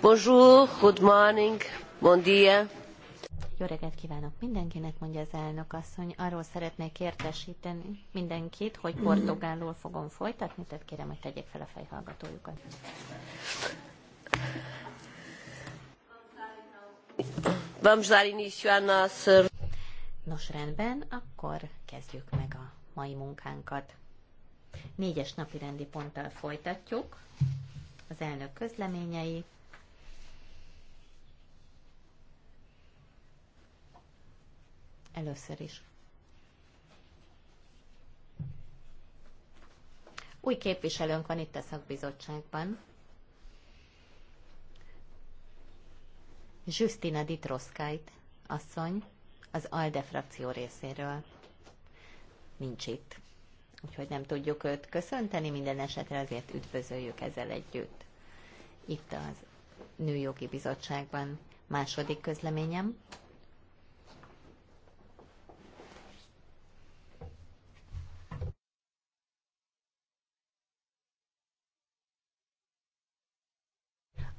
Bonjour, good morning, bon dia. Jó reggelt kívánok mindenkinek, mondja az elnök asszony. Arról szeretnék értesíteni mindenkit, hogy portugálul fogom folytatni, tehát kérem, hogy tegyék fel a fejhallgatójukat. Vamos dar início à nossa... Nos, rendben, akkor kezdjük meg a mai munkánkat. Négyes napi rendi ponttal folytatjuk az elnök közleményei. Először is. Új képviselőnk van itt a szakbizottságban. Justina Ditroszkájt asszony az ALDE frakció részéről. Nincs itt úgyhogy nem tudjuk őt köszönteni, minden esetre azért üdvözöljük ezzel együtt. Itt az Nőjogi Bizottságban második közleményem.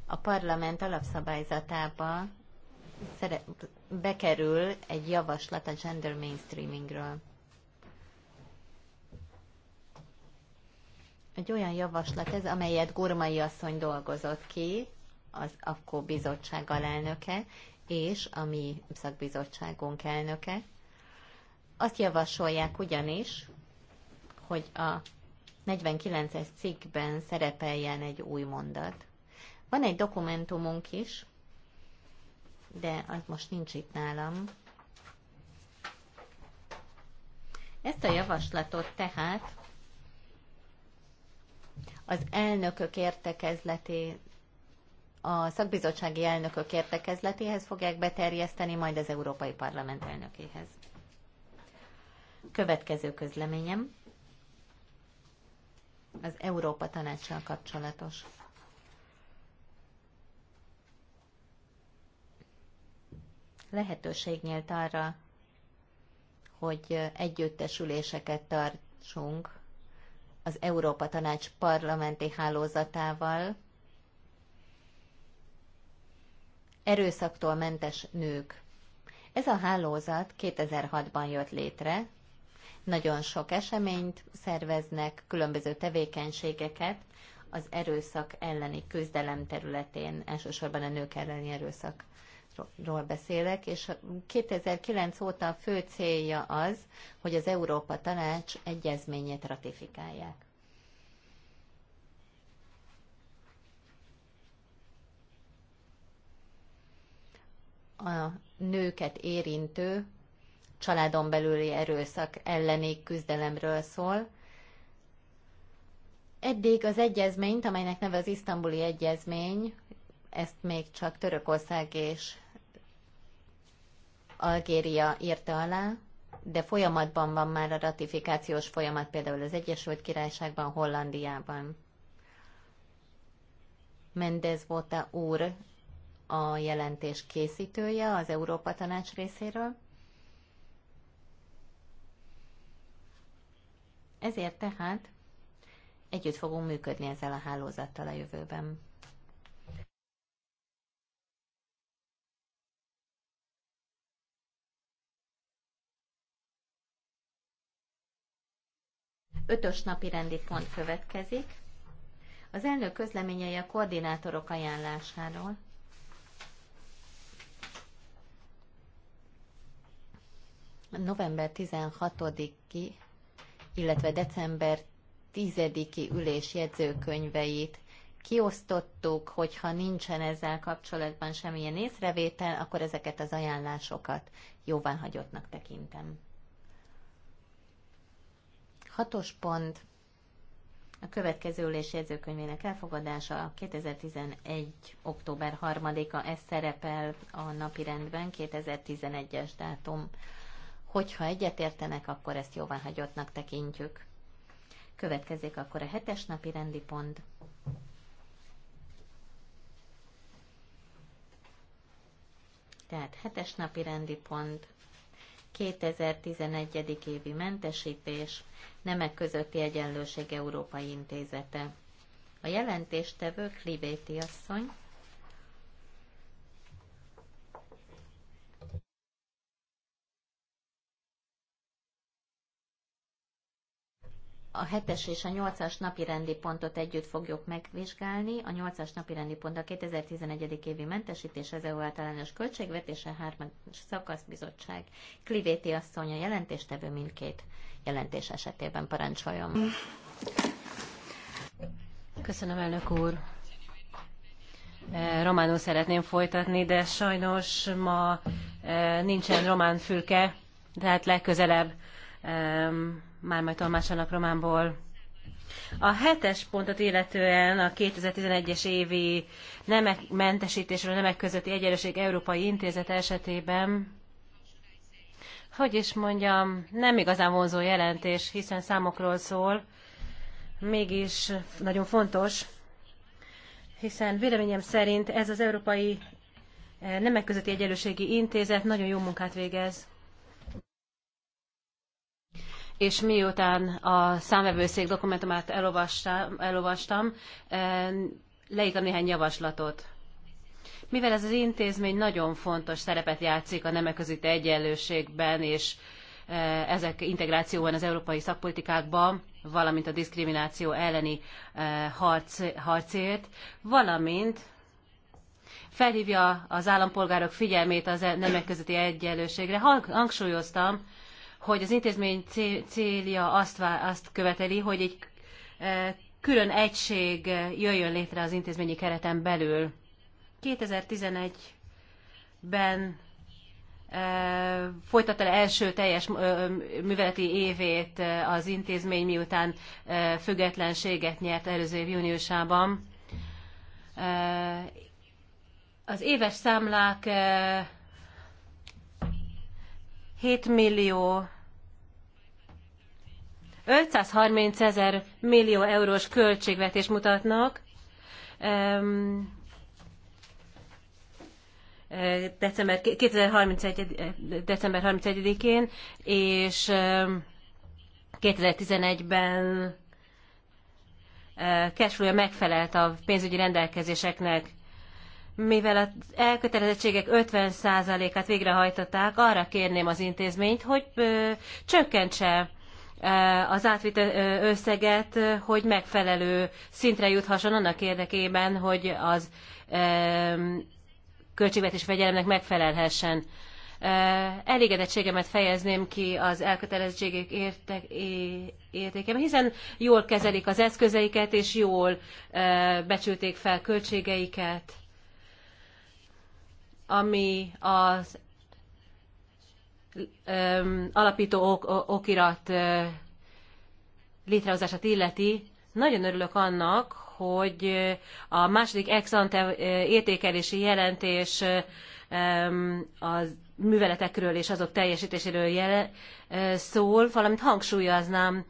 A parlament alapszabályzatába bekerül egy javaslat a gender mainstreamingről. Egy olyan javaslat ez, amelyet Gormai asszony dolgozott ki, az akkor bizottság alelnöke, és a mi szakbizottságunk elnöke. Azt javasolják ugyanis, hogy a 49-es cikkben szerepeljen egy új mondat. Van egy dokumentumunk is, de az most nincs itt nálam. Ezt a javaslatot tehát az elnökök értekezleti, a szakbizottsági elnökök értekezletéhez fogják beterjeszteni, majd az Európai Parlament elnökéhez. Következő közleményem az Európa Tanácssal kapcsolatos. Lehetőség nyílt arra, hogy együttesüléseket tartsunk az Európa Tanács parlamenti hálózatával, erőszaktól mentes nők. Ez a hálózat 2006-ban jött létre, nagyon sok eseményt szerveznek, különböző tevékenységeket az erőszak elleni küzdelem területén, elsősorban a nők elleni erőszak ról beszélek, és 2009 óta a fő célja az, hogy az Európa Tanács egyezményét ratifikálják. A nőket érintő családon belüli erőszak elleni küzdelemről szól. Eddig az egyezményt, amelynek neve az isztambuli egyezmény, ezt még csak Törökország és Algéria írta alá, de folyamatban van már a ratifikációs folyamat például az Egyesült Királyságban, Hollandiában. Mendez volt a úr a jelentés készítője az Európa Tanács részéről. Ezért tehát együtt fogunk működni ezzel a hálózattal a jövőben. Ötös napi rendi pont következik. Az elnök közleményei a koordinátorok ajánlásáról. November 16-i, illetve december 10-i ülés jegyzőkönyveit kiosztottuk, hogyha nincsen ezzel kapcsolatban semmilyen észrevétel, akkor ezeket az ajánlásokat jóváhagyottnak tekintem. Hatos pont. A következő ülés jegyzőkönyvének elfogadása 2011. október 3-a, ez szerepel a napi rendben, 2011-es dátum. Hogyha egyetértenek, akkor ezt jóváhagyottnak tekintjük. Következik akkor a hetes napi rendi pont. Tehát hetes napi rendi pont, 2011. évi mentesítés, Nemek közötti egyenlőség Európai Intézete. A jelentéstevő Klibéti asszony. a 7-es és a 8-as napi rendi pontot együtt fogjuk megvizsgálni. A 8-as napi rendi pont a 2011. évi mentesítés az EU általános költségvetése 3. szakaszbizottság. Klivéti asszony a jelentéstevő mindkét jelentés esetében parancsoljon. Köszönöm, elnök úr. E, románul szeretném folytatni, de sajnos ma e, nincsen román fülke, tehát legközelebb már majd tolmácsolnak románból. A hetes pontot illetően a 2011-es évi nemek mentesítésről nemek közötti egyenlőség Európai Intézet esetében hogy is mondjam, nem igazán vonzó jelentés, hiszen számokról szól, mégis nagyon fontos, hiszen véleményem szerint ez az Európai eh, Nemek Közötti Egyenlőségi Intézet nagyon jó munkát végez és miután a számvevőszék dokumentumát elolvastam, elolvastam eh, leírtam néhány javaslatot. Mivel ez az intézmény nagyon fontos szerepet játszik a nemek közötti egyenlőségben és eh, ezek integrációban az európai szakpolitikákban, valamint a diszkrimináció elleni eh, harc, harcért, valamint felhívja az állampolgárok figyelmét az e-, nemek közötti egyenlőségre. Hangsúlyoztam, hogy az intézmény célja azt, vá, azt követeli, hogy egy e, külön egység jöjjön létre az intézményi kereten belül. 2011-ben e, folytatta le első teljes műveleti évét e, az intézmény, miután függetlenséget nyert előző év júniusában. Az éves számlák 7 millió 530 ezer millió eurós költségvetés mutatnak. December, 2031, december 31-én, és 2011-ben cashflow megfelelt a pénzügyi rendelkezéseknek mivel az elkötelezettségek 50%-át végrehajtották, arra kérném az intézményt, hogy csökkentse az átvitel összeget, hogy megfelelő szintre juthasson annak érdekében, hogy az költségvetés fegyelemnek megfelelhessen. Elégedettségemet fejezném ki az elkötelezettségek értékem, hiszen jól kezelik az eszközeiket, és jól becsülték fel költségeiket ami az alapító ok, okirat létrehozását illeti, nagyon örülök annak, hogy a második ex ante értékelési jelentés a műveletekről és azok teljesítéséről szól, valamint hangsúlyoznám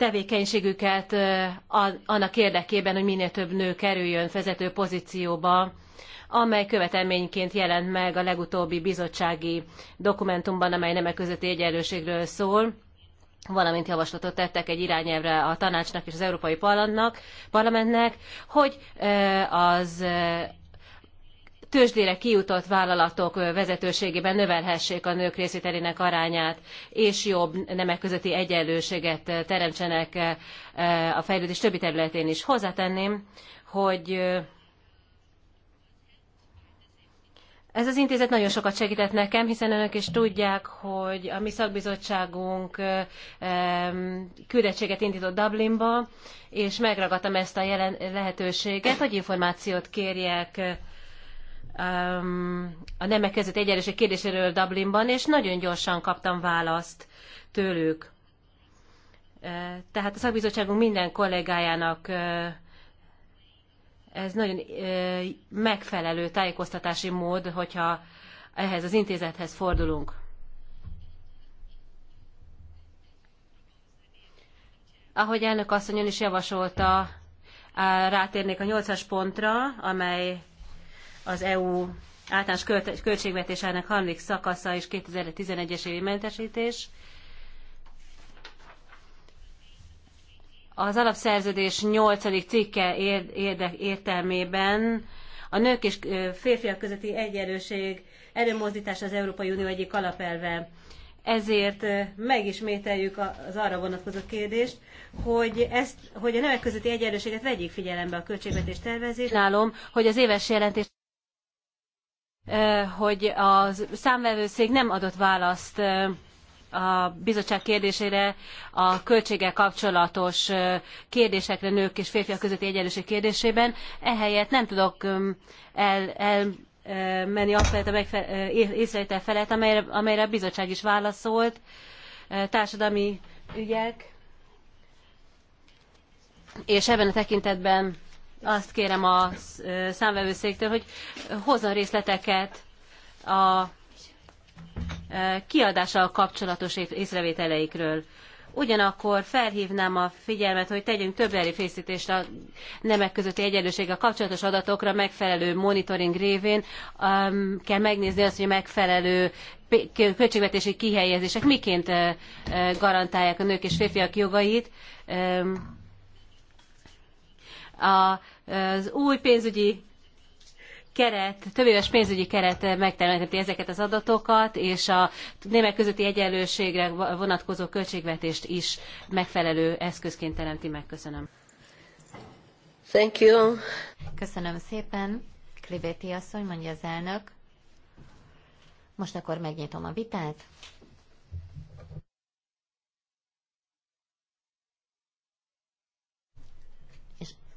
tevékenységüket annak érdekében, hogy minél több nő kerüljön vezető pozícióba, amely követelményként jelent meg a legutóbbi bizottsági dokumentumban, amely nemek közötti egyenlőségről szól valamint javaslatot tettek egy irányelvre a tanácsnak és az Európai Parlamentnek, hogy az tőzsdére kijutott vállalatok vezetőségében növelhessék a nők részvételének arányát, és jobb nemek közötti egyenlőséget teremtsenek a fejlődés többi területén is. Hozzátenném, hogy ez az intézet nagyon sokat segített nekem, hiszen önök is tudják, hogy a mi szakbizottságunk küldettséget indított Dublinba, és megragadtam ezt a jelen lehetőséget, hogy információt kérjek Um, a nemek között egyenlőség kérdéséről Dublinban, és nagyon gyorsan kaptam választ tőlük. E, tehát a szakbizottságunk minden kollégájának e, ez nagyon e, megfelelő tájékoztatási mód, hogyha ehhez az intézethez fordulunk. Ahogy elnök asszonyon is javasolta, rátérnék a nyolcas pontra, amely az EU általános költségvetésének harmadik szakasza és 2011-es évi mentesítés. Az alapszerződés 8. cikke érde, értelmében a nők és férfiak közötti egyenlőség erőmozdítása az Európai Unió egyik alapelve. Ezért megismételjük az arra vonatkozó kérdést, hogy, ezt, hogy a nők közötti egyenlőséget vegyék figyelembe a költségvetés tervezés. Nálom, hogy az éves jelentés Eh, hogy a számvevőszék nem adott választ eh, a bizottság kérdésére a költséggel kapcsolatos eh, kérdésekre nők és férfiak közötti egyenlőség kérdésében. Ehelyett nem tudok mm, el, el menni azt felett, a észrevétel felett, amelyre, amelyre a bizottság is válaszolt, társadalmi ügyek, és ebben a tekintetben azt kérem a számvevőszéktől, hogy hozzon részleteket a kiadással kapcsolatos észrevételeikről. Ugyanakkor felhívnám a figyelmet, hogy tegyünk több erőfészítést a nemek közötti egyenlőség a kapcsolatos adatokra megfelelő monitoring révén. Um, kell megnézni azt, hogy megfelelő költségvetési kihelyezések miként uh, garantálják a nők és férfiak jogait. Um, az új pénzügyi keret, többéves pénzügyi keret megtermelheti ezeket az adatokat, és a némek közötti egyenlőségre vonatkozó költségvetést is megfelelő eszközként teremti meg. Köszönöm. Thank you. Köszönöm szépen. Kliveti asszony, mondja az elnök. Most akkor megnyitom a vitát.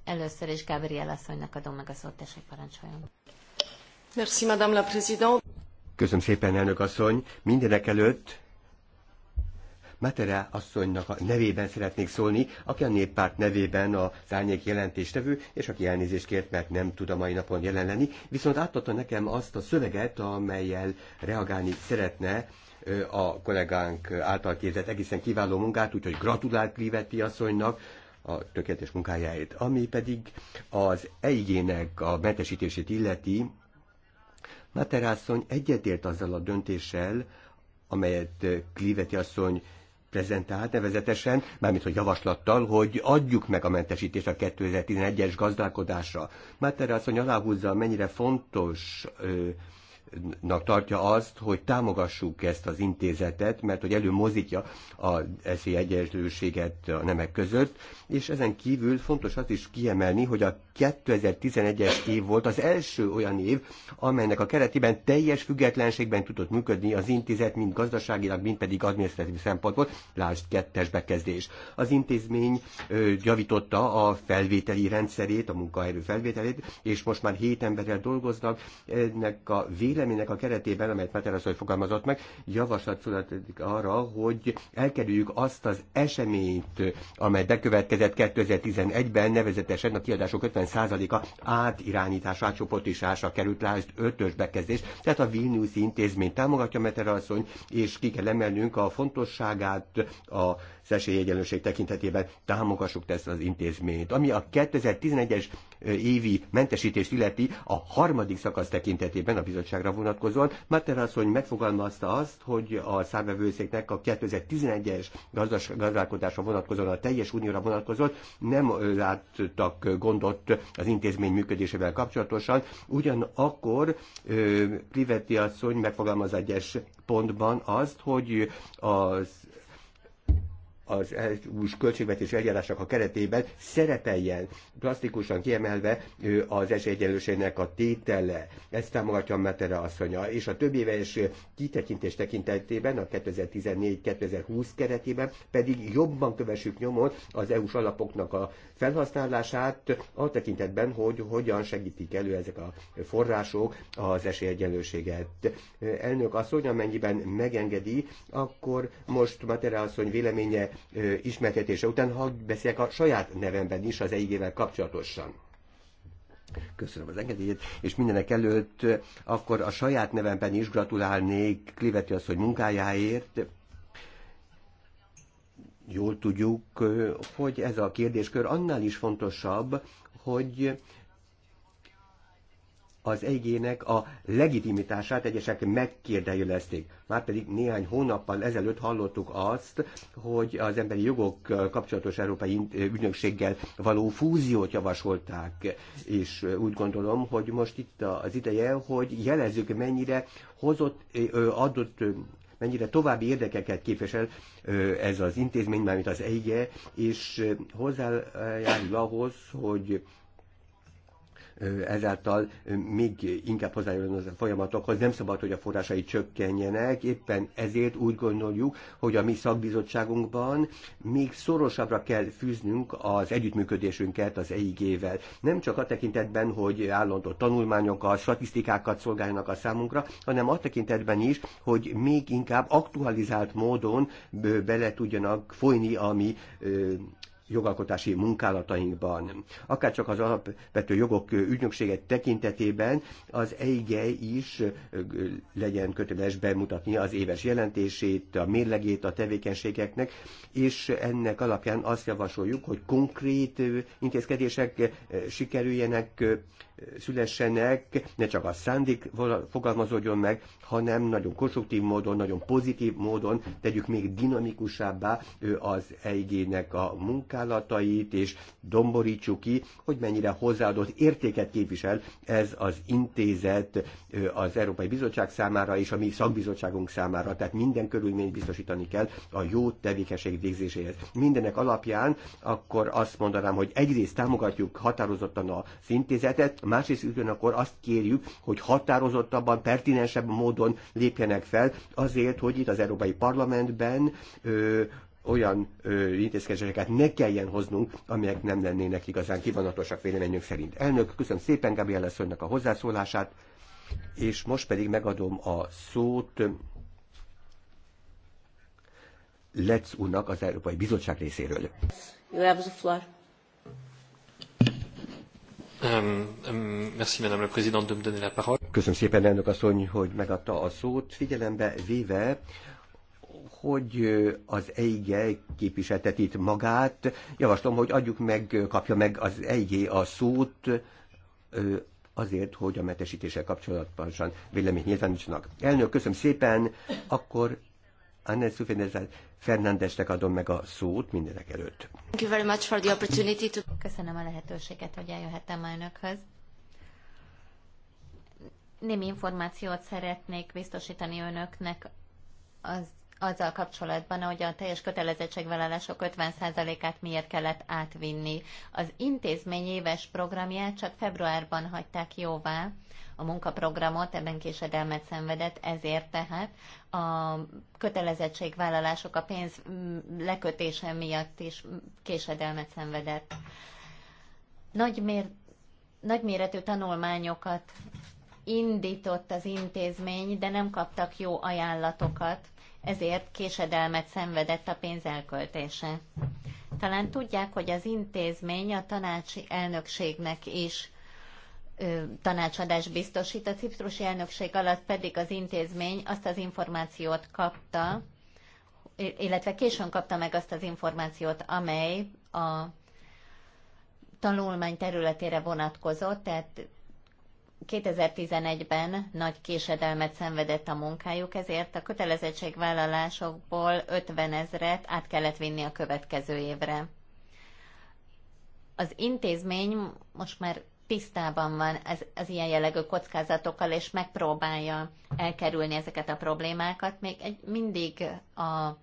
Először is Gabriel asszonynak adom meg a szót, tessék parancsoljon. Merci, Madame la Présidente. Köszönöm szépen, elnök asszony. Mindenek előtt Matera asszonynak a nevében szeretnék szólni, aki a néppárt nevében a tárnyék jelentéstevő, és aki elnézést kért, mert nem tud a mai napon jelen lenni, viszont átadta nekem azt a szöveget, amelyel reagálni szeretne a kollégánk által képzett egészen kiváló munkát, úgyhogy gratulált Kliveti asszonynak, a tökéletes munkájáért. Ami pedig az EIG-nek a mentesítését illeti, Materászony egyetért azzal a döntéssel, amelyet Kliveti asszony prezentált nevezetesen, mármint hogy javaslattal, hogy adjuk meg a mentesítést a 2011-es gazdálkodásra. Máter aláhúzza, mennyire fontos ö, fontosnak tartja azt, hogy támogassuk ezt az intézetet, mert hogy előmozítja a egyenlőséget a nemek között, és ezen kívül fontos azt is kiemelni, hogy a 2011-es év volt az első olyan év, amelynek a keretében teljes függetlenségben tudott működni az intézet, mind gazdaságilag, mind pedig adminisztratív szempontból, lásd kettes bekezdés. Az intézmény ö, javította a felvételi rendszerét, a munkaerő felvételét, és most már hét emberrel dolgoznak, ennek a véleményét véleménynek a keretében, amelyet Materasszony fogalmazott meg, javaslat születik arra, hogy elkerüljük azt az eseményt, amely bekövetkezett 2011-ben, nevezetesen a kiadások 50%-a átirányítás, átcsoportisásra került, rá, 5-ös bekezdés. Tehát a Vilnius intézmény támogatja Materasszony, és ki kell emelnünk a fontosságát a az esélyegyenlőség tekintetében támogassuk ezt az intézményt. Ami a 2011-es évi mentesítést illeti a harmadik szakasz tekintetében a bizottságra vonatkozóan, Mater asszony megfogalmazta azt, hogy a számvevőszéknek a 2011-es gazdálkodásra vonatkozóan, a teljes unióra vonatkozóan nem láttak gondot az intézmény működésével kapcsolatosan, ugyanakkor Privetti asszony megfogalmazza egyes pontban azt, hogy az az EU-s költségvetés eljárásnak a keretében szerepeljen plastikusan kiemelve az esélyegyenlőségnek a tétele. Ezt támogatja a Metere asszonya, és a több éves kitekintés tekintetében a 2014-2020 keretében pedig jobban kövessük nyomon az EU-s alapoknak a felhasználását a tekintetben, hogy hogyan segítik elő ezek a források az esélyegyenlőséget. Elnök asszony, amennyiben megengedi, akkor most Matera asszony véleménye ismertetése után, ha beszélek a saját nevemben is az EIG-vel kapcsolatosan. Köszönöm az engedélyét, és mindenek előtt akkor a saját nevemben is gratulálnék Kliveti hogy munkájáért. Jól tudjuk, hogy ez a kérdéskör annál is fontosabb, hogy az egyének a legitimitását egyesek megkérdejelezték. Márpedig néhány hónappal ezelőtt hallottuk azt, hogy az emberi jogok kapcsolatos európai ügynökséggel való fúziót javasolták, és úgy gondolom, hogy most itt az ideje, hogy jelezzük, mennyire hozott, adott mennyire további érdekeket képvisel ez az intézmény, mármint az EIGE, és hozzájárul ahhoz, hogy ezáltal még inkább hozzájön az a folyamatokhoz, nem szabad, hogy a forrásai csökkenjenek, éppen ezért úgy gondoljuk, hogy a mi szakbizottságunkban még szorosabbra kell fűznünk az együttműködésünket az EIG-vel. Nem csak a tekintetben, hogy állandó tanulmányokat, statisztikákat szolgálnak a számunkra, hanem a tekintetben is, hogy még inkább aktualizált módon bele tudjanak folyni a mi jogalkotási munkálatainkban. Akár csak az alapvető jogok ügynökséget tekintetében az EIG e is legyen köteles bemutatni az éves jelentését, a mérlegét a tevékenységeknek, és ennek alapján azt javasoljuk, hogy konkrét intézkedések sikerüljenek szülessenek, ne csak a szándék fogalmazódjon meg, hanem nagyon konstruktív módon, nagyon pozitív módon tegyük még dinamikusabbá az EIG-nek a munkálatait, és domborítsuk ki, hogy mennyire hozzáadott értéket képvisel ez az intézet az Európai Bizottság számára és a mi szakbizottságunk számára. Tehát minden körülményt biztosítani kell a jó tevékenység végzéséhez. Mindenek alapján akkor azt mondanám, hogy egyrészt támogatjuk határozottan az intézetet, másrészt ugyanakkor azt kérjük, hogy határozottabban, pertinensebb módon lépjenek fel azért, hogy itt az Európai Parlamentben ö, olyan ö, intézkedéseket ne kelljen hoznunk, amelyek nem lennének igazán kivonatosak véleményünk szerint. Elnök, köszönöm szépen Gabriel asszonynak a hozzászólását, és most pedig megadom a szót Letz az Európai Bizottság részéről. You have the floor. Köszönöm szépen, elnök asszony, hogy megadta a szót. Figyelembe véve, hogy az EIG képviseltet itt magát, javaslom, hogy adjuk meg, kapja meg az EIG a szót azért, hogy a mentesítéssel kapcsolatban véleményt nyilvánítsanak. Elnök, köszönöm szépen, akkor Anne Sufénezár Fernándesnek adom meg a szót mindenek előtt. Thank you very much for the opportunity to... Köszönöm a lehetőséget, hogy eljöhettem önökhöz. Némi információt szeretnék biztosítani önöknek az azzal kapcsolatban, hogy a teljes kötelezettségvállalások 50%-át miért kellett átvinni. Az intézmény éves programját csak februárban hagyták jóvá, a munkaprogramot, ebben késedelmet szenvedett, ezért tehát a kötelezettségvállalások a pénz mm, lekötése miatt is késedelmet szenvedett. Nagy mér, nagyméretű tanulmányokat indított az intézmény, de nem kaptak jó ajánlatokat, ezért késedelmet szenvedett a pénz elköltése. Talán tudják, hogy az intézmény a tanácsi elnökségnek is tanácsadás biztosít, a ciprusi elnökség alatt pedig az intézmény azt az információt kapta, illetve későn kapta meg azt az információt, amely a tanulmány területére vonatkozott, tehát 2011-ben nagy késedelmet szenvedett a munkájuk, ezért a kötelezettségvállalásokból 50 ezret át kellett vinni a következő évre. Az intézmény most már tisztában van az, az ilyen jellegű kockázatokkal, és megpróbálja elkerülni ezeket a problémákat, még egy, mindig a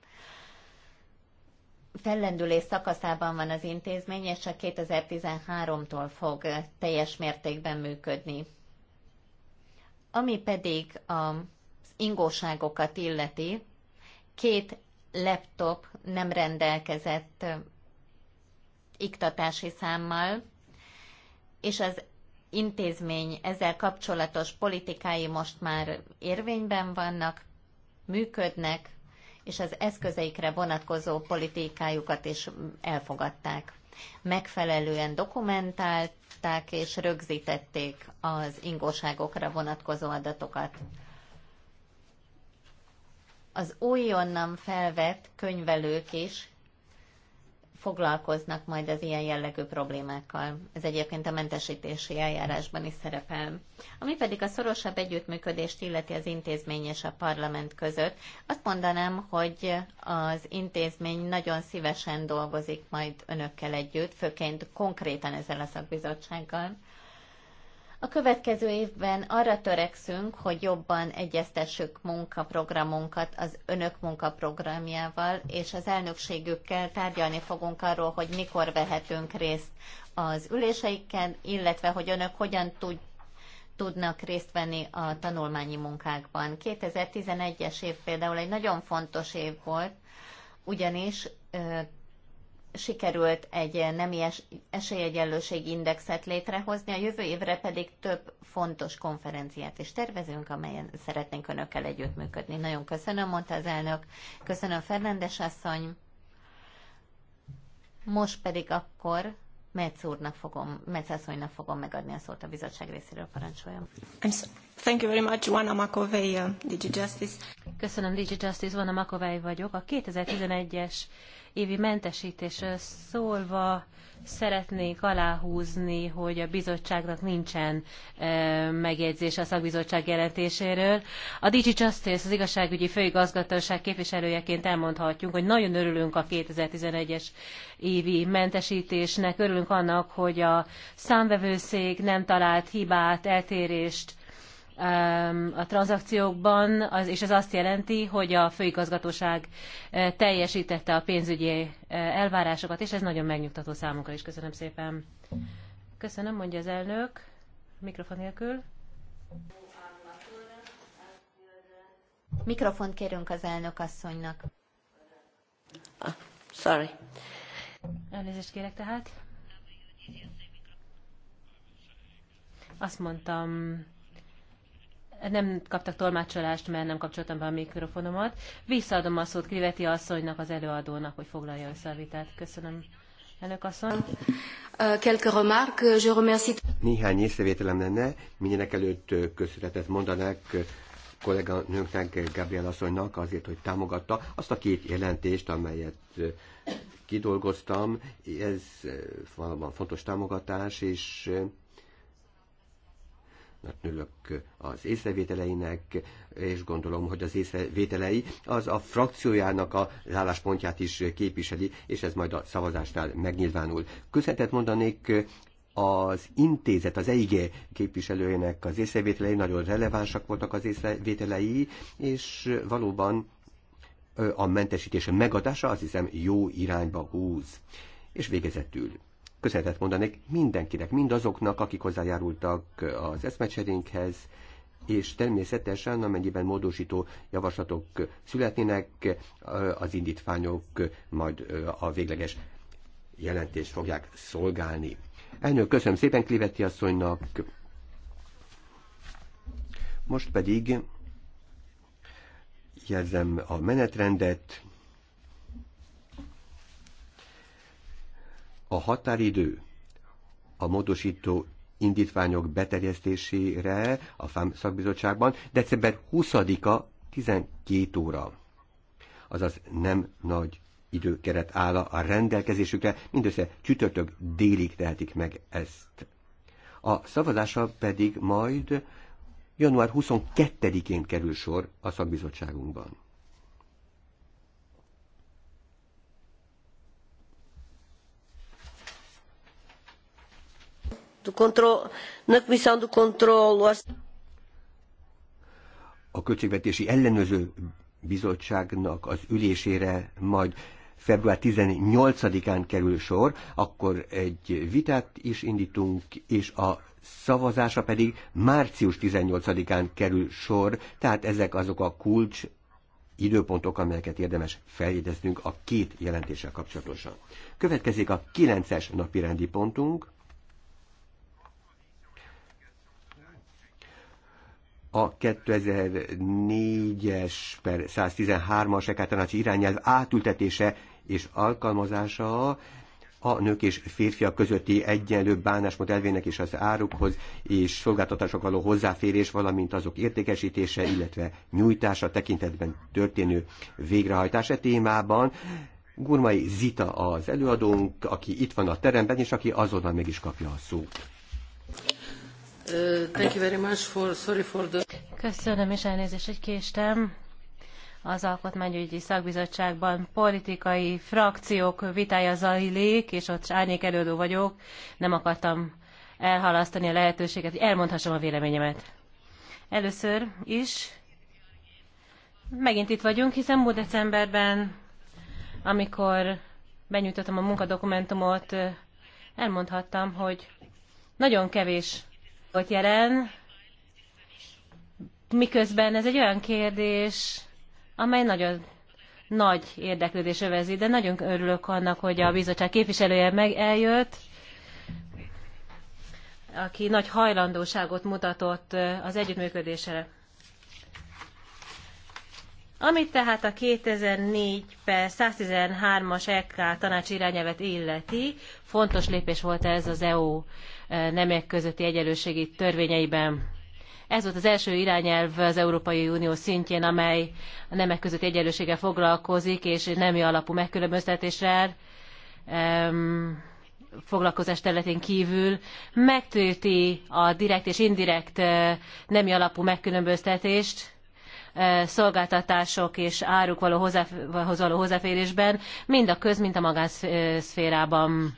fellendülés szakaszában van az intézmény, és csak 2013-tól fog teljes mértékben működni. Ami pedig az ingóságokat illeti, két laptop nem rendelkezett iktatási számmal, és az intézmény ezzel kapcsolatos politikái most már érvényben vannak, működnek, és az eszközeikre vonatkozó politikájukat is elfogadták. Megfelelően dokumentálták és rögzítették az ingóságokra vonatkozó adatokat. Az újonnan felvett könyvelők is foglalkoznak majd az ilyen jellegű problémákkal. Ez egyébként a mentesítési eljárásban is szerepel. Ami pedig a szorosabb együttműködést illeti az intézmény és a parlament között, azt mondanám, hogy az intézmény nagyon szívesen dolgozik majd önökkel együtt, főként konkrétan ezzel a szakbizottsággal, a következő évben arra törekszünk, hogy jobban egyeztessük munkaprogramunkat az önök munkaprogramjával, és az elnökségükkel tárgyalni fogunk arról, hogy mikor vehetünk részt az üléseiken, illetve hogy önök hogyan tud, tudnak részt venni a tanulmányi munkákban. 2011-es év például egy nagyon fontos év volt, ugyanis sikerült egy nemi esélyegyenlőség indexet létrehozni, a jövő évre pedig több fontos konferenciát is tervezünk, amelyen szeretnénk Önökkel együttműködni. Nagyon köszönöm, mondta az elnök. Köszönöm, Fernandes asszony. Most pedig akkor Metz úrnak fogom, Metz asszonynak fogom megadni a szót a bizottság részéről, parancsoljon. thank you very much, Vanna Makovei, uh, Digi Justice. Köszönöm, Digi Justice, Vanna Makovei vagyok. A 2011-es évi mentesítésről szólva szeretnék aláhúzni, hogy a bizottságnak nincsen e, megjegyzés a szakbizottság jelentéséről. A DG Justice, az igazságügyi főigazgatóság képviselőjeként elmondhatjuk, hogy nagyon örülünk a 2011-es évi mentesítésnek, örülünk annak, hogy a számvevőszék nem talált hibát, eltérést a tranzakciókban, az, és ez azt jelenti, hogy a főigazgatóság eh, teljesítette a pénzügyi eh, elvárásokat, és ez nagyon megnyugtató számunkra is. Köszönöm szépen. Köszönöm, mondja az elnök. Mikrofon nélkül. Mikrofont kérünk az elnök asszonynak. Ah, sorry. Elnézést kérek tehát. Azt mondtam, nem kaptak tolmácsolást, mert nem kapcsoltam be a mikrofonomat. Visszaadom a szót Kriveti asszonynak, az előadónak, hogy foglalja össze a vitát. Köszönöm. Elnök asszony. Uh, Néhány észrevételem lenne, mindenek előtt uh, köszönetet mondanák uh, kolléganőnknek, Gabriel asszonynak azért, hogy támogatta azt a két jelentést, amelyet kidolgoztam. Ez valóban fontos támogatás, és nőlök az észrevételeinek, és gondolom, hogy az észrevételei az a frakciójának a álláspontját is képviseli, és ez majd a szavazásnál megnyilvánul. Köszönetet mondanék az intézet, az EIG képviselőjének az észrevételei nagyon relevánsak voltak az észrevételei, és valóban a mentesítése megadása azt hiszem jó irányba húz. És végezetül köszönetet mondanék mindenkinek, mindazoknak, akik hozzájárultak az eszmecserénkhez, és természetesen, amennyiben módosító javaslatok születnének, az indítványok majd a végleges jelentést fogják szolgálni. Elnök, köszönöm szépen Kliveti asszonynak. Most pedig jelzem a menetrendet. A határidő a módosító indítványok beterjesztésére a FAM szakbizottságban december 20-a 12 óra. Azaz nem nagy időkeret áll a rendelkezésükre, mindössze csütörtök délig tehetik meg ezt. A szavazása pedig majd január 22-én kerül sor a szakbizottságunkban. na Comissão do Controlo a Költségvetési Ellenőző Bizottságnak az ülésére majd február 18-án kerül sor, akkor egy vitát is indítunk, és a szavazása pedig március 18-án kerül sor, tehát ezek azok a kulcs időpontok, amelyeket érdemes feljegyeznünk a két jelentéssel kapcsolatosan. Következik a 9-es napi rendi pontunk, a 2004-es per 113-as ekátanácsi irányelv átültetése és alkalmazása a nők és férfiak közötti egyenlő bánásmód elvének és az árukhoz és szolgáltatások való hozzáférés, valamint azok értékesítése, illetve nyújtása tekintetben történő végrehajtása témában. Gurmai Zita az előadónk, aki itt van a teremben, és aki azonnal meg is kapja a szót. Uh, thank you very much for, sorry for the... Köszönöm, és elnézést, hogy késtem. Az Alkotmányügyi Szakbizottságban politikai frakciók vitája zajlik, és ott árnyék előadó vagyok. Nem akartam elhalasztani a lehetőséget, hogy elmondhassam a véleményemet. Először is megint itt vagyunk, hiszen múlt decemberben, amikor benyújtottam a munkadokumentumot, elmondhattam, hogy nagyon kevés ott jelen, miközben ez egy olyan kérdés, amely nagyon nagy érdeklődés övezi, de nagyon örülök annak, hogy a bizottság képviselője meg eljött, aki nagy hajlandóságot mutatott az együttműködésre. Amit tehát a 2004 per 113-as EK tanács irányelvet illeti, fontos lépés volt ez az EU e, nemek közötti egyenlőségi törvényeiben. Ez volt az első irányelv az Európai Unió szintjén, amely a nemek közötti egyenlőséggel foglalkozik, és nemi alapú megkülönböztetéssel um, foglalkozás területén kívül megtűrti a direkt és indirekt e, nemi alapú megkülönböztetést, szolgáltatások és áruk való hozzáférésben, való hozzáférésben mind a köz, mind a magánszférában.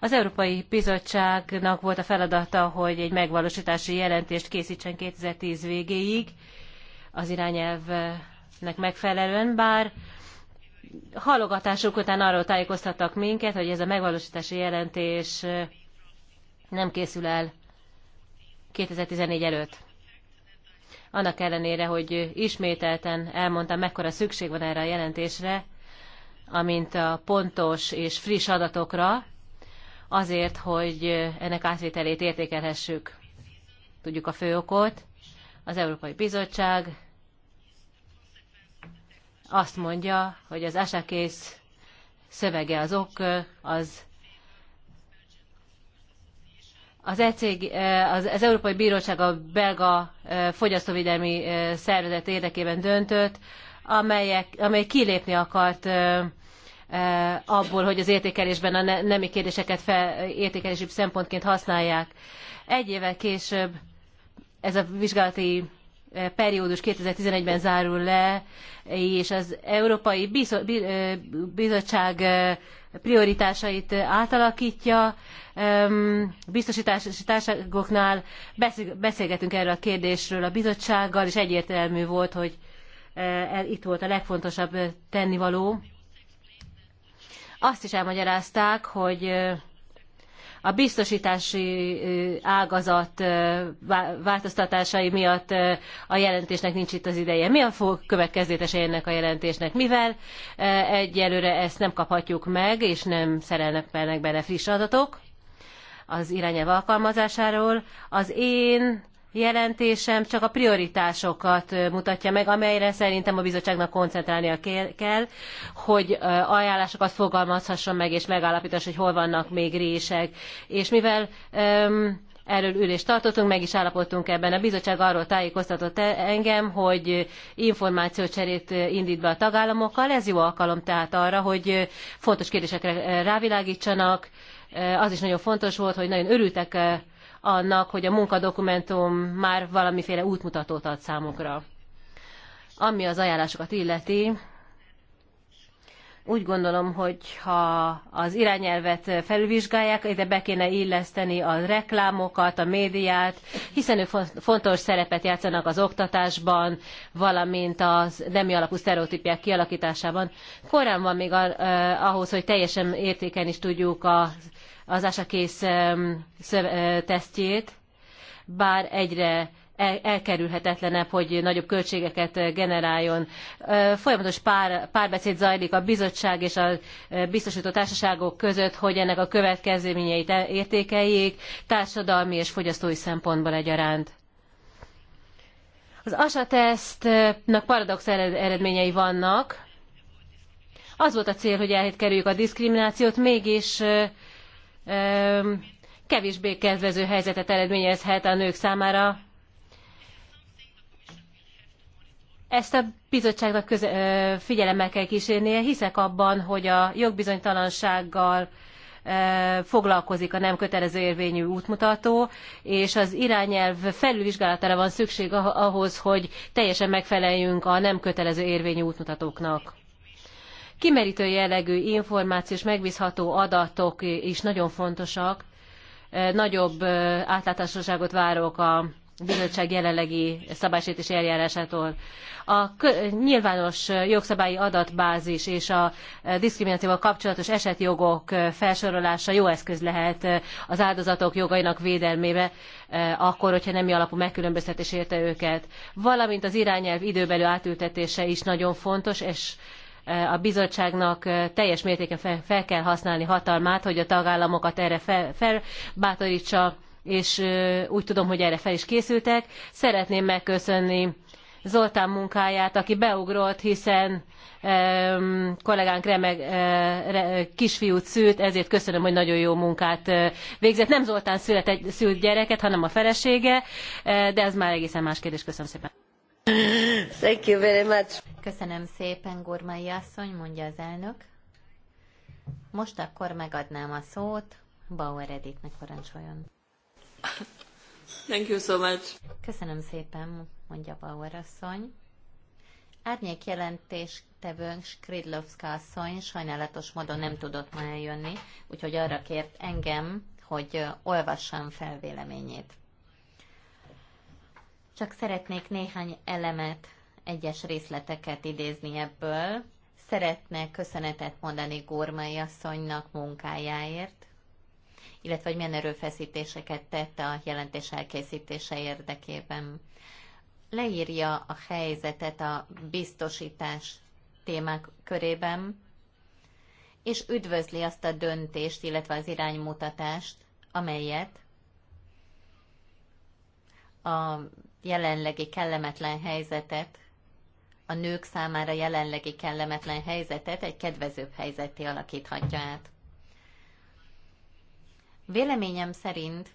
Az Európai Bizottságnak volt a feladata, hogy egy megvalósítási jelentést készítsen 2010 végéig az irányelvnek megfelelően, bár halogatások után arról tájékoztattak minket, hogy ez a megvalósítási jelentés nem készül el 2014 előtt annak ellenére, hogy ismételten elmondtam, mekkora szükség van erre a jelentésre, amint a pontos és friss adatokra, azért, hogy ennek átvételét értékelhessük. Tudjuk a fő okot. Az Európai Bizottság azt mondja, hogy az esekész szövege az ok, az az, ECG, eh, az, az Európai Bíróság a belga eh, fogyasztóvédelmi eh, szervezet érdekében döntött, amelyek, amely kilépni akart abból, hogy az értékelésben a nemi kérdéseket fel, értékelési szempontként használják. Egy évvel később ez a vizsgálati periódus 2011-ben zárul le, és az Európai Bizottság prioritásait átalakítja, biztosításoknál beszélgetünk erről a kérdésről a bizottsággal, és egyértelmű volt, hogy itt volt a legfontosabb tennivaló. Azt is elmagyarázták, hogy a biztosítási ágazat változtatásai miatt a jelentésnek nincs itt az ideje. Mi a következtetései ennek a jelentésnek? Mivel egyelőre ezt nem kaphatjuk meg, és nem szerelnek benne friss adatok, az irányelv alkalmazásáról. Az én jelentésem csak a prioritásokat mutatja meg, amelyre szerintem a bizottságnak koncentrálnia kell, hogy ajánlásokat fogalmazhasson meg, és megállapítás, hogy hol vannak még rések. És mivel um, erről ülést tartottunk, meg is állapodtunk ebben. A bizottság arról tájékoztatott e-, engem, hogy információcserét indít be a tagállamokkal. Ez jó alkalom tehát arra, hogy fontos kérdésekre rávilágítsanak, Eh, az is nagyon fontos volt, hogy nagyon örültek eh, annak, hogy a munkadokumentum már valamiféle útmutatót ad számukra. Ami az ajánlásokat illeti, úgy gondolom, hogy ha az irányelvet felvizsgálják, ide be kéne illeszteni a reklámokat, a médiát, hiszen ők fontos szerepet játszanak az oktatásban, valamint a nemi alapú sztereotípiák kialakításában. Korán van még ahhoz, hogy teljesen értéken is tudjuk a, az ásakész tesztjét, bár egyre elkerülhetetlenebb, hogy nagyobb költségeket generáljon. Folyamatos pár, párbeszéd zajlik a bizottság és a biztosító társaságok között, hogy ennek a következményeit e, értékeljék társadalmi és fogyasztói szempontból egyaránt. Az ASA tesztnek paradox eredményei vannak. Az volt a cél, hogy elkerüljük a diszkriminációt, mégis kevésbé kedvező helyzetet eredményezhet a nők számára, Ezt a bizottságnak köze, figyelemmel kell kísérnie, hiszek abban, hogy a jogbizonytalansággal foglalkozik a nem kötelező érvényű útmutató, és az irányelv felülvizsgálatára van szükség ahhoz, hogy teljesen megfeleljünk a nem kötelező érvényű útmutatóknak. Kimerítő jellegű információs megbízható adatok is nagyon fontosak, nagyobb átláthatóságot várok a bizottság jelenlegi szabálysértési eljárásától. A nyilvános jogszabályi adatbázis és a diszkriminációval kapcsolatos esetjogok felsorolása jó eszköz lehet az áldozatok jogainak védelmébe, eh, akkor, hogyha nemi alapú megkülönböztetés érte őket. Valamint az irányelv időbeli átültetése is nagyon fontos, és eh, a bizottságnak eh, teljes mértéken fel kell használni hatalmát, hogy a tagállamokat erre felbátorítsa. Fel és úgy tudom, hogy erre fel is készültek. Szeretném megköszönni Zoltán munkáját, aki beugrott, hiszen um, kollégánk remek uh, kisfiút szült, ezért köszönöm, hogy nagyon jó munkát uh, végzett. Nem Zoltán szület egy, szült gyereket, hanem a felesége, uh, de ez már egészen más kérdés. Köszönöm szépen. Thank you very much. Köszönöm szépen, Gormai asszony, mondja az elnök. Most akkor megadnám a szót Bauer Editnek parancsoljon. Thank you so much. Köszönöm szépen, mondja Bauer asszony. Árnyék jelentés tevőnk Skridlovska asszony sajnálatos módon nem tudott ma eljönni, úgyhogy arra kért engem, hogy olvassam fel véleményét. Csak szeretnék néhány elemet, egyes részleteket idézni ebből. Szeretne köszönetet mondani Gormai asszonynak munkájáért, illetve hogy milyen erőfeszítéseket tette a jelentés elkészítése érdekében. Leírja a helyzetet a biztosítás témák körében, és üdvözli azt a döntést, illetve az iránymutatást, amelyet a jelenlegi kellemetlen helyzetet, a nők számára jelenlegi kellemetlen helyzetet egy kedvezőbb helyzeté alakíthatja át. Véleményem szerint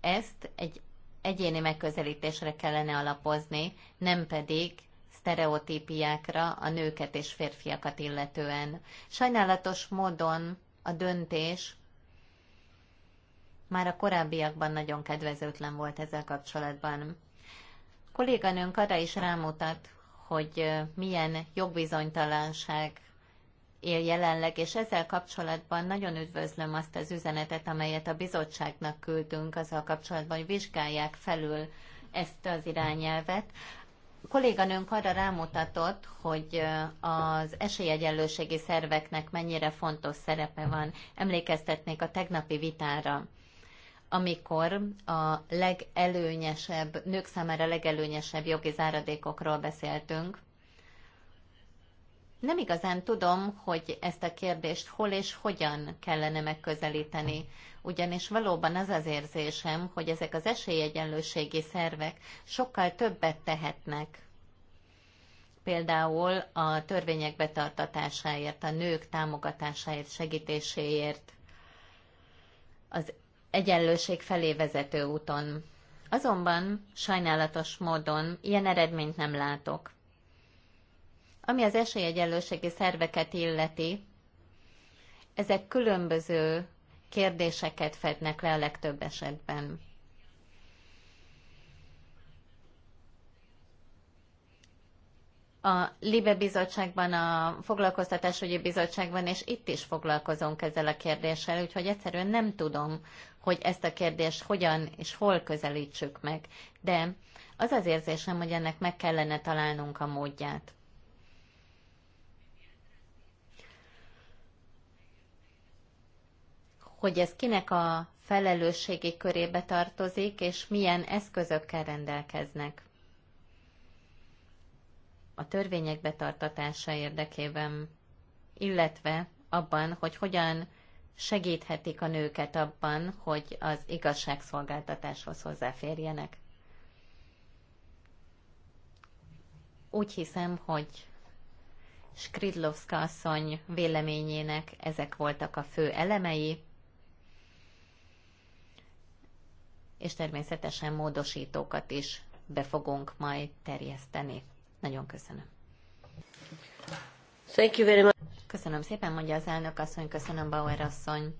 ezt egy egyéni megközelítésre kellene alapozni, nem pedig sztereotípiákra a nőket és férfiakat illetően. Sajnálatos módon a döntés már a korábbiakban nagyon kedvezőtlen volt ezzel kapcsolatban. A kolléganőnk arra is rámutat, hogy milyen jogbizonytalanság él jelenleg, és ezzel kapcsolatban nagyon üdvözlöm azt az üzenetet, amelyet a bizottságnak küldtünk azzal kapcsolatban, hogy vizsgálják felül ezt az irányelvet. A kolléganőnk arra rámutatott, hogy az esélyegyenlőségi szerveknek mennyire fontos szerepe van. Emlékeztetnék a tegnapi vitára amikor a legelőnyesebb, nők számára legelőnyesebb jogi záradékokról beszéltünk, nem igazán tudom, hogy ezt a kérdést hol és hogyan kellene megközelíteni, ugyanis valóban az az érzésem, hogy ezek az esélyegyenlőségi szervek sokkal többet tehetnek. Például a törvények betartatásáért, a nők támogatásáért, segítéséért, az egyenlőség felé vezető úton. Azonban sajnálatos módon ilyen eredményt nem látok. Ami az esélyegyenlőségi szerveket illeti, ezek különböző kérdéseket fednek le a legtöbb esetben. a LIBE bizottságban, a foglalkoztatásügyi bizottságban, és itt is foglalkozunk ezzel a kérdéssel, úgyhogy egyszerűen nem tudom, hogy ezt a kérdést hogyan és hol közelítsük meg. De az az érzésem, hogy ennek meg kellene találnunk a módját. hogy ez kinek a felelősségi körébe tartozik, és milyen eszközökkel rendelkeznek a törvények betartatása érdekében, illetve abban, hogy hogyan segíthetik a nőket abban, hogy az igazságszolgáltatáshoz hozzáférjenek. Úgy hiszem, hogy Skridlovska asszony véleményének ezek voltak a fő elemei. és természetesen módosítókat is be fogunk majd terjeszteni. Nagyon köszönöm. Thank you very much. Köszönöm szépen, mondja az elnök asszony, köszönöm Bauer asszony.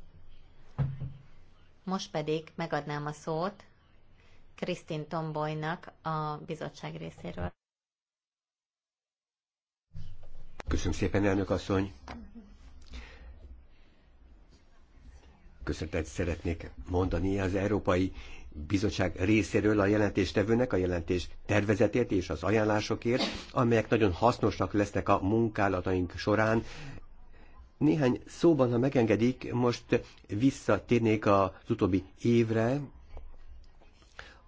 Most pedig megadnám a szót Krisztin Tombolynak a bizottság részéről. Köszönöm szépen, elnök asszony. Köszönetet szeretnék mondani az Európai bizottság részéről a jelentéstevőnek, a jelentés tervezetét és az ajánlásokért, amelyek nagyon hasznosak lesznek a munkálataink során. Néhány szóban, ha megengedik, most visszatérnék az utóbbi évre,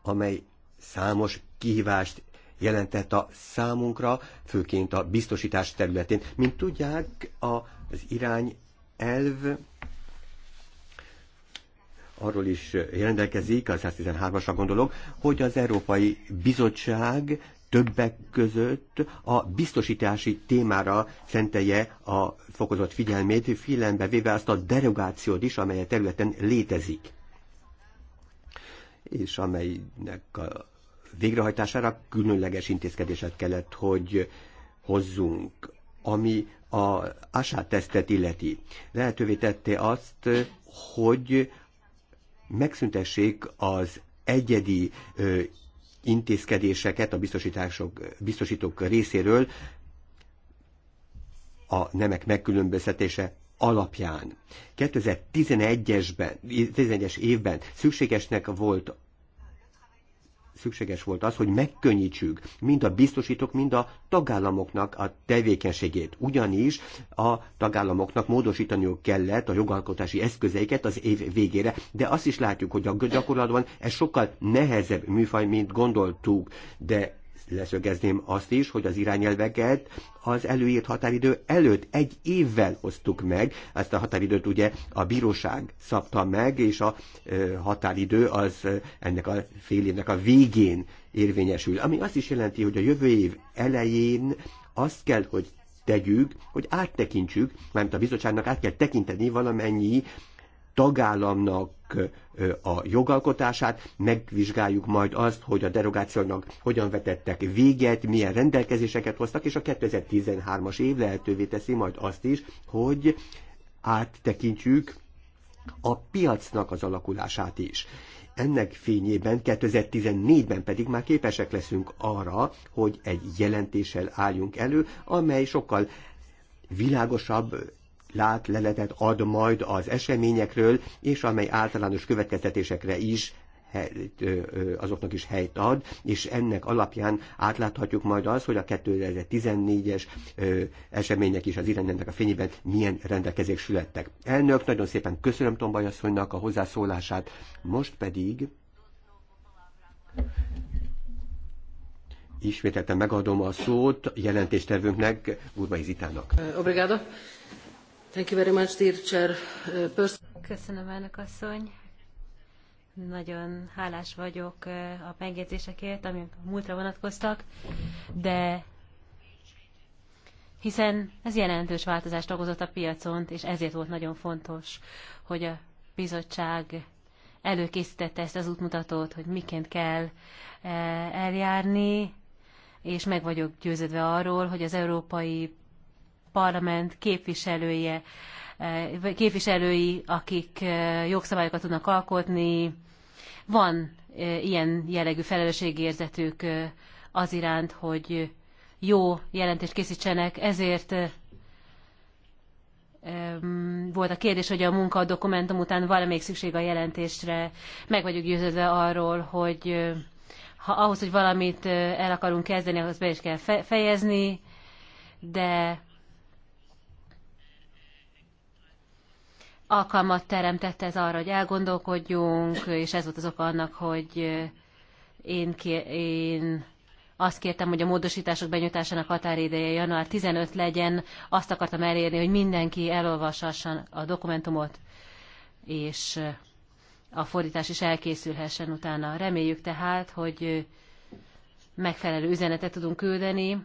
amely számos kihívást jelentett a számunkra, főként a biztosítás területén. Mint tudják, az irány elv arról is rendelkezik, a 113-asra gondolok, hogy az Európai Bizottság többek között a biztosítási témára szentelje a fokozott figyelmét, figyelembe véve azt a derogációt is, amely a területen létezik, és amelynek a végrehajtására különleges intézkedéset kellett, hogy hozzunk, ami a ASA tesztet illeti. Lehetővé tette azt, hogy megszüntessék az egyedi ö, intézkedéseket a biztosítások, biztosítók részéről a nemek megkülönböztetése alapján. 2011-esben, 2011-es évben szükségesnek volt szükséges volt az, hogy megkönnyítsük mind a biztosítók, mind a tagállamoknak a tevékenységét. Ugyanis a tagállamoknak módosítaniuk kellett a jogalkotási eszközeiket az év végére, de azt is látjuk, hogy a gyakorlatban ez sokkal nehezebb műfaj, mint gondoltuk, de leszögezném azt is, hogy az irányelveket az előírt határidő előtt egy évvel osztuk meg. Ezt a határidőt ugye a bíróság szabta meg, és a határidő az ennek a fél évnek a végén érvényesül. Ami azt is jelenti, hogy a jövő év elején azt kell, hogy tegyük, hogy áttekintsük, mert a bizottságnak át kell tekinteni valamennyi tagállamnak a jogalkotását, megvizsgáljuk majd azt, hogy a derogációnak hogyan vetettek véget, milyen rendelkezéseket hoztak, és a 2013-as év lehetővé teszi majd azt is, hogy áttekintjük a piacnak az alakulását is. Ennek fényében 2014-ben pedig már képesek leszünk arra, hogy egy jelentéssel álljunk elő, amely sokkal világosabb lát leletet ad majd az eseményekről, és amely általános következtetésekre is azoknak is helyt ad, és ennek alapján átláthatjuk majd az, hogy a 2014-es események is az irányrennek a fényében milyen rendelkezés születtek. Elnök, nagyon szépen köszönöm Tombaj asszonynak a hozzászólását, most pedig ismételten megadom a szót jelentéstervünknek, Urbai Zitának. Obrigado. Thank you very much, dear chair. Uh, Köszönöm, elnök asszony. Nagyon hálás vagyok uh, a megjegyzésekért, amik múltra vonatkoztak, de hiszen ez jelentős változást okozott a piacon, és ezért volt nagyon fontos, hogy a bizottság előkészítette ezt az útmutatót, hogy miként kell uh, eljárni, és meg vagyok győződve arról, hogy az európai parlament képviselője, eh, képviselői, akik eh, jogszabályokat tudnak alkotni. Van eh, ilyen jellegű felelősségérzetük az iránt, hogy jó jelentést készítsenek, ezért volt a kérdés, hogy a munka a dokumentum után valamelyik szükség a jelentésre. Meg vagyok győződve arról, hogy ha ahhoz, hogy valamit el akarunk kezdeni, ahhoz be is kell fejezni, de alkalmat teremtett ez arra, hogy elgondolkodjunk, és ez volt az oka annak, hogy eh, én, kér, én azt kértem, hogy a módosítások benyújtásának határideje január 15 legyen. Azt akartam elérni, hogy mindenki elolvashassa a dokumentumot, és eh, a fordítás is elkészülhessen utána. Reméljük tehát, hogy eh, megfelelő üzenetet tudunk küldeni,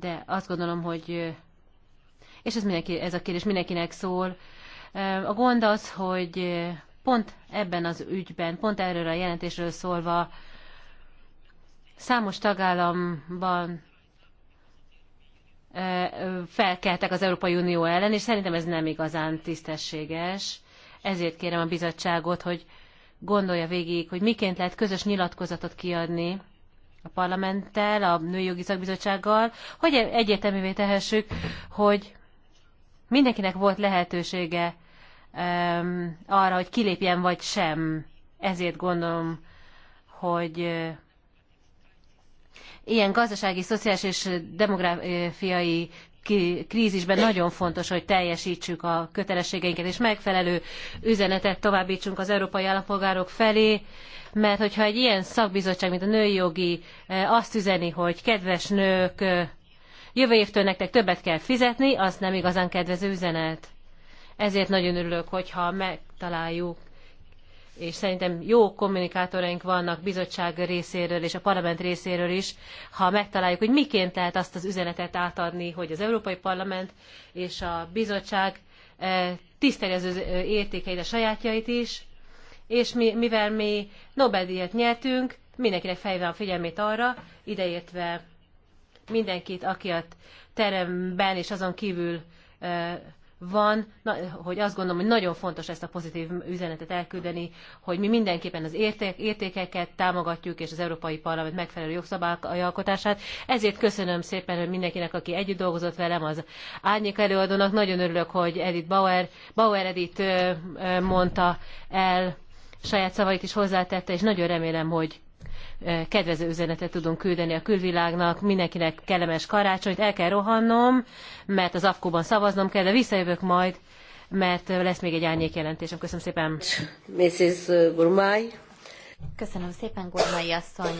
de azt gondolom, hogy és ez, mindenki, ez a kérdés mindenkinek szól, a gond az, hogy pont ebben az ügyben, pont erről a jelentésről szólva, számos tagállamban felkeltek az Európai Unió ellen, és szerintem ez nem igazán tisztességes. Ezért kérem a bizottságot, hogy gondolja végig, hogy miként lehet közös nyilatkozatot kiadni a parlamenttel, a női jogi szakbizottsággal, hogy egyértelművé tehessük, hogy mindenkinek volt lehetősége arra, hogy kilépjen vagy sem. Ezért gondolom, hogy ilyen gazdasági, szociális és demográfiai krízisben nagyon fontos, hogy teljesítsük a kötelességeinket, és megfelelő üzenetet továbbítsunk az európai állampolgárok felé, mert hogyha egy ilyen szakbizottság, mint a női jogi azt üzeni, hogy kedves nők, jövő évtől nektek többet kell fizetni, az nem igazán kedvező üzenet. Ezért nagyon örülök, hogyha megtaláljuk és szerintem jó kommunikátoraink vannak bizottság részéről és a parlament részéről is, ha megtaláljuk, hogy miként lehet azt az üzenetet átadni, hogy az Európai Parlament és a bizottság eh, tiszteli az eh, értékeit, a sajátjait is, és mi, mivel mi Nobel-díjat nyertünk, mindenkinek fejve a figyelmét arra, ideértve mindenkit, aki a teremben és azon kívül eh, van, na, hogy azt gondolom, hogy nagyon fontos ezt a pozitív üzenetet elküldeni, hogy mi mindenképpen az érték, értékeket támogatjuk, és az Európai Parlament megfelelő jogszabályalkotását. Ezért köszönöm szépen hogy mindenkinek, aki együtt dolgozott velem, az árnyék előadónak. Nagyon örülök, hogy Edith Bauer, Bauer Edith mondta el, saját szavait is hozzátette, és nagyon remélem, hogy kedvező üzenetet tudunk küldeni a külvilágnak, mindenkinek kellemes karácsonyt, el kell rohannom, mert az afkóban szavaznom kell, de visszajövök majd, mert lesz még egy árnyékjelentésem. Köszönöm szépen. Mrs. Gurmai. Köszönöm szépen, Gurmai asszony.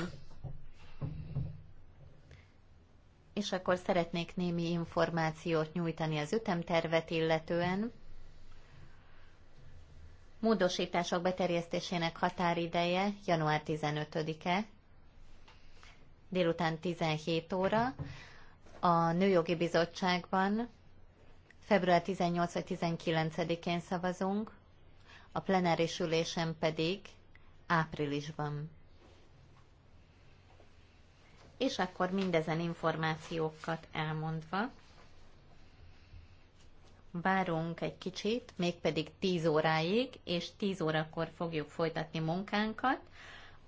És akkor szeretnék némi információt nyújtani az ütemtervet illetően. Módosítások beterjesztésének határideje január 15-e, délután 17 óra. A Nőjogi Bizottságban február 18 19-én szavazunk, a plenáris ülésen pedig áprilisban. És akkor mindezen információkat elmondva, várunk egy kicsit, mégpedig 10 óráig, és 10 órakor fogjuk folytatni munkánkat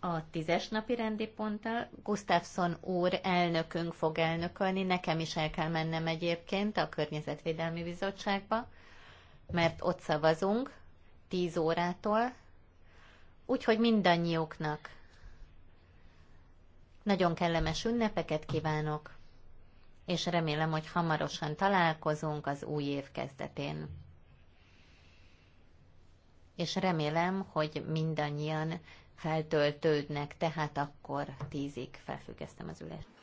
a tízes napi rendi ponttal. Gustafsson úr elnökünk fog elnökölni, nekem is el kell mennem egyébként a Környezetvédelmi Bizottságba, mert ott szavazunk 10 órától, úgyhogy mindannyiuknak nagyon kellemes ünnepeket kívánok! és remélem, hogy hamarosan találkozunk az új év kezdetén. És remélem, hogy mindannyian feltöltődnek, tehát akkor tízig felfüggesztem az ülést.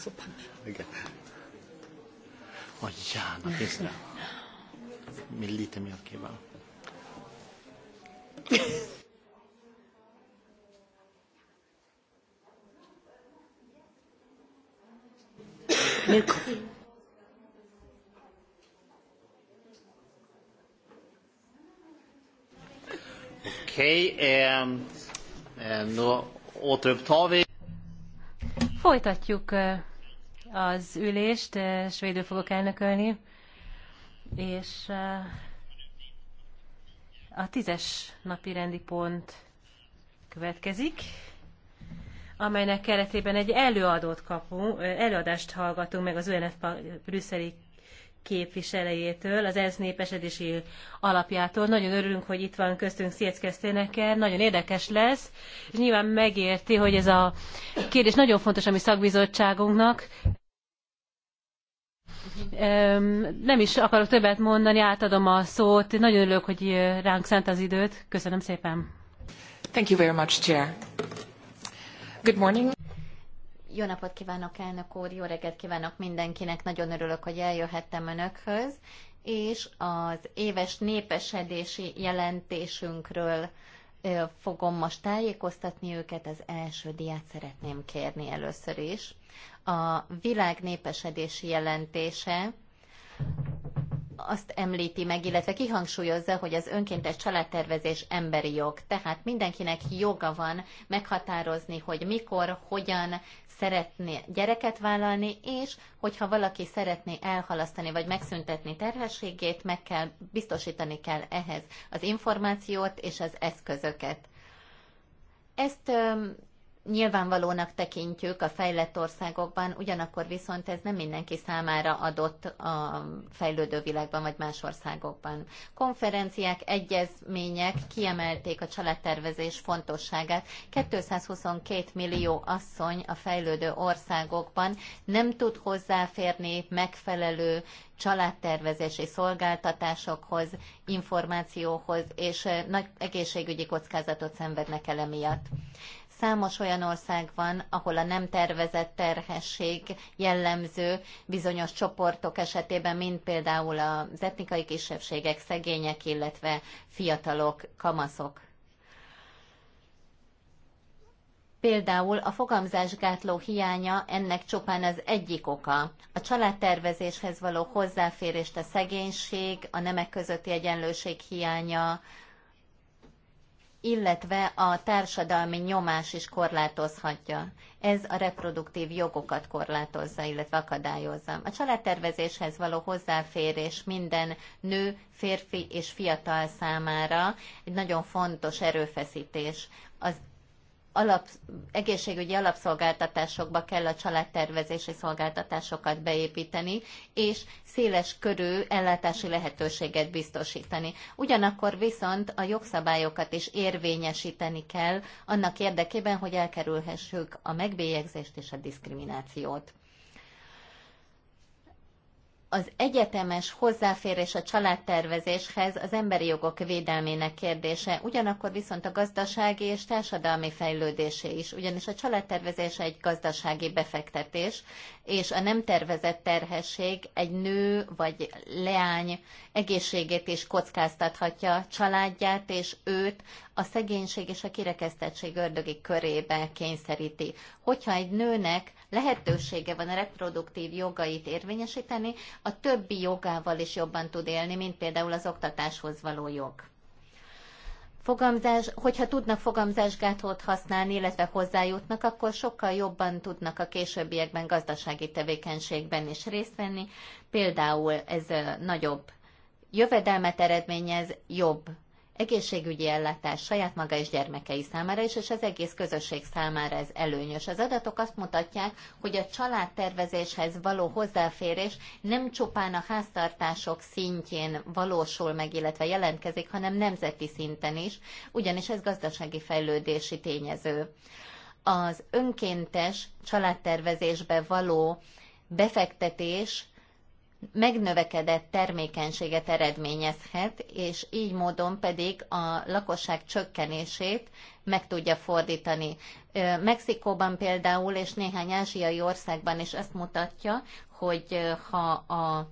so okay. Oh Jana, questa millitemi a kíván. Mikor? Okej, okay, eh, eh, då återupptar vi. Folytatjuk eh, az ülést, svédül fogok elnökölni, és a tízes napi rendi pont következik, amelynek keretében egy előadót kapunk, előadást hallgatunk meg az UNF brüsszeli képviselőjétől, az ENSZ népesedési alapjától. Nagyon örülünk, hogy itt van köztünk Szieckeszténeker, nagyon érdekes lesz, és nyilván megérti, hogy ez a kérdés nagyon fontos a mi szakbizottságunknak. Nem is akarok többet mondani, átadom a szót. Nagyon örülök, hogy eh, ránk szent az időt. Köszönöm szépen. Thank you very much, Chair. Good morning. Jó napot kívánok, elnök úr, jó reggelt kívánok mindenkinek, nagyon örülök, hogy eljöhettem önökhöz, és az éves népesedési jelentésünkről fogom most tájékoztatni őket. Az első diát szeretném kérni először is. A világ népesedési jelentése azt említi meg, illetve kihangsúlyozza, hogy az önkéntes családtervezés emberi jog. Tehát mindenkinek joga van meghatározni, hogy mikor, hogyan szeretné gyereket vállalni, és hogyha valaki szeretné elhalasztani vagy megszüntetni terhességét, meg kell biztosítani kell ehhez az információt és az eszközöket. Ezt nyilvánvalónak tekintjük a fejlett országokban, ugyanakkor viszont ez nem mindenki számára adott a fejlődő világban vagy más országokban. Konferenciák, egyezmények kiemelték a családtervezés fontosságát. 222 millió asszony a fejlődő országokban nem tud hozzáférni megfelelő családtervezési szolgáltatásokhoz, információhoz, és nagy egészségügyi kockázatot szenvednek el emiatt. Számos olyan ország van, ahol a nem tervezett terhesség jellemző bizonyos csoportok esetében, mint például az etnikai kisebbségek, szegények, illetve fiatalok, kamaszok. Például a fogamzásgátló hiánya ennek csupán az egyik oka. A családtervezéshez való hozzáférést a szegénység, a nemek közötti egyenlőség hiánya, illetve a társadalmi nyomás is korlátozhatja. Ez a reproduktív jogokat korlátozza, illetve akadályozza. A családtervezéshez való hozzáférés minden nő, férfi és fiatal számára egy nagyon fontos erőfeszítés. Az alap, egészségügyi alapszolgáltatásokba kell a családtervezési szolgáltatásokat beépíteni, és széles körű ellátási lehetőséget biztosítani. Ugyanakkor viszont a jogszabályokat is érvényesíteni kell annak érdekében, hogy elkerülhessük a megbélyegzést és a diszkriminációt az egyetemes hozzáférés a családtervezéshez az emberi jogok védelmének kérdése, ugyanakkor viszont a gazdasági és társadalmi fejlődésé is, ugyanis a családtervezés egy gazdasági befektetés, és a nem tervezett terhesség egy nő vagy leány egészségét is kockáztathatja, családját és őt a szegénység és a kirekesztettség ördögi körébe kényszeríti. Hogyha egy nőnek lehetősége van a reproduktív jogait érvényesíteni, a többi jogával is jobban tud élni, mint például az oktatáshoz való jog fogamzás, hogyha tudnak fogamzásgátlót használni, illetve hozzájutnak, akkor sokkal jobban tudnak a későbbiekben gazdasági tevékenységben is részt venni. Például ez nagyobb jövedelmet eredményez, jobb egészségügyi ellátás saját maga és gyermekei számára is, és az egész közösség számára ez előnyös. Az adatok azt mutatják, hogy a családtervezéshez való hozzáférés nem csupán a háztartások szintjén valósul meg, illetve jelentkezik, hanem nemzeti szinten is, ugyanis ez gazdasági fejlődési tényező. Az önkéntes családtervezésbe való befektetés megnövekedett termékenységet eredményezhet, és így módon pedig a lakosság csökkenését meg tudja fordítani. Mexikóban például és néhány ázsiai országban is ezt mutatja, hogy ha a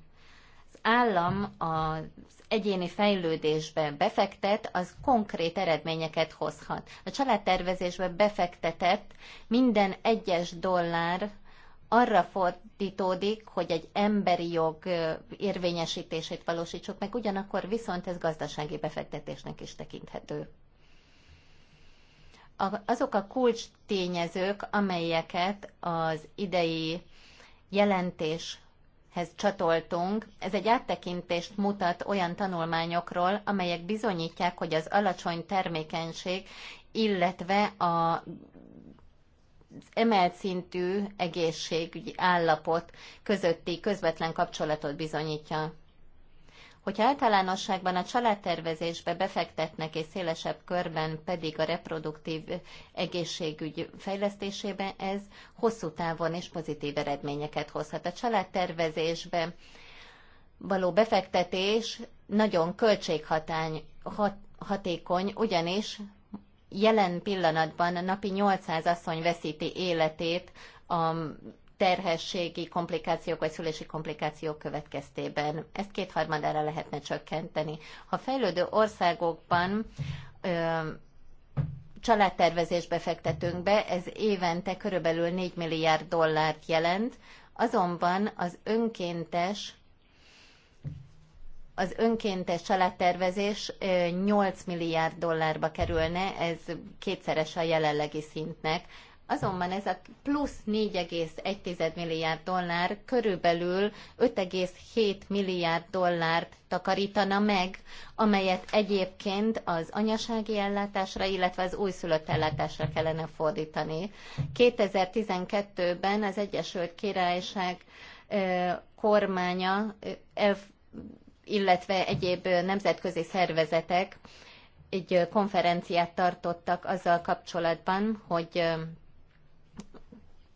állam az egyéni fejlődésbe befektet, az konkrét eredményeket hozhat. A családtervezésbe befektetett minden egyes dollár arra fordítódik, hogy egy emberi jog érvényesítését valósítsuk meg, ugyanakkor viszont ez gazdasági befektetésnek is tekinthető. Azok a kulcs tényezők, amelyeket az idei jelentéshez csatoltunk, ez egy áttekintést mutat olyan tanulmányokról, amelyek bizonyítják, hogy az alacsony termékenység, illetve a emelt szintű egészségügyi állapot közötti közvetlen kapcsolatot bizonyítja. Hogyha általánosságban a családtervezésbe befektetnek és szélesebb körben pedig a reproduktív egészségügy fejlesztésébe, ez hosszú távon és pozitív eredményeket hozhat. A családtervezésbe való befektetés nagyon költséghatány, hat, hatékony, ugyanis jelen pillanatban napi 800 asszony veszíti életét a terhességi komplikációk vagy szülési komplikációk következtében. Ezt kétharmadára lehetne csökkenteni. Ha fejlődő országokban ö, családtervezésbe fektetünk be, ez évente körülbelül 4 milliárd dollárt jelent, azonban az önkéntes az önkéntes családtervezés 8 milliárd dollárba kerülne, ez kétszeres a jelenlegi szintnek. Azonban ez a plusz 4,1 milliárd dollár körülbelül 5,7 milliárd dollárt takarítana meg, amelyet egyébként az anyasági ellátásra, illetve az újszülött ellátásra kellene fordítani. 2012-ben az Egyesült Királyság kormánya illetve egyéb nemzetközi szervezetek egy konferenciát tartottak azzal kapcsolatban, hogy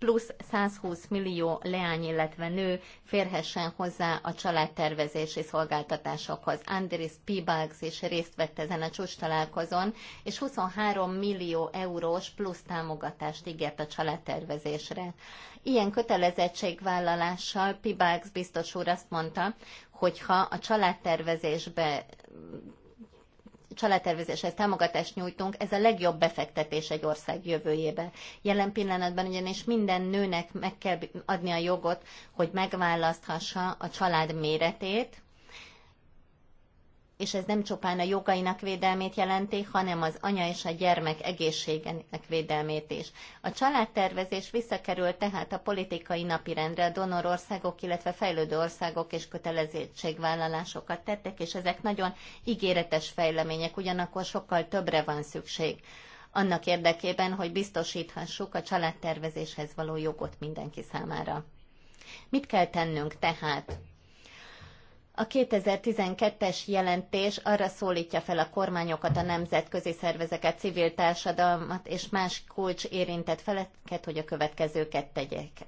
plusz 120 millió leány, illetve nő férhessen hozzá a családtervezési szolgáltatásokhoz. Andris Pibalgs is részt vett ezen a csúcs találkozón, és 23 millió eurós plusz támogatást ígért a családtervezésre. Ilyen kötelezettségvállalással Pibalgs biztos úr azt mondta, hogyha a családtervezésbe családtervezéshez támogatást nyújtunk, ez a legjobb befektetés egy ország jövőjébe. Jelen pillanatban ugyanis minden nőnek meg kell adni a jogot, hogy megválaszthassa a család méretét, és ez nem csupán a jogainak védelmét jelenti, hanem az anya és a gyermek egészségének védelmét is. A családtervezés visszakerül tehát a politikai napirendre, a donorországok, illetve fejlődő országok és kötelezettségvállalásokat tettek, és ezek nagyon ígéretes fejlemények, ugyanakkor sokkal többre van szükség annak érdekében, hogy biztosíthassuk a családtervezéshez való jogot mindenki számára. Mit kell tennünk tehát? A 2012-es jelentés arra szólítja fel a kormányokat, a nemzetközi szervezeket, civil társadalmat és más kulcs érintett feleket, hogy a következőket tegyék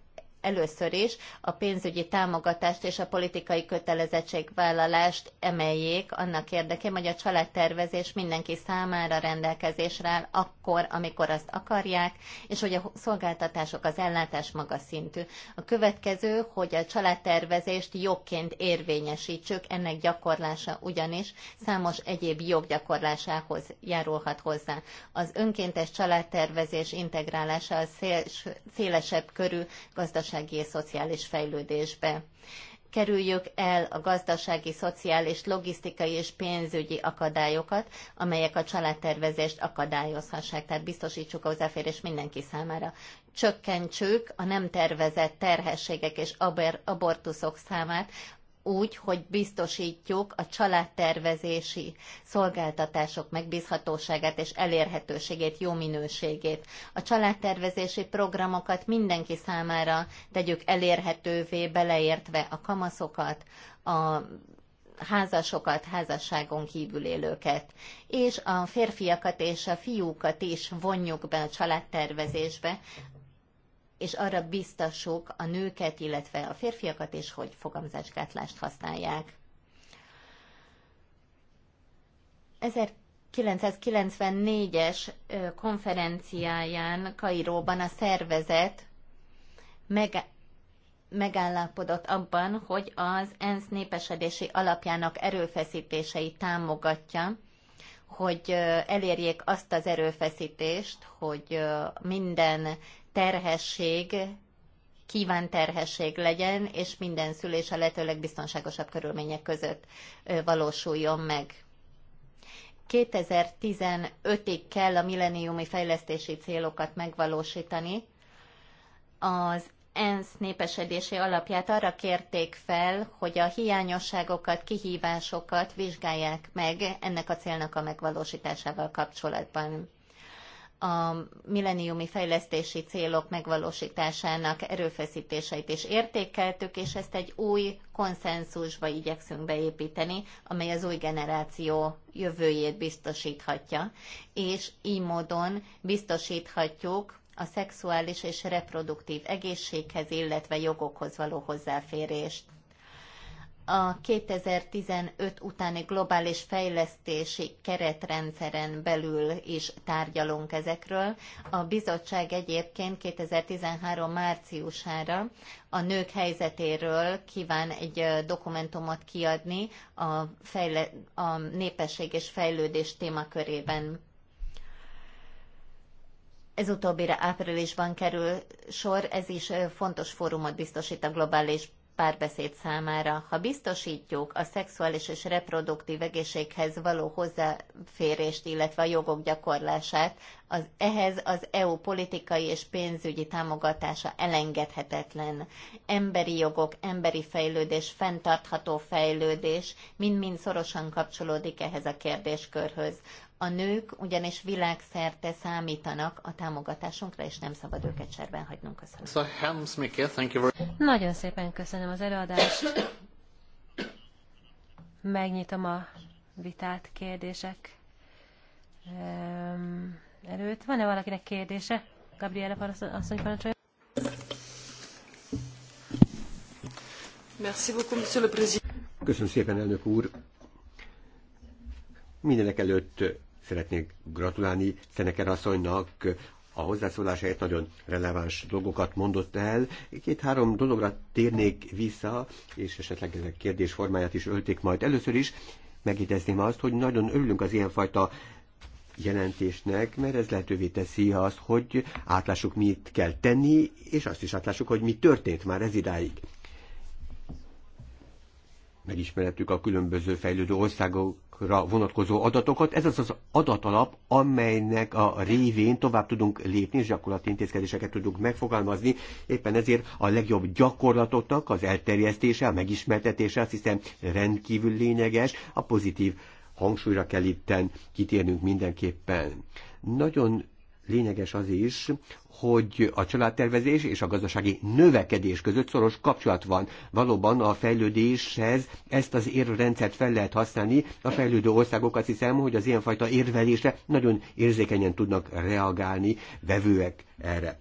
először is a pénzügyi támogatást és a politikai kötelezettségvállalást emeljék annak érdekében, hogy a családtervezés mindenki számára rendelkezésre áll akkor, amikor azt akarják, és hogy a szolgáltatások, az ellátás magas szintű. A következő, hogy a családtervezést jogként érvényesítsük, ennek gyakorlása ugyanis számos egyéb joggyakorlásához járulhat hozzá. Az önkéntes családtervezés integrálása a szélesebb körű gazdaság gazdasági és szociális fejlődésbe. Kerüljük el a gazdasági, szociális, logisztikai és pénzügyi akadályokat, amelyek a családtervezést akadályozhassák, tehát biztosítsuk a hozzáférés mindenki számára. Csökkentsük a nem tervezett terhességek és abortuszok számát, úgy, hogy biztosítjuk a családtervezési szolgáltatások megbízhatóságát és elérhetőségét, jó minőségét. A családtervezési programokat mindenki számára tegyük elérhetővé, beleértve a kamaszokat, a házasokat, házasságon kívül élőket, és a férfiakat és a fiúkat is vonjuk be a családtervezésbe, és arra biztassuk a nőket, illetve a férfiakat is, hogy fogamzásgátlást használják. 1994-es konferenciáján Kairóban a szervezet meg, megállapodott abban, hogy az ENSZ népesedési alapjának erőfeszítéseit támogatja, hogy elérjék azt az erőfeszítést, hogy minden terhesség kíván terhesség legyen, és minden szülés a lehetőleg biztonságosabb körülmények között valósuljon meg. 2015-ig kell a milleniumi fejlesztési célokat megvalósítani. Az ENSZ népesedési alapját arra kérték fel, hogy a hiányosságokat, kihívásokat vizsgálják meg ennek a célnak a megvalósításával kapcsolatban a milleniumi fejlesztési célok megvalósításának erőfeszítéseit is értékeltük, és ezt egy új konszenzusba igyekszünk beépíteni, amely az új generáció jövőjét biztosíthatja, és így módon biztosíthatjuk a szexuális és reproduktív egészséghez, illetve jogokhoz való hozzáférést a 2015 utáni globális fejlesztési keretrendszeren belül is tárgyalunk ezekről. A bizottság egyébként 2013 márciusára a nők helyzetéről kíván egy dokumentumot kiadni a, fejle- a népesség és fejlődés témakörében. Ez utóbbira áprilisban kerül sor, ez is fontos fórumot biztosít a globális párbeszéd számára. Ha biztosítjuk a szexuális és reproduktív egészséghez való hozzáférést, illetve a jogok gyakorlását, az, ehhez az EU politikai és pénzügyi támogatása elengedhetetlen. Emberi jogok, emberi fejlődés, fenntartható fejlődés mind-mind szorosan kapcsolódik ehhez a kérdéskörhöz. A nők ugyanis világszerte számítanak a támogatásunkra, és nem szabad őket serben hagynunk. Köszönöm. Nagyon szépen köszönöm az előadást. Megnyitom a vitát, kérdések ehm, előtt. Van-e valakinek kérdése? Gabriela asszony parancsolja. Merci beaucoup, monsieur le président. Köszönöm szépen, elnök úr. Mindenek előtt Szeretnék gratulálni Szeneker asszonynak a hozzászólásáért nagyon releváns dolgokat mondott el. Két-három dologra térnék vissza, és esetleg ezek kérdés formáját is ölték majd. Először is megidezném azt, hogy nagyon örülünk az ilyenfajta jelentésnek, mert ez lehetővé teszi azt, hogy átlássuk, mit kell tenni, és azt is átlássuk, hogy mi történt már ez idáig. Megismerhetjük a különböző fejlődő országok adatokra vonatkozó adatokat. Ez az az adatalap, amelynek a révén tovább tudunk lépni, és gyakorlati intézkedéseket tudunk megfogalmazni. Éppen ezért a legjobb gyakorlatoknak az elterjesztése, a megismertetése azt hiszem rendkívül lényeges, a pozitív hangsúlyra kell itten kitérnünk mindenképpen. Nagyon lényeges az is, hogy a családtervezés és a gazdasági növekedés között szoros kapcsolat van. Valóban a fejlődéshez ezt az érrendszert fel lehet használni. A fejlődő országok azt hiszem, hogy az ilyenfajta érvelésre nagyon érzékenyen tudnak reagálni, vevőek erre.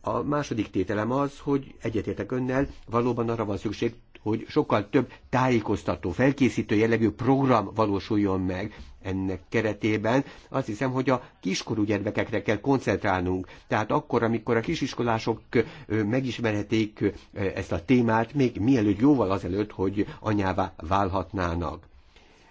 A második tételem az, hogy egyetértek önnel, valóban arra van szükség, hogy sokkal több tájékoztató, felkészítő jellegű program valósuljon meg ennek keretében azt hiszem, hogy a kiskorú gyermekekre kell koncentrálnunk. Tehát akkor, amikor a kisiskolások megismerhetik ezt a témát, még mielőtt jóval azelőtt, hogy anyává válhatnának.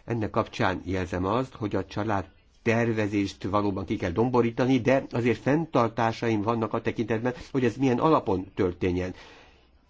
Ennek kapcsán jelzem azt, hogy a család tervezést valóban ki kell domborítani, de azért fenntartásaim vannak a tekintetben, hogy ez milyen alapon történjen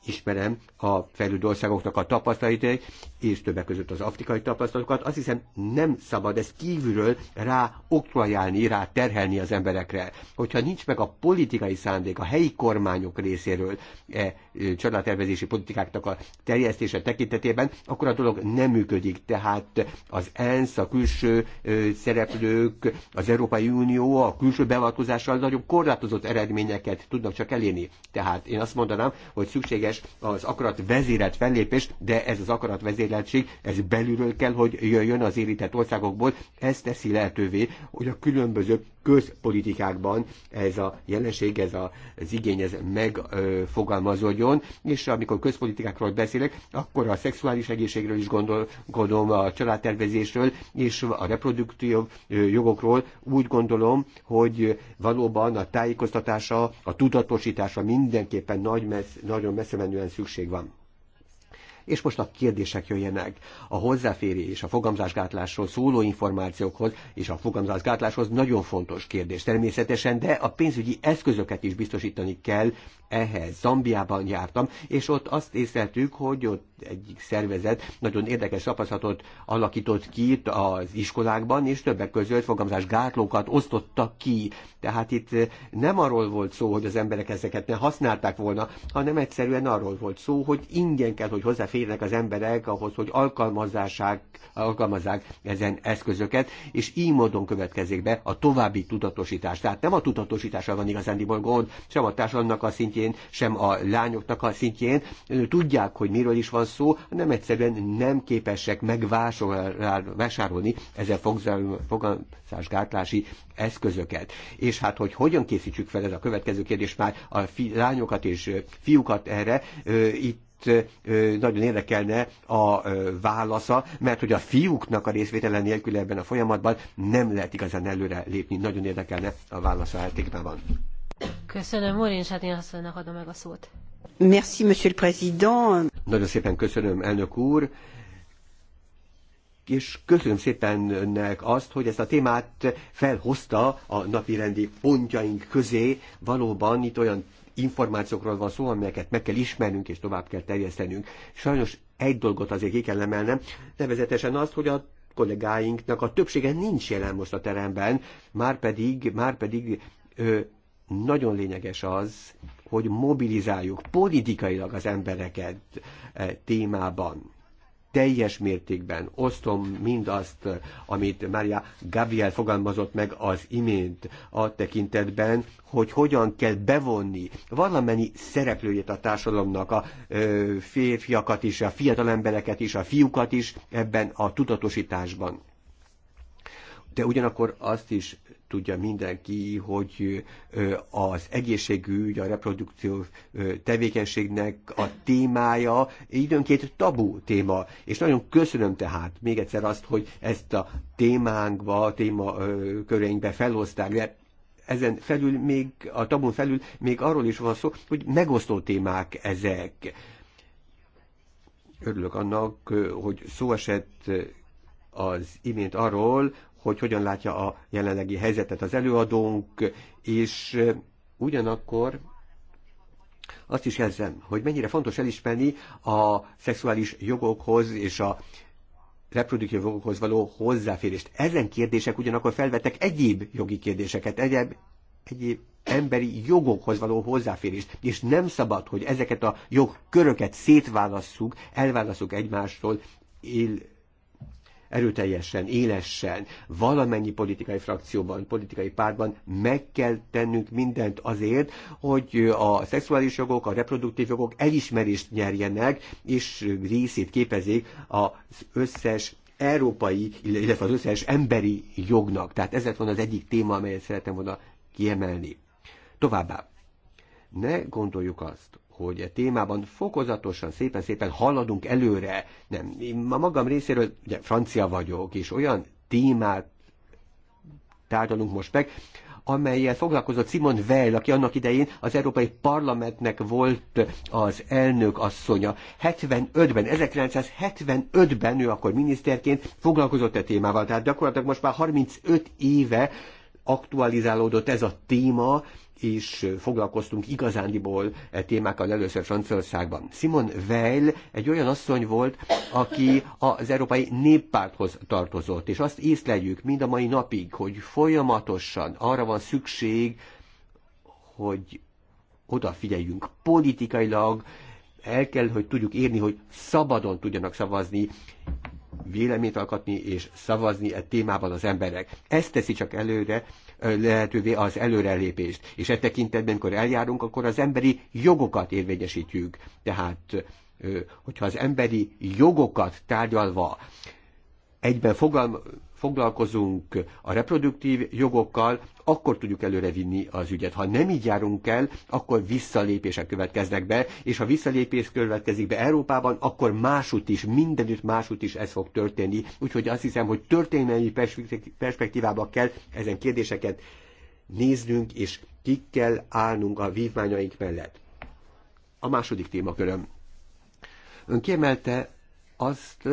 ismerem a fejlődő országoknak a tapasztalatait, és többek között az afrikai tapasztalatokat, azt hiszem nem szabad ezt kívülről rá oktrojálni, rá terhelni az emberekre. Hogyha nincs meg a politikai szándék a helyi kormányok részéről e, e csalátervezési politikáknak a terjesztése tekintetében, akkor a dolog nem működik. Tehát az ENSZ, a külső e, szereplők, az Európai Unió a külső beavatkozással nagyobb korlátozott eredményeket tudnak csak elérni. Tehát én azt mondanám, hogy szükséges lehetséges az akarat vezérelt fellépés, de ez az akarat vezéreltség, ez belülről kell, hogy jöjjön az érintett országokból. Ez teszi lehetővé, hogy a különböző közpolitikákban ez a jelenség, ez a, az igény, ez megfogalmazódjon, és amikor közpolitikákról beszélek, akkor a szexuális egészségről is gondol, gondolom, a családtervezésről és a reproduktív jogokról úgy gondolom, hogy valóban a tájékoztatása, a tudatosítása mindenképpen nagy messz, nagyon messze menően szükség van. És most a kérdések jöjjenek. A hozzáférés a fogamzásgátlásról szóló információkhoz és a fogamzásgátláshoz nagyon fontos kérdés természetesen, de a pénzügyi eszközöket is biztosítani kell ehhez. Zambiában jártam, és ott azt észleltük, hogy ott egyik szervezet nagyon érdekes tapasztalatot alakított ki itt az iskolákban, és többek között fogamzás gátlókat osztottak ki. Tehát itt eh, nem arról volt szó, hogy az emberek ezeket ne használták volna, hanem egyszerűen arról volt szó, hogy ingyen kell, hogy hozzáférnek az emberek ahhoz, hogy alkalmazzák, alkalmazzák ezen eszközöket, és így módon következik be a további tudatosítás. Tehát nem a tudatosításra van igazándiból gond, sem a társadalomnak a szintjén, szintjén, sem a lányoknak a szintjén tudják, hogy miről is van szó, nem egyszerűen nem képesek megvásárolni ezzel fogalmazásgátlási eszközöket. És hát, hogy hogyan készítsük fel ez a következő kérdés már a fi, lányokat és fiúkat erre, itt nagyon érdekelne a válasza, mert hogy a fiúknak a részvétele nélkül ebben a folyamatban nem lehet igazán előre lépni. Nagyon érdekelne a válasza eltékben van. Köszönöm, Morin Sátin adom meg a szót. Merci, monsieur le président. Nagyon szépen köszönöm, elnök úr és köszönöm szépen önnek azt, hogy ezt a témát felhozta a napirendi pontjaink közé. Valóban itt olyan információkról van szó, amelyeket meg kell ismernünk és tovább kell terjesztenünk. Sajnos egy dolgot azért ki kell emelnem, nevezetesen azt, hogy a kollégáinknak a többsége nincs jelen most a teremben, már pedig, már pedig ö, nagyon lényeges az, hogy mobilizáljuk politikailag az embereket e, témában. Teljes mértékben osztom mindazt, amit Mária Gabriel fogalmazott meg az imént a tekintetben, hogy hogyan kell bevonni valamennyi szereplőjét a társadalomnak, a e, férfiakat is, a fiatal embereket is, a fiúkat is ebben a tudatosításban. De ugyanakkor azt is tudja mindenki, hogy az egészségügy, a reprodukció tevékenységnek a témája időnként tabu téma. És nagyon köszönöm tehát még egyszer azt, hogy ezt a témánkba, a témaköreinkbe felhozták, de ezen felül még, a tabun felül még arról is van szó, hogy megosztó témák ezek. Örülök annak, hogy szó esett az imént arról, hogy hogyan látja a jelenlegi helyzetet az előadónk, és eh, ugyanakkor azt is jelzem, hogy mennyire fontos elismerni a szexuális jogokhoz és a reproduktív jogokhoz való hozzáférést. Ezen kérdések ugyanakkor felvettek egyéb jogi kérdéseket, egyéb, egyéb emberi jogokhoz való hozzáférést, és nem szabad, hogy ezeket a jogköröket szétválasszuk, elválasszuk egymástól, él, erőteljesen, élesen, valamennyi politikai frakcióban, politikai pártban meg kell tennünk mindent azért, hogy a szexuális jogok, a reproduktív jogok elismerést nyerjenek, és részét képezik az összes európai, illetve az összes emberi jognak. Tehát ez lett volna az egyik téma, amelyet szeretem, volna kiemelni. Továbbá, ne gondoljuk azt, hogy a e témában fokozatosan, szépen-szépen haladunk előre. Nem, én ma magam részéről, ugye francia vagyok, és olyan témát tárgyalunk most meg, amelyel foglalkozott Simon Weil, aki annak idején az Európai Parlamentnek volt az elnök asszonya. 75-ben, 1975-ben ő akkor miniszterként foglalkozott a e témával, tehát gyakorlatilag most már 35 éve aktualizálódott ez a téma, is foglalkoztunk igazándiból e témákkal először Franciaországban. Simon Weil egy olyan asszony volt, aki az Európai Néppárthoz tartozott, és azt észleljük mind a mai napig, hogy folyamatosan arra van szükség, hogy odafigyeljünk politikailag, el kell, hogy tudjuk érni, hogy szabadon tudjanak szavazni, véleményt alkotni és szavazni e témában az emberek. Ezt teszi csak előre lehetővé az előrelépést. És e tekintetben, amikor eljárunk, akkor az emberi jogokat érvényesítjük. Tehát, hogyha az emberi jogokat tárgyalva egyben fogalmazunk, foglalkozunk a reproduktív jogokkal, akkor tudjuk előrevinni az ügyet. Ha nem így járunk el, akkor visszalépések következnek be, és ha visszalépés következik be Európában, akkor másút is, mindenütt másút is ez fog történni. Úgyhogy azt hiszem, hogy történelmi perspektívában kell ezen kérdéseket néznünk, és ki kell állnunk a vívmányaink mellett. A második témaköröm. Ön kiemelte azt,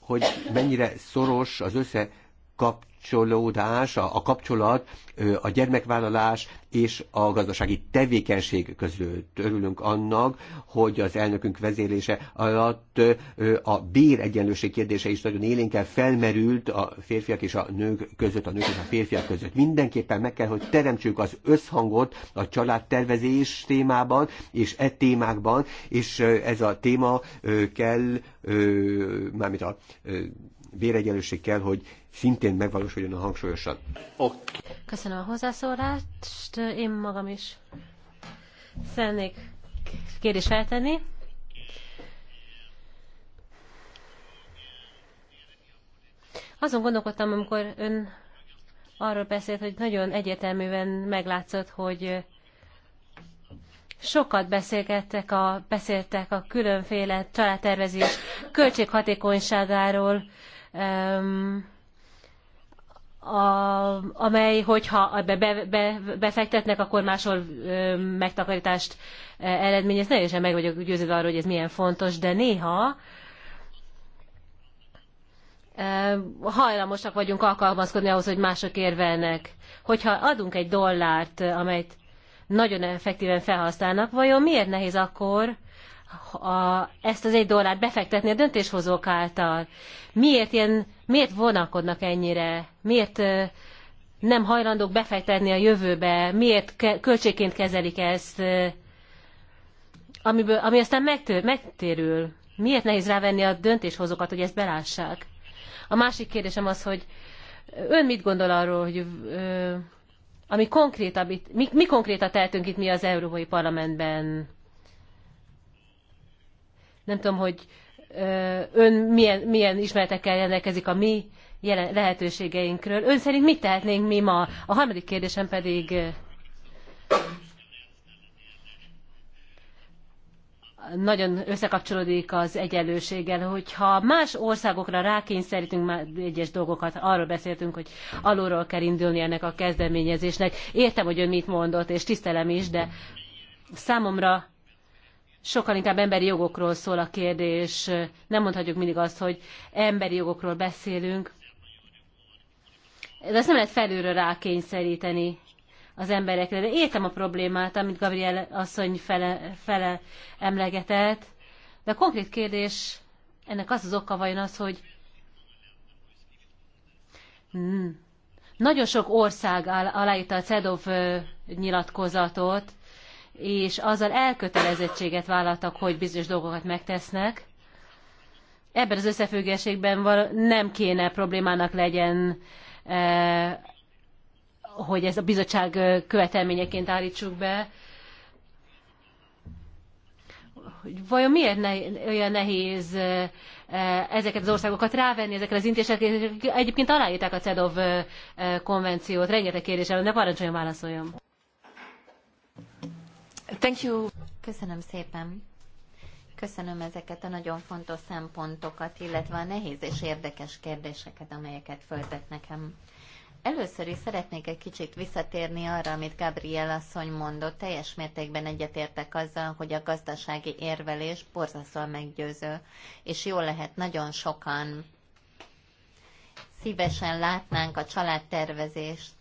hogy mennyire szoros az össze kapcsolódás, a, a kapcsolat, a gyermekvállalás és a gazdasági tevékenység között. Örülünk annak, hogy az elnökünk vezérlése alatt a bér egyenlőség kérdése is nagyon élénkkel felmerült a férfiak és a nők között, a nők és a férfiak között. Mindenképpen meg kell, hogy teremtsük az összhangot a családtervezés témában és e témákban, és ez a téma kell, mármint a béregyenlőség kell, hogy szintén megvalósuljon a hangsúlyosan. Köszönöm a hozzászólást, én magam is szeretnék kérdés feltenni. Azon gondolkodtam, amikor ön arról beszélt, hogy nagyon egyértelműen meglátszott, hogy sokat beszélgettek a, beszéltek a különféle családtervezés költséghatékonyságáról, a, amely, hogyha be, be, be, befektetnek, akkor máshol ö, megtakarítást ö, e, eredményez. Nagyon sem meg vagyok győződve arról, hogy ez milyen fontos, de néha ö, hajlamosak vagyunk alkalmazkodni ahhoz, hogy mások érvelnek. Hogyha adunk egy dollárt, amelyet nagyon effektíven felhasználnak, vajon miért nehéz akkor a, ezt az egy dollárt befektetni a döntéshozók által. Miért, ilyen, miért vonakodnak ennyire? Miért ö, nem hajlandók befektetni a jövőbe? Miért ke, költségként kezelik ezt, ö, amiből, ami aztán megtör, megtérül? Miért nehéz rávenni a döntéshozókat, hogy ezt belássák? A másik kérdésem az, hogy ön mit gondol arról, hogy ö, ami konkrétabb, mi, mi konkrétan tehetünk itt mi az Európai Parlamentben? Nem tudom, hogy ön milyen, milyen ismeretekkel rendelkezik a mi jelen, lehetőségeinkről. Ön szerint mit tehetnénk mi ma? A harmadik kérdésem pedig nagyon összekapcsolódik az egyenlőséggel, hogyha más országokra rákényszerítünk, már egyes dolgokat arról beszéltünk, hogy alulról kell indulni ennek a kezdeményezésnek. Értem, hogy ön mit mondott, és tisztelem is, de számomra sokkal inkább emberi jogokról szól a kérdés. Nem mondhatjuk mindig azt, hogy emberi jogokról beszélünk. De ezt nem lehet felülről rákényszeríteni az emberekre. De értem a problémát, amit Gabriel asszony fele, fele emlegetett. De a konkrét kérdés ennek az az oka vajon az, hogy hmm. nagyon sok ország aláírta a CEDOV nyilatkozatot, és azzal elkötelezettséget vállaltak, hogy bizonyos dolgokat megtesznek. Ebben az összefüggésében nem kéne problémának legyen, e, hogy ez a bizottság követelményeként állítsuk be. Hogy vajon miért ne, olyan nehéz e, e, ezeket az országokat rávenni, ezekre az intézkedésekre? Egyébként aláírták a CEDOV konvenciót, rengeteg kérdésem, ne parancsoljon, válaszoljon. Thank you. Köszönöm szépen. Köszönöm ezeket a nagyon fontos szempontokat, illetve a nehéz és érdekes kérdéseket, amelyeket föltett nekem. Először is szeretnék egy kicsit visszatérni arra, amit Gabriel asszony mondott. Teljes mértékben egyetértek azzal, hogy a gazdasági érvelés borzasztóan meggyőző, és jó lehet nagyon sokan szívesen látnánk a családtervezést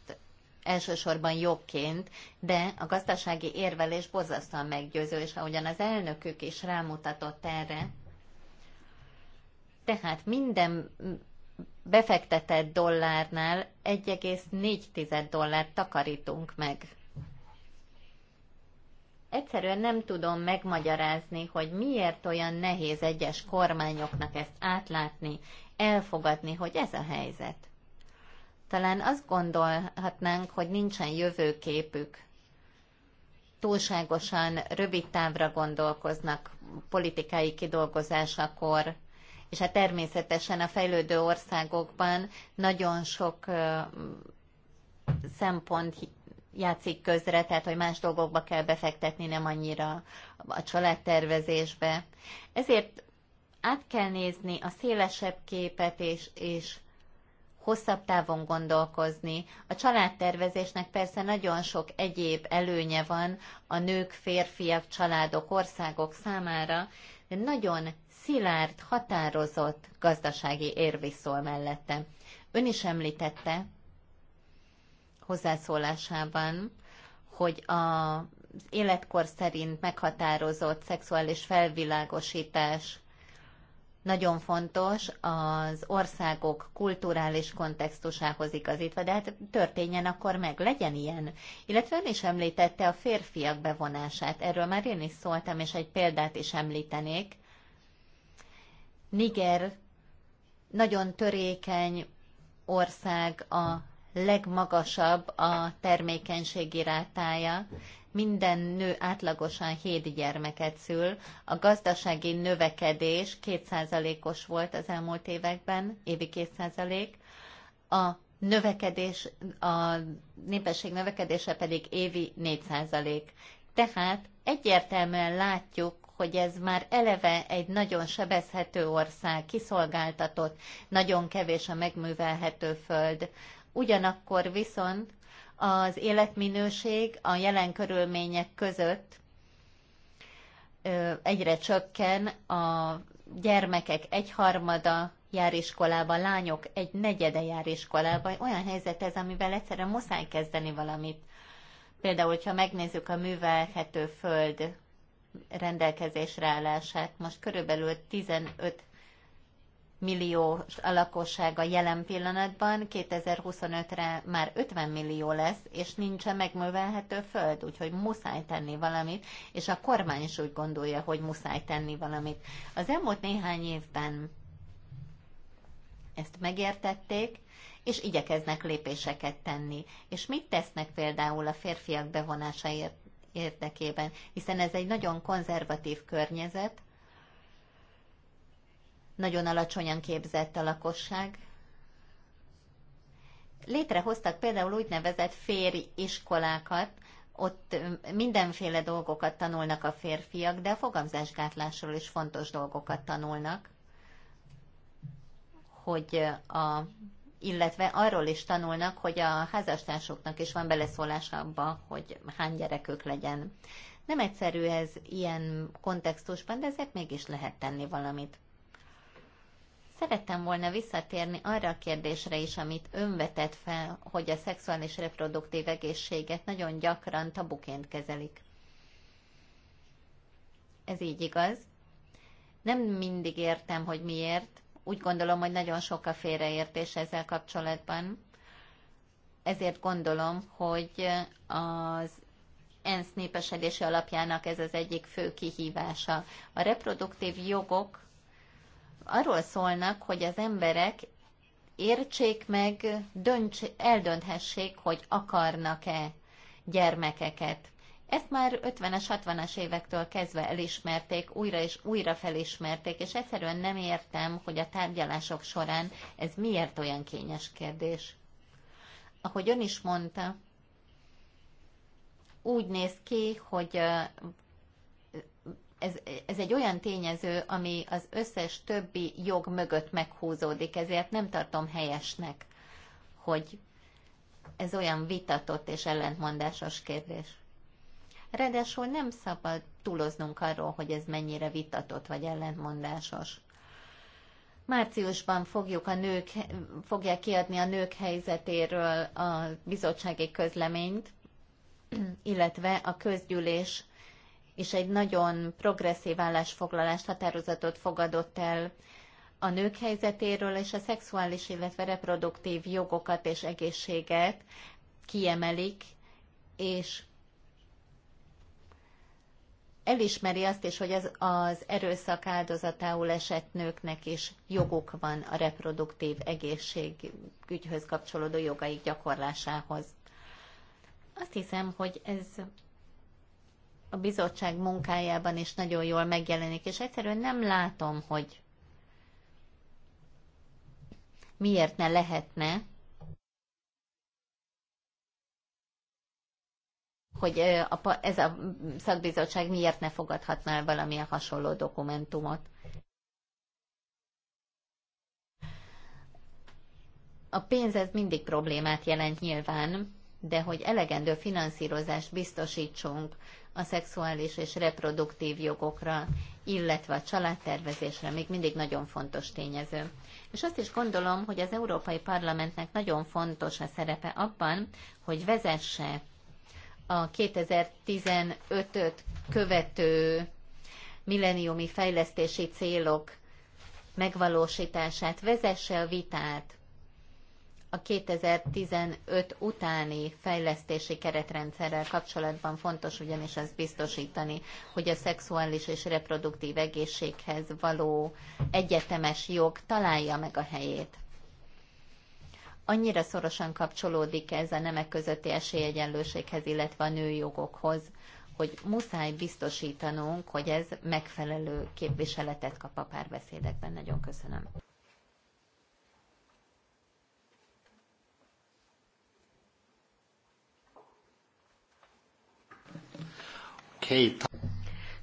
elsősorban jogként, de a gazdasági érvelés borzasztóan meggyőző, és ahogyan az elnökük is rámutatott erre, tehát minden befektetett dollárnál 1,4 dollárt takarítunk meg. Egyszerűen nem tudom megmagyarázni, hogy miért olyan nehéz egyes kormányoknak ezt átlátni, elfogadni, hogy ez a helyzet talán azt gondolhatnánk, hogy nincsen jövőképük. Túlságosan rövid távra gondolkoznak politikai kidolgozásakor, és hát természetesen a fejlődő országokban nagyon sok szempont játszik közre, tehát hogy más dolgokba kell befektetni, nem annyira a családtervezésbe. Ezért át kell nézni a szélesebb képet, és, és hosszabb távon gondolkozni. A családtervezésnek persze nagyon sok egyéb előnye van a nők, férfiak, családok, országok számára, de nagyon szilárd, határozott gazdasági érv szól mellette. Ön is említette hozzászólásában, hogy a életkor szerint meghatározott szexuális felvilágosítás nagyon fontos az országok kulturális kontextusához igazítva, de hát történjen akkor meg, legyen ilyen. Illetve ön is említette a férfiak bevonását, erről már én is szóltam, és egy példát is említenék. Niger nagyon törékeny ország a legmagasabb a termékenységi rátája, minden nő átlagosan 7 gyermeket szül. A gazdasági növekedés 2%-os volt az elmúlt években, évi 2%. A növekedés, a népesség növekedése pedig évi 4%. Tehát egyértelműen látjuk, hogy ez már eleve egy nagyon sebezhető ország, kiszolgáltatott, nagyon kevés a megművelhető föld. Ugyanakkor viszont az életminőség a jelen körülmények között egyre csökken, a gyermekek egyharmada jár iskolába, lányok egy negyede jár iskolába. Olyan helyzet ez, amivel egyszerűen muszáj kezdeni valamit. Például, hogyha megnézzük a művelhető föld rendelkezésre állását, most körülbelül 15 millió lakossága jelen pillanatban, 2025-re már 50 millió lesz, és nincsen megművelhető föld, úgyhogy muszáj tenni valamit, és a kormány is úgy gondolja, hogy muszáj tenni valamit. Az elmúlt néhány évben ezt megértették, és igyekeznek lépéseket tenni. És mit tesznek például a férfiak bevonása érdekében? Hiszen ez egy nagyon konzervatív környezet, nagyon alacsonyan képzett a lakosság. Létrehoztak például úgynevezett férj iskolákat, ott mindenféle dolgokat tanulnak a férfiak, de a fogamzásgátlásról is fontos dolgokat tanulnak, hogy a, illetve arról is tanulnak, hogy a házastársoknak is van beleszólása abba, hogy hány gyerekük legyen. Nem egyszerű ez ilyen kontextusban, de ezek mégis lehet tenni valamit. Szerettem volna visszatérni arra a kérdésre is, amit ön vetett fel, hogy a szexuális reproduktív egészséget nagyon gyakran tabuként kezelik. Ez így igaz. Nem mindig értem, hogy miért. Úgy gondolom, hogy nagyon sok a félreértés ezzel kapcsolatban. Ezért gondolom, hogy az ENSZ népesedési alapjának ez az egyik fő kihívása. A reproduktív jogok arról szólnak, hogy az emberek értsék meg, dönts, eldönthessék, hogy akarnak-e gyermekeket. Ezt már 50-es, 60-as évektől kezdve elismerték, újra és újra felismerték, és egyszerűen nem értem, hogy a tárgyalások során ez miért olyan kényes kérdés. Ahogy ön is mondta, úgy néz ki, hogy ez, ez egy olyan tényező, ami az összes többi jog mögött meghúzódik, ezért nem tartom helyesnek, hogy ez olyan vitatott és ellentmondásos kérdés. Ráadásul nem szabad túloznunk arról, hogy ez mennyire vitatott vagy ellentmondásos. Márciusban fogjuk a nők, fogják kiadni a nők helyzetéről a bizottsági közleményt, illetve a közgyűlés és egy nagyon progresszív állásfoglalást, határozatot fogadott el a nők helyzetéről, és a szexuális, illetve reproduktív jogokat és egészséget kiemelik, és elismeri azt is, hogy az, az erőszak áldozatául esett nőknek is joguk van a reproduktív egészségügyhöz kapcsolódó jogaik gyakorlásához. Azt hiszem, hogy ez a bizottság munkájában is nagyon jól megjelenik, és egyszerűen nem látom, hogy miért ne lehetne, hogy ez a szakbizottság miért ne fogadhatná el valamilyen hasonló dokumentumot. A pénz ez mindig problémát jelent nyilván, de hogy elegendő finanszírozást biztosítsunk a szexuális és reproduktív jogokra, illetve a családtervezésre még mindig nagyon fontos tényező. És azt is gondolom, hogy az Európai Parlamentnek nagyon fontos a szerepe abban, hogy vezesse a 2015-öt követő milleniumi fejlesztési célok megvalósítását, vezesse a vitát a 2015 utáni fejlesztési keretrendszerrel kapcsolatban fontos ugyanis az biztosítani, hogy a szexuális és reproduktív egészséghez való egyetemes jog találja meg a helyét. Annyira szorosan kapcsolódik ez a nemek közötti esélyegyenlőséghez, illetve a nőjogokhoz, hogy muszáj biztosítanunk, hogy ez megfelelő képviseletet kap a párbeszédekben. Nagyon köszönöm.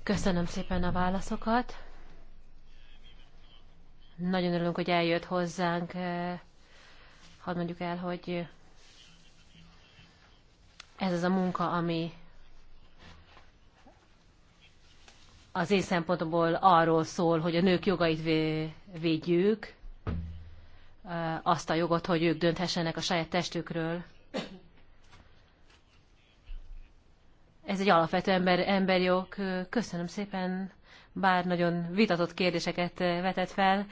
Köszönöm szépen a válaszokat. Nagyon örülünk, hogy eljött hozzánk. Eh, hadd mondjuk el, hogy ez az a munka, ami az én szempontból arról szól, hogy a nők jogait védjük, eh, azt a jogot, hogy ők dönthessenek a saját testükről Ez egy alapvető ember, emberjog. Köszönöm szépen, bár nagyon vitatott kérdéseket eh, vetett fel.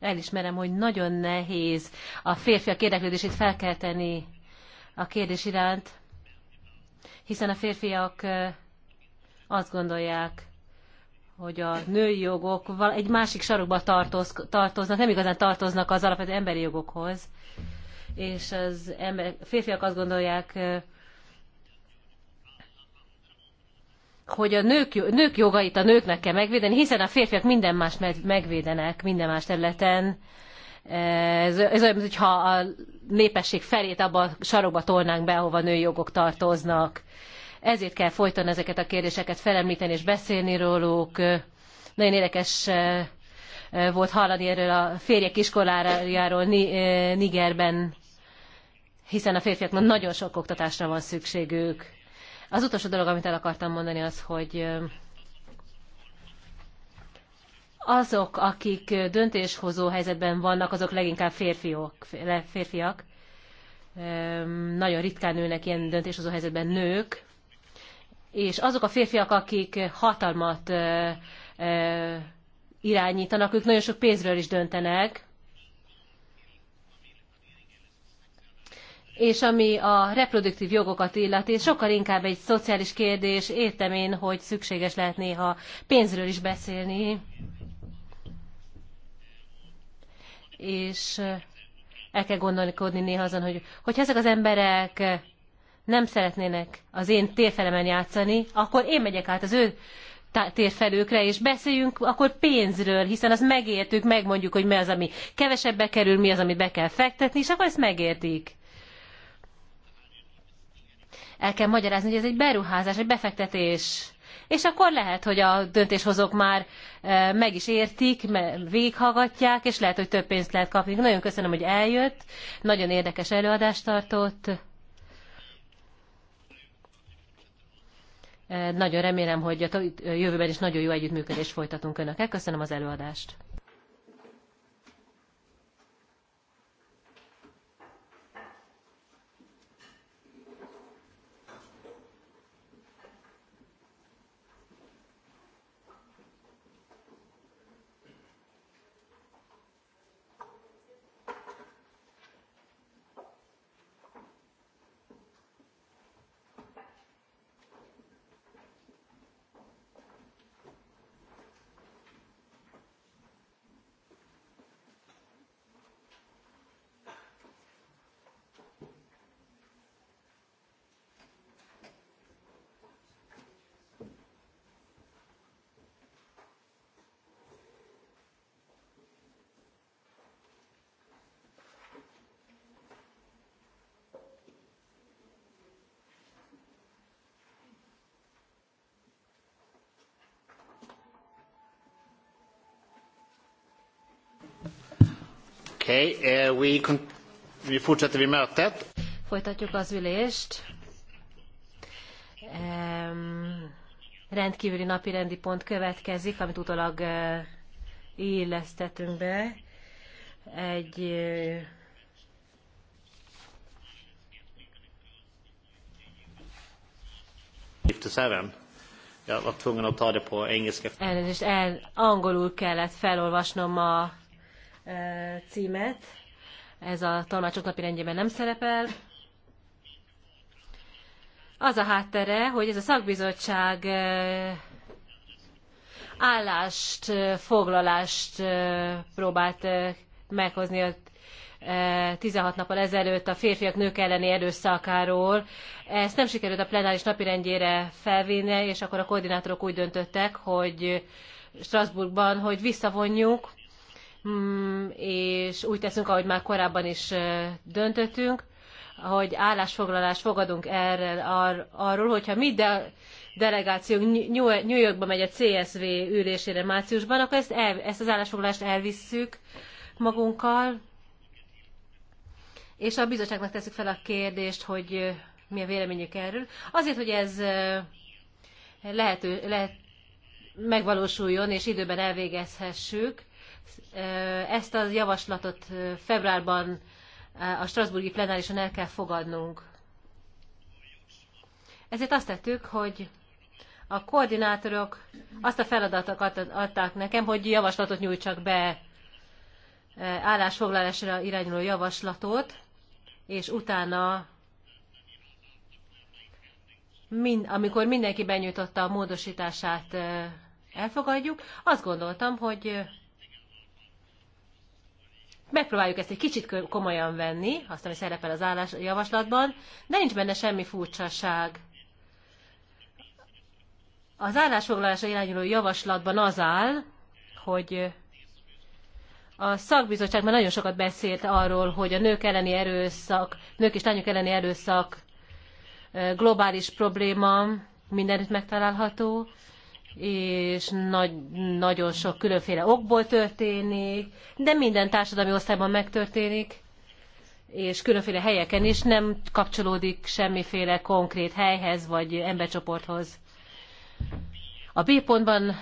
Elismerem, hogy nagyon nehéz a férfiak érdeklődését felkelteni a kérdés iránt, hiszen a férfiak eh, azt gondolják, hogy a női jogok egy másik sarokba tartoznak, nem igazán tartoznak az alapvető emberi jogokhoz és az ember, férfiak azt gondolják, hogy a nők, nők jogait a nőknek kell megvédeni, hiszen a férfiak minden más megvédenek, minden más területen. Ez, ez olyan, mintha a népesség felét abba a sarokba tolnánk be, ahova női jogok tartoznak. Ezért kell folyton ezeket a kérdéseket felemlíteni és beszélni róluk. Nagyon érdekes volt hallani erről a férjek iskolájáról Nigerben hiszen a férfiaknak nagyon sok oktatásra van szükségük. Az utolsó dolog, amit el akartam mondani, az, hogy azok, akik döntéshozó helyzetben vannak, azok leginkább férfiok, férfiak. Nagyon ritkán ülnek ilyen döntéshozó helyzetben nők. És azok a férfiak, akik hatalmat irányítanak, ők nagyon sok pénzről is döntenek, és ami a reproduktív jogokat illeti, sokkal inkább egy szociális kérdés, értem én, hogy szükséges lehet néha pénzről is beszélni. És el kell gondolkodni néha azon, hogy hogyha ezek az emberek nem szeretnének az én térfelemen játszani, akkor én megyek át az ő térfelőkre, és beszéljünk akkor pénzről, hiszen azt megértük, megmondjuk, hogy mi az, ami kevesebbe kerül, mi az, amit be kell fektetni, és akkor ezt megértik el kell magyarázni, hogy ez egy beruházás, egy befektetés. És akkor lehet, hogy a döntéshozók már e, meg is értik, véghallgatják, és lehet, hogy több pénzt lehet kapni. Nagyon köszönöm, hogy eljött, nagyon érdekes előadást tartott. E, nagyon remélem, hogy a jövőben is nagyon jó együttműködést folytatunk önökkel. Köszönöm az előadást. Okay, uh, we con- fortsätter mötet. Folytatjuk az ülést. Um, rendkívüli napirendi pont következik, amit utólag uh, eh, illesztettünk be. Egy uh, Ja, var tvungen att ta det på engelska. Elnézést, el, angolul kellett felolvasnom a címet. Ez a tanácsok napi rendjében nem szerepel. Az a háttere, hogy ez a szakbizottság állást, foglalást próbált meghozni a 16 nappal ezelőtt a férfiak nők elleni erőszakáról. Ezt nem sikerült a plenáris napirendjére felvinni, és akkor a koordinátorok úgy döntöttek, hogy Strasbourgban, hogy visszavonjuk Hmm, és úgy teszünk, ahogy már korábban is döntöttünk, hogy állásfoglalást fogadunk erre, ar, arról, hogyha mi de, delegációnk New Yorkba megy a CSV ülésére márciusban, akkor ezt, el, ezt az állásfoglalást elvisszük magunkkal, és a bizottságnak teszük fel a kérdést, hogy mi a véleményük erről. Azért, hogy ez lehető, lehet, megvalósuljon és időben elvégezhessük, ezt a javaslatot februárban a Strasburgi plenárison el kell fogadnunk. Ezért azt tettük, hogy a koordinátorok azt a feladatokat adták nekem, hogy javaslatot nyújtsak be állásfoglalásra irányuló javaslatot, és utána, mind, amikor mindenki benyújtotta a módosítását, elfogadjuk. Azt gondoltam, hogy megpróbáljuk ezt egy kicsit komolyan venni, azt, ami szerepel az javaslatban, de nincs benne semmi furcsaság. Az állásfoglalásra irányuló javaslatban az áll, hogy a szakbizottság már nagyon sokat beszélt arról, hogy a nők elleni erőszak, nők és lányok elleni erőszak globális probléma, mindenütt megtalálható, és nagy, nagyon sok különféle okból történik, de minden társadalmi osztályban megtörténik, és különféle helyeken is nem kapcsolódik semmiféle konkrét helyhez vagy embercsoporthoz. A B pontban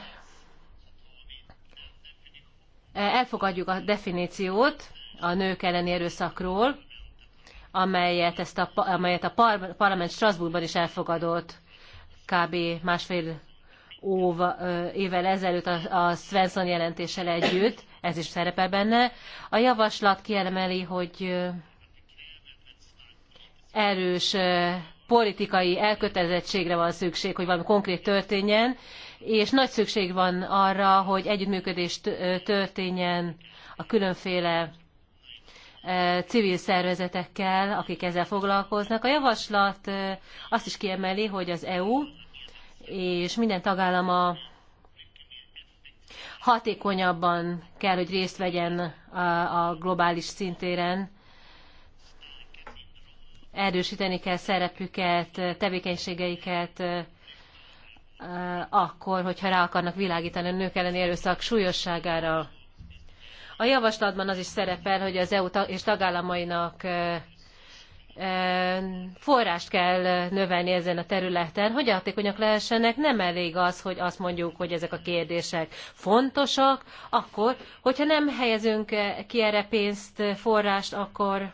elfogadjuk a definíciót a nők elleni erőszakról, amelyet, ezt a, amelyet a parlament Strasbourgban is elfogadott kb. másfél óva, évvel ezelőtt a, a Svensson jelentéssel együtt, ez is szerepel benne. A javaslat kiemeli, hogy erős politikai elkötelezettségre van szükség, hogy valami konkrét történjen, és nagy szükség van arra, hogy együttműködés történjen a különféle civil szervezetekkel, akik ezzel foglalkoznak. A javaslat azt is kiemeli, hogy az EU és minden tagállam a hatékonyabban kell, hogy részt vegyen a, globális szintéren. Erősíteni kell szerepüket, tevékenységeiket, akkor, hogyha rá akarnak világítani a nők elleni erőszak súlyosságára. A javaslatban az is szerepel, hogy az EU és tagállamainak Eh, forrást kell növelni ezen a területen, hogy hatékonyak lehessenek, nem elég az, hogy azt mondjuk, hogy ezek a kérdések fontosak, akkor, hogyha nem helyezünk ki erre pénzt, forrást, akkor,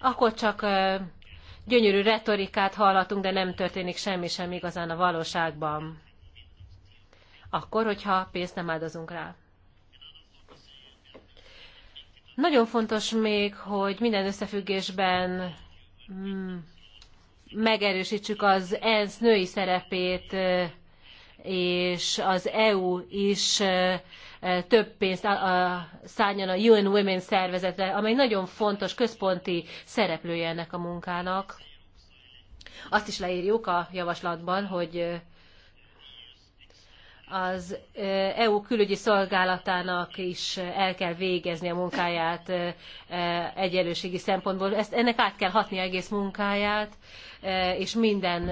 akkor csak eh, gyönyörű retorikát hallatunk, de nem történik semmi sem igazán a valóságban. Akkor, hogyha pénzt nem áldozunk rá. Nagyon fontos még, hogy minden összefüggésben mm, megerősítsük az ENSZ női szerepét, és az EU is több pénzt szálljon a UN Women szervezetre, amely nagyon fontos központi szereplője ennek a munkának. Azt is leírjuk a javaslatban, hogy az EU külügyi szolgálatának is el kell végezni a munkáját egyenlőségi szempontból. Ezt, ennek át kell hatni egész munkáját és minden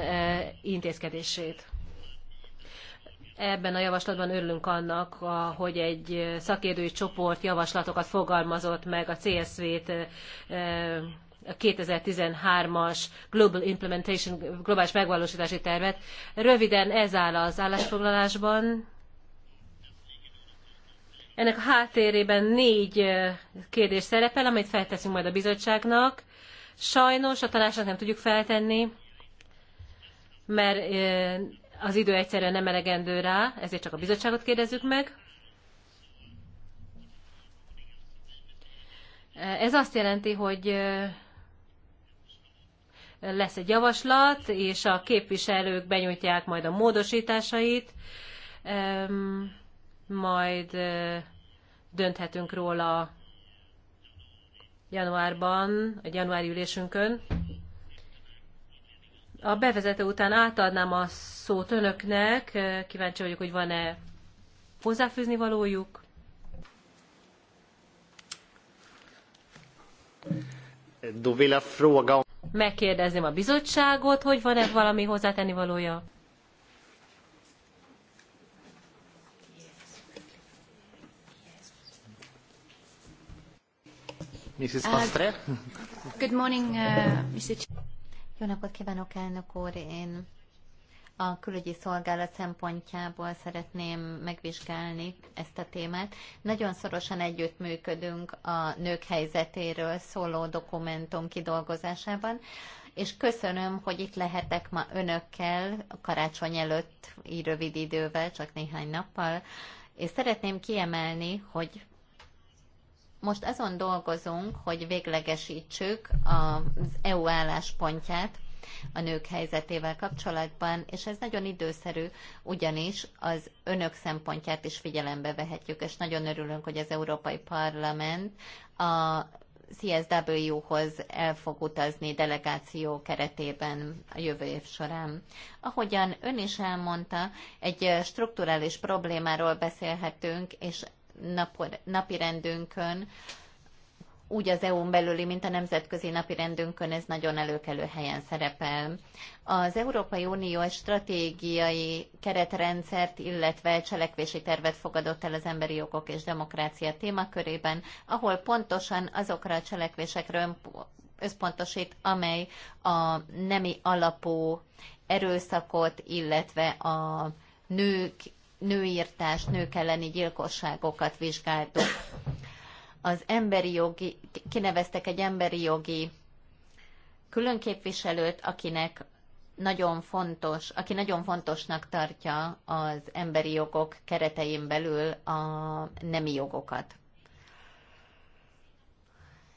intézkedését. Ebben a javaslatban örülünk annak, hogy egy szakértői csoport javaslatokat fogalmazott meg a CSV-t 2013-as Global Implementation, globális megvalósítási tervet. Röviden ez áll az állásfoglalásban. Ennek a háttérében négy kérdés szerepel, amit felteszünk majd a bizottságnak. Sajnos a tanácsnak nem tudjuk feltenni, mert az idő egyszerűen nem elegendő rá, ezért csak a bizottságot kérdezzük meg. Ez azt jelenti, hogy lesz egy javaslat, és a képviselők benyújtják majd a módosításait, majd dönthetünk róla januárban, a januári ülésünkön. A bevezető után átadnám a szót önöknek, kíváncsi vagyok, hogy van-e hozzáfűzni valójuk. Då Megkérdezném a bizottságot, hogy van-e valami hozzátenni valója? Mrs. Pastre? Ah, uh, good morning, uh, Mr. Jó napot kívánok, elnök úr! Én a külügyi szolgálat szempontjából szeretném megvizsgálni ezt a témát. Nagyon szorosan együttműködünk a nők helyzetéről szóló dokumentum kidolgozásában, és köszönöm, hogy itt lehetek ma önökkel karácsony előtt, így rövid idővel, csak néhány nappal, és szeretném kiemelni, hogy most azon dolgozunk, hogy véglegesítsük az EU álláspontját a nők helyzetével kapcsolatban, és ez nagyon időszerű, ugyanis az önök szempontját is figyelembe vehetjük, és nagyon örülünk, hogy az Európai Parlament a CSW-hoz el fog utazni delegáció keretében a jövő év során. Ahogyan ön is elmondta, egy strukturális problémáról beszélhetünk, és napirendünkön. napi rendünkön úgy az EU-n belüli, mint a nemzetközi napirendünkön ez nagyon előkelő helyen szerepel. Az Európai Unió egy stratégiai keretrendszert, illetve cselekvési tervet fogadott el az emberi jogok és demokrácia témakörében, ahol pontosan azokra a cselekvésekről összpontosít, amely a nemi alapú erőszakot, illetve a nők, nőírtás, nők elleni gyilkosságokat vizsgáltuk az emberi jogi, kineveztek egy emberi jogi különképviselőt, akinek nagyon fontos, aki nagyon fontosnak tartja az emberi jogok keretein belül a nemi jogokat.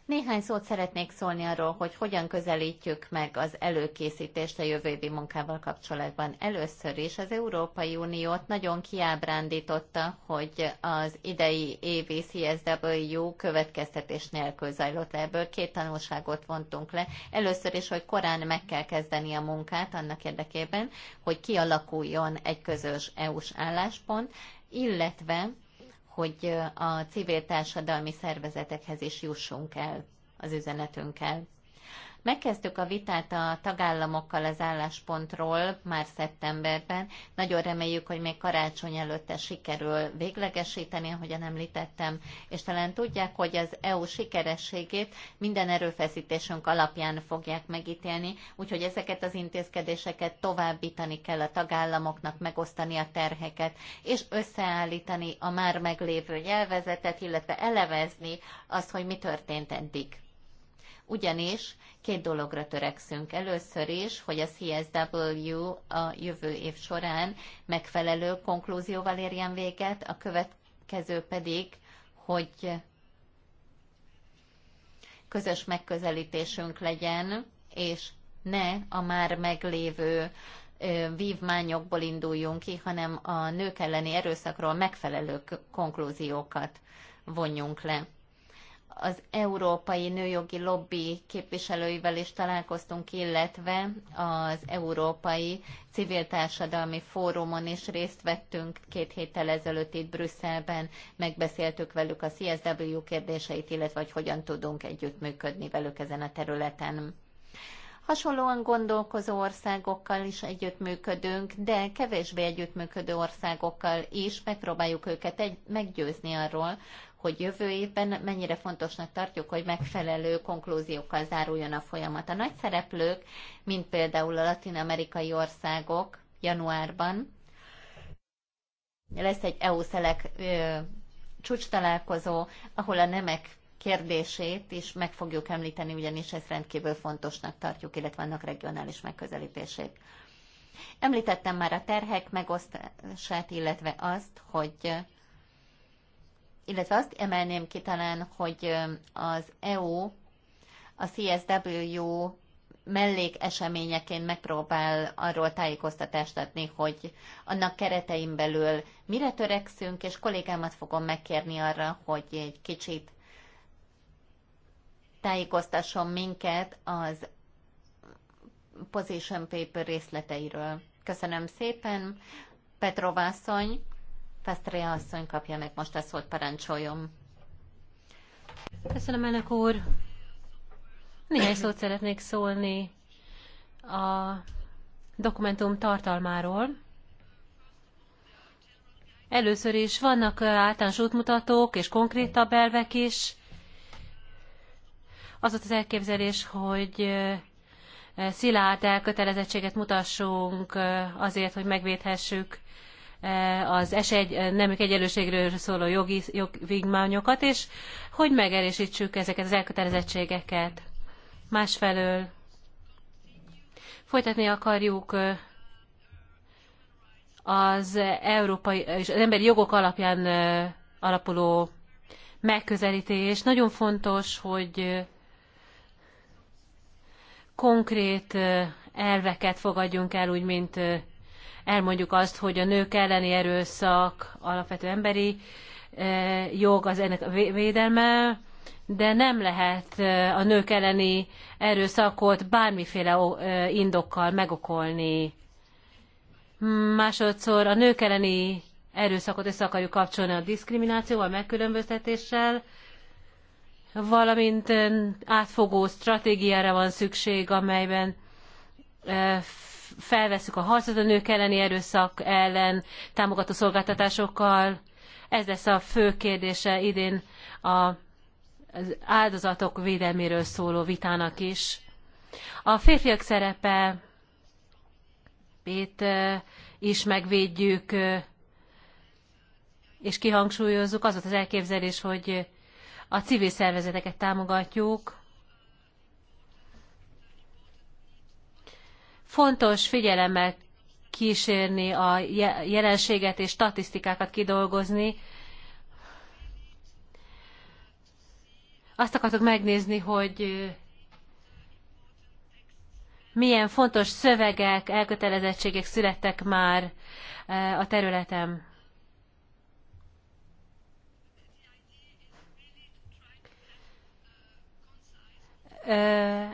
Néhány szót szeretnék szólni arról, hogy hogyan közelítjük meg az előkészítést a évi munkával kapcsolatban. Először is az Európai Uniót nagyon kiábrándította, hogy az idei évi CSW következtetés nélkül zajlott le. Ebből két tanulságot vontunk le. Először is, hogy korán meg kell kezdeni a munkát annak érdekében, hogy kialakuljon egy közös EU-s álláspont, illetve hogy a civil társadalmi szervezetekhez is jussunk el az üzenetünkkel. Megkezdtük a vitát a tagállamokkal az álláspontról már szeptemberben. Nagyon reméljük, hogy még karácsony előtte sikerül véglegesíteni, ahogyan említettem, és talán tudják, hogy az EU sikerességét minden erőfeszítésünk alapján fogják megítélni, úgyhogy ezeket az intézkedéseket továbbítani kell a tagállamoknak, megosztani a terheket, és összeállítani a már meglévő nyelvezetet, illetve elevezni azt, hogy mi történt eddig ugyanis két dologra törekszünk. Először is, hogy a CSW a jövő év során megfelelő konklúzióval érjen véget, a következő pedig, hogy közös megközelítésünk legyen, és ne a már meglévő vívmányokból induljunk ki, hanem a nők elleni erőszakról megfelelő konklúziókat vonjunk le az európai nőjogi lobby képviselőivel is találkoztunk, illetve az Európai Civil Társadalmi Fórumon is részt vettünk két héttel ezelőtt itt Brüsszelben, megbeszéltük velük a CSW kérdéseit, illetve hogy hogyan tudunk együttműködni velük ezen a területen. Hasonlóan gondolkozó országokkal is együttműködünk, de kevésbé együttműködő országokkal is megpróbáljuk őket egy, meggyőzni arról, hogy jövő évben mennyire fontosnak tartjuk, hogy megfelelő konklúziókkal záruljon a folyamat. A nagy szereplők, mint például a latin-amerikai országok januárban, lesz egy EU-szelek csúcs találkozó, ahol a nemek kérdését is meg fogjuk említeni, ugyanis ezt rendkívül fontosnak tartjuk, illetve vannak regionális megközelítését. Említettem már a terhek megosztását, illetve azt, hogy illetve azt emelném ki talán, hogy az EU a CSW mellékeseményeként megpróbál arról tájékoztatást adni, hogy annak keretein belül mire törekszünk, és kollégámat fogom megkérni arra, hogy egy kicsit tájékoztasson minket az position paper részleteiről. Köszönöm szépen, Petrovászony, Pesztre asszony kapja meg most ezt hogy parancsoljon. Köszönöm, elnök úr. Néhány szót szeretnék szólni a dokumentum tartalmáról. Először is vannak általános útmutatók és konkrétabb elvek is. Az ott az elképzelés, hogy szilárd elkötelezettséget mutassunk azért, hogy megvédhessük Eh, az esély eh, nemük egyenlőségről szóló jogi jogvigmányokat, és hogy megerősítsük ezeket az elkötelezettségeket. Másfelől folytatni akarjuk eh, az európai és az emberi jogok alapján alapuló megközelítés. Nagyon fontos, hogy konkrét elveket fogadjunk el, úgy mint elmondjuk azt, hogy a nők elleni erőszak alapvető emberi eh, jog az ennek a védelme, de nem lehet eh, a nők elleni erőszakot bármiféle eh, indokkal megokolni. Másodszor a nők elleni erőszakot össze akarjuk kapcsolni a diszkriminációval, megkülönböztetéssel, valamint átfogó stratégiára van szükség, amelyben felveszük a harcot a nők elleni erőszak ellen támogató szolgáltatásokkal. Ez lesz a fő kérdése idén a az áldozatok védelméről szóló vitának is. A férfiak szerepe itt is megvédjük és kihangsúlyozzuk. Az volt az elképzelés, hogy a civil szervezeteket támogatjuk, Fontos figyelemmel kísérni a jelenséget és statisztikákat kidolgozni. Azt akartok megnézni, hogy milyen fontos szövegek, elkötelezettségek születtek már a területem.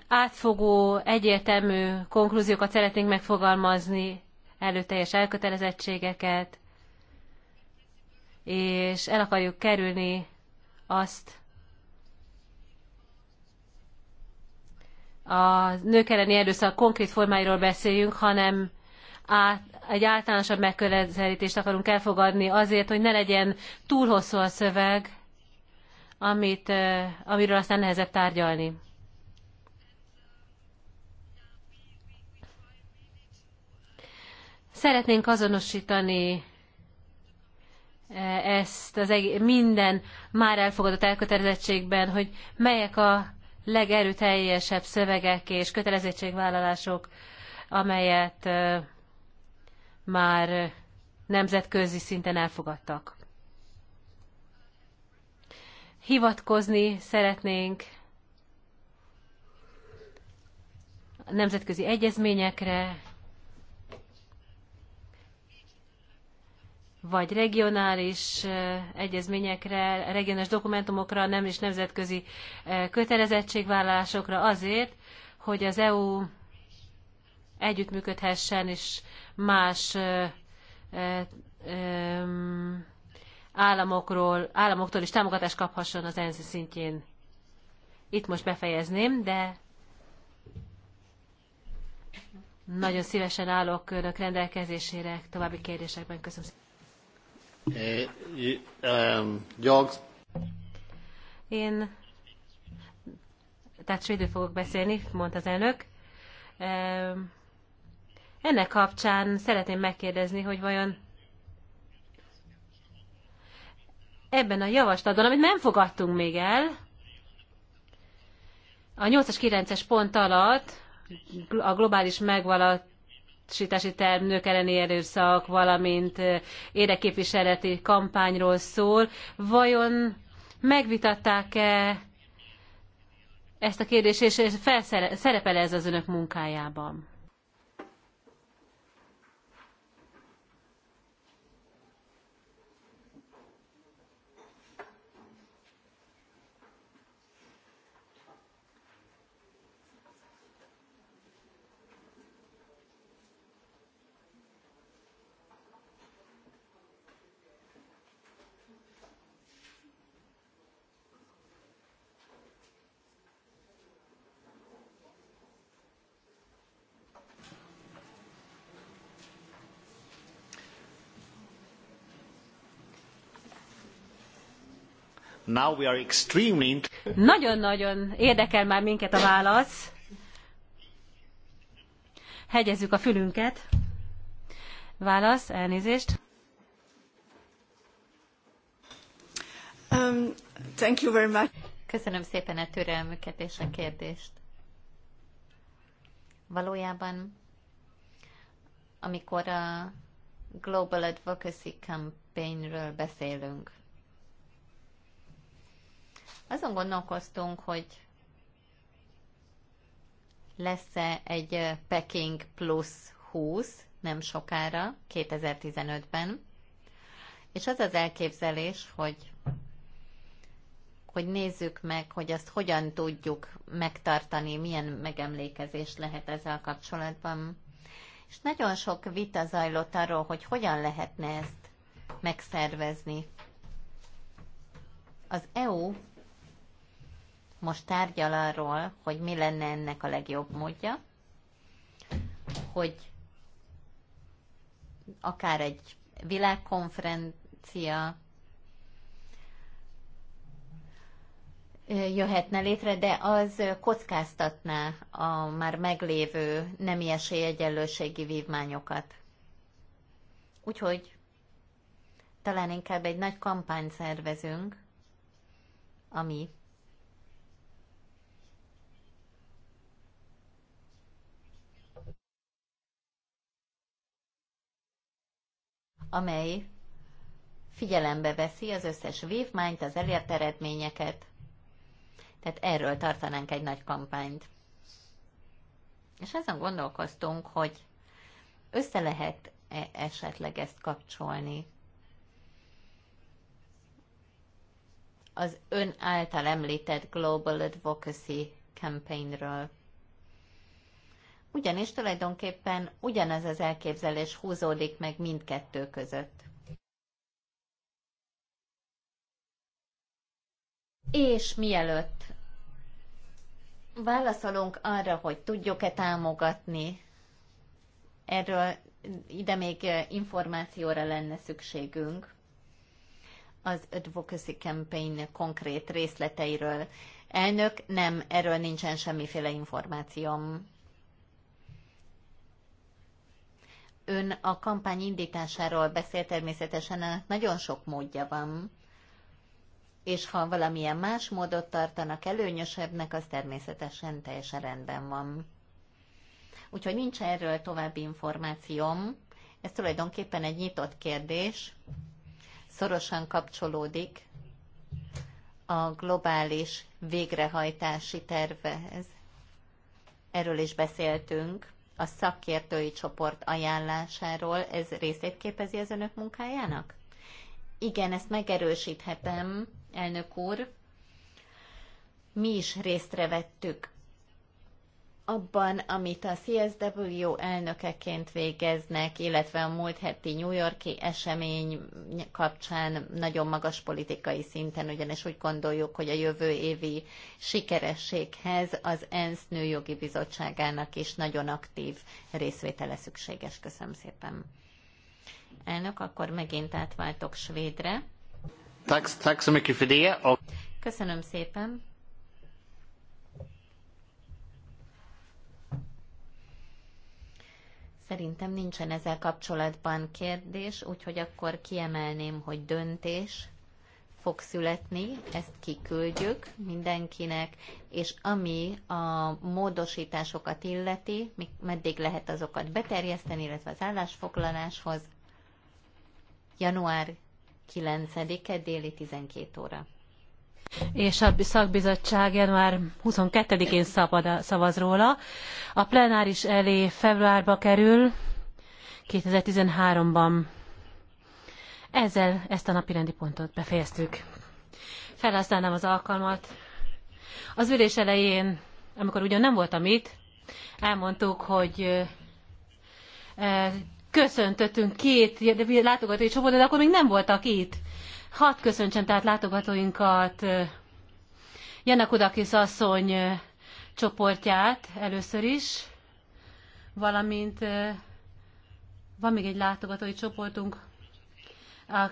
átfogó, egyértelmű konklúziókat szeretnénk megfogalmazni, előteljes elkötelezettségeket, és el akarjuk kerülni azt a nők elleni erőszak konkrét formáiról beszéljünk, hanem át, egy általánosabb megközelítést akarunk elfogadni azért, hogy ne legyen túl hosszú a szöveg, amit, amiről aztán nehezebb tárgyalni. Szeretnénk azonosítani eh, ezt az egész, minden már elfogadott elkötelezettségben, hogy melyek a legerőteljesebb szövegek és kötelezettségvállalások, amelyet eh, már nemzetközi szinten elfogadtak. Hivatkozni szeretnénk nemzetközi egyezményekre, vagy regionális egyezményekre, regionális dokumentumokra, nem is nemzetközi kötelezettségvállalásokra azért, hogy az EU együttműködhessen és más államokról, államoktól is támogatást kaphasson az ENSZ szintjén. Itt most befejezném, de nagyon szívesen állok Önök rendelkezésére további kérdésekben. Köszönöm szépen. Én tehát svédül fogok beszélni, mondta az elnök. Ennek kapcsán szeretném megkérdezni, hogy vajon ebben a javaslatban, amit nem fogadtunk még el, a 8-as 9-es pont alatt a globális megvalat sítási nők elleni erőszak, valamint érdeképviseleti kampányról szól. Vajon megvitatták-e ezt a kérdést, és felszerepel ez az önök munkájában? Nagyon-nagyon érdekel már minket a válasz. Hegyezzük a fülünket. Válasz, elnézést. Um, thank you very much. Köszönöm szépen a türelmüket és a kérdést. Valójában, amikor a Global Advocacy Campaignről beszélünk, azon gondolkoztunk, hogy lesz-e egy Peking plusz 20 nem sokára, 2015-ben, és az az elképzelés, hogy hogy nézzük meg, hogy azt hogyan tudjuk megtartani, milyen megemlékezés lehet ezzel kapcsolatban. És nagyon sok vita zajlott arról, hogy hogyan lehetne ezt megszervezni. Az EU most tárgyal arról, hogy mi lenne ennek a legjobb módja, hogy akár egy világkonferencia jöhetne létre, de az kockáztatná a már meglévő nemi esélyegyenlőségi vívmányokat. Úgyhogy talán inkább egy nagy kampányt szervezünk, ami amely figyelembe veszi az összes vívmányt, az elért eredményeket. Tehát erről tartanánk egy nagy kampányt. És ezen gondolkoztunk, hogy össze lehet -e esetleg ezt kapcsolni az ön által említett Global Advocacy Campaignről. Ugyanis tulajdonképpen ugyanaz az elképzelés húzódik meg mindkettő között. És mielőtt válaszolunk arra, hogy tudjuk-e támogatni, erről ide még információra lenne szükségünk az Advocacy Campaign konkrét részleteiről. Elnök, nem, erről nincsen semmiféle információm. Ön a kampány indításáról beszél, természetesen ennek nagyon sok módja van, és ha valamilyen más módot tartanak előnyösebbnek, az természetesen teljesen rendben van. Úgyhogy nincs erről további információm. Ez tulajdonképpen egy nyitott kérdés, szorosan kapcsolódik a globális végrehajtási tervhez. Erről is beszéltünk a szakértői csoport ajánlásáról, ez részét képezi az önök munkájának? Igen, ezt megerősíthetem, elnök úr. Mi is résztre vettük abban, amit a CSW elnökeként végeznek, illetve a múlt heti New Yorki esemény kapcsán nagyon magas politikai szinten, ugyanis úgy gondoljuk, hogy a jövő évi sikerességhez az ENSZ Nőjogi Bizottságának is nagyon aktív részvétele szükséges. Köszönöm szépen. Elnök, akkor megint átváltok svédre. Köszönöm szépen. Szerintem nincsen ezzel kapcsolatban kérdés, úgyhogy akkor kiemelném, hogy döntés fog születni, ezt kiküldjük mindenkinek, és ami a módosításokat illeti, meddig lehet azokat beterjeszteni, illetve az állásfoglaláshoz, január 9-e déli 12 óra és a szakbizottság január 22-én szavaz róla. A plenáris elé februárba kerül 2013-ban. Ezzel ezt a napirendi pontot befejeztük. Felhasználnám az alkalmat. Az ülés elején, amikor ugyan nem voltam itt, elmondtuk, hogy eh, köszöntöttünk két látogatói csoportot, de akkor még nem voltak itt. Hadd köszöntsem tehát látogatóinkat, Kudakis asszony csoportját először is, valamint van még egy látogatói csoportunk, a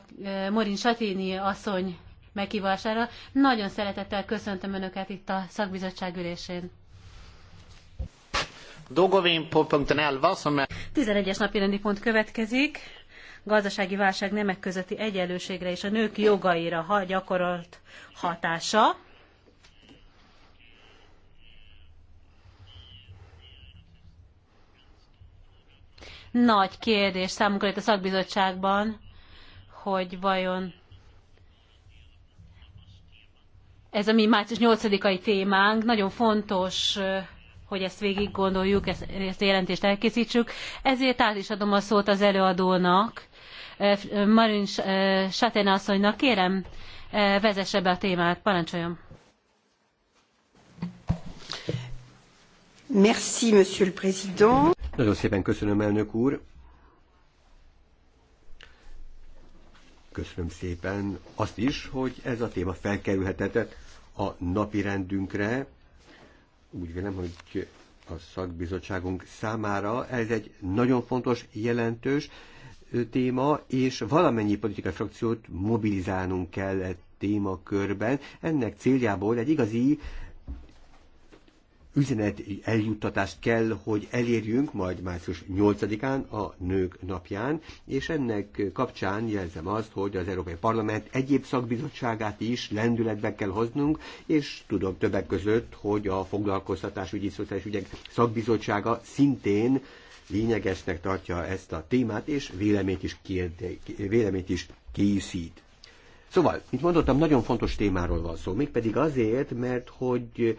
Morin Satini asszony meghívására. Nagyon szeretettel köszöntöm Önöket itt a szakbizottság ülésén. Då 11 es napi rendi pont következik gazdasági válság nemek közötti egyenlőségre és a nők jogaira ha gyakorolt hatása. Nagy kérdés számunkra itt a szakbizottságban, hogy vajon ez a mi március 8-ai témánk, nagyon fontos, hogy ezt végig gondoljuk, ezt, ezt a jelentést elkészítsük. Ezért át is adom a szót az előadónak, Marin Satena asszonynak. Kérem, vezesse be a témát, parancsoljon. Merci, monsieur le président. Nagyon szépen köszönöm, elnök úr. Köszönöm szépen azt is, hogy ez a téma felkerülhetett a napi rendünkre. Úgy vélem, hogy a szakbizottságunk számára ez egy nagyon fontos, jelentős téma, és valamennyi politikai frakciót mobilizálnunk kell e témakörben. Ennek céljából egy igazi üzenet eljuttatást kell, hogy elérjünk majd március 8-án a Nők napján, és ennek kapcsán jelzem azt, hogy az Európai Parlament egyéb szakbizottságát is lendületbe kell hoznunk, és tudom többek között, hogy a foglalkoztatásügyi szociális ügyek szakbizottsága szintén lényegesnek tartja ezt a témát, és véleményt is, kérde, véleményt is készít. Szóval, mint mondottam, nagyon fontos témáról van szó, mégpedig azért, mert hogy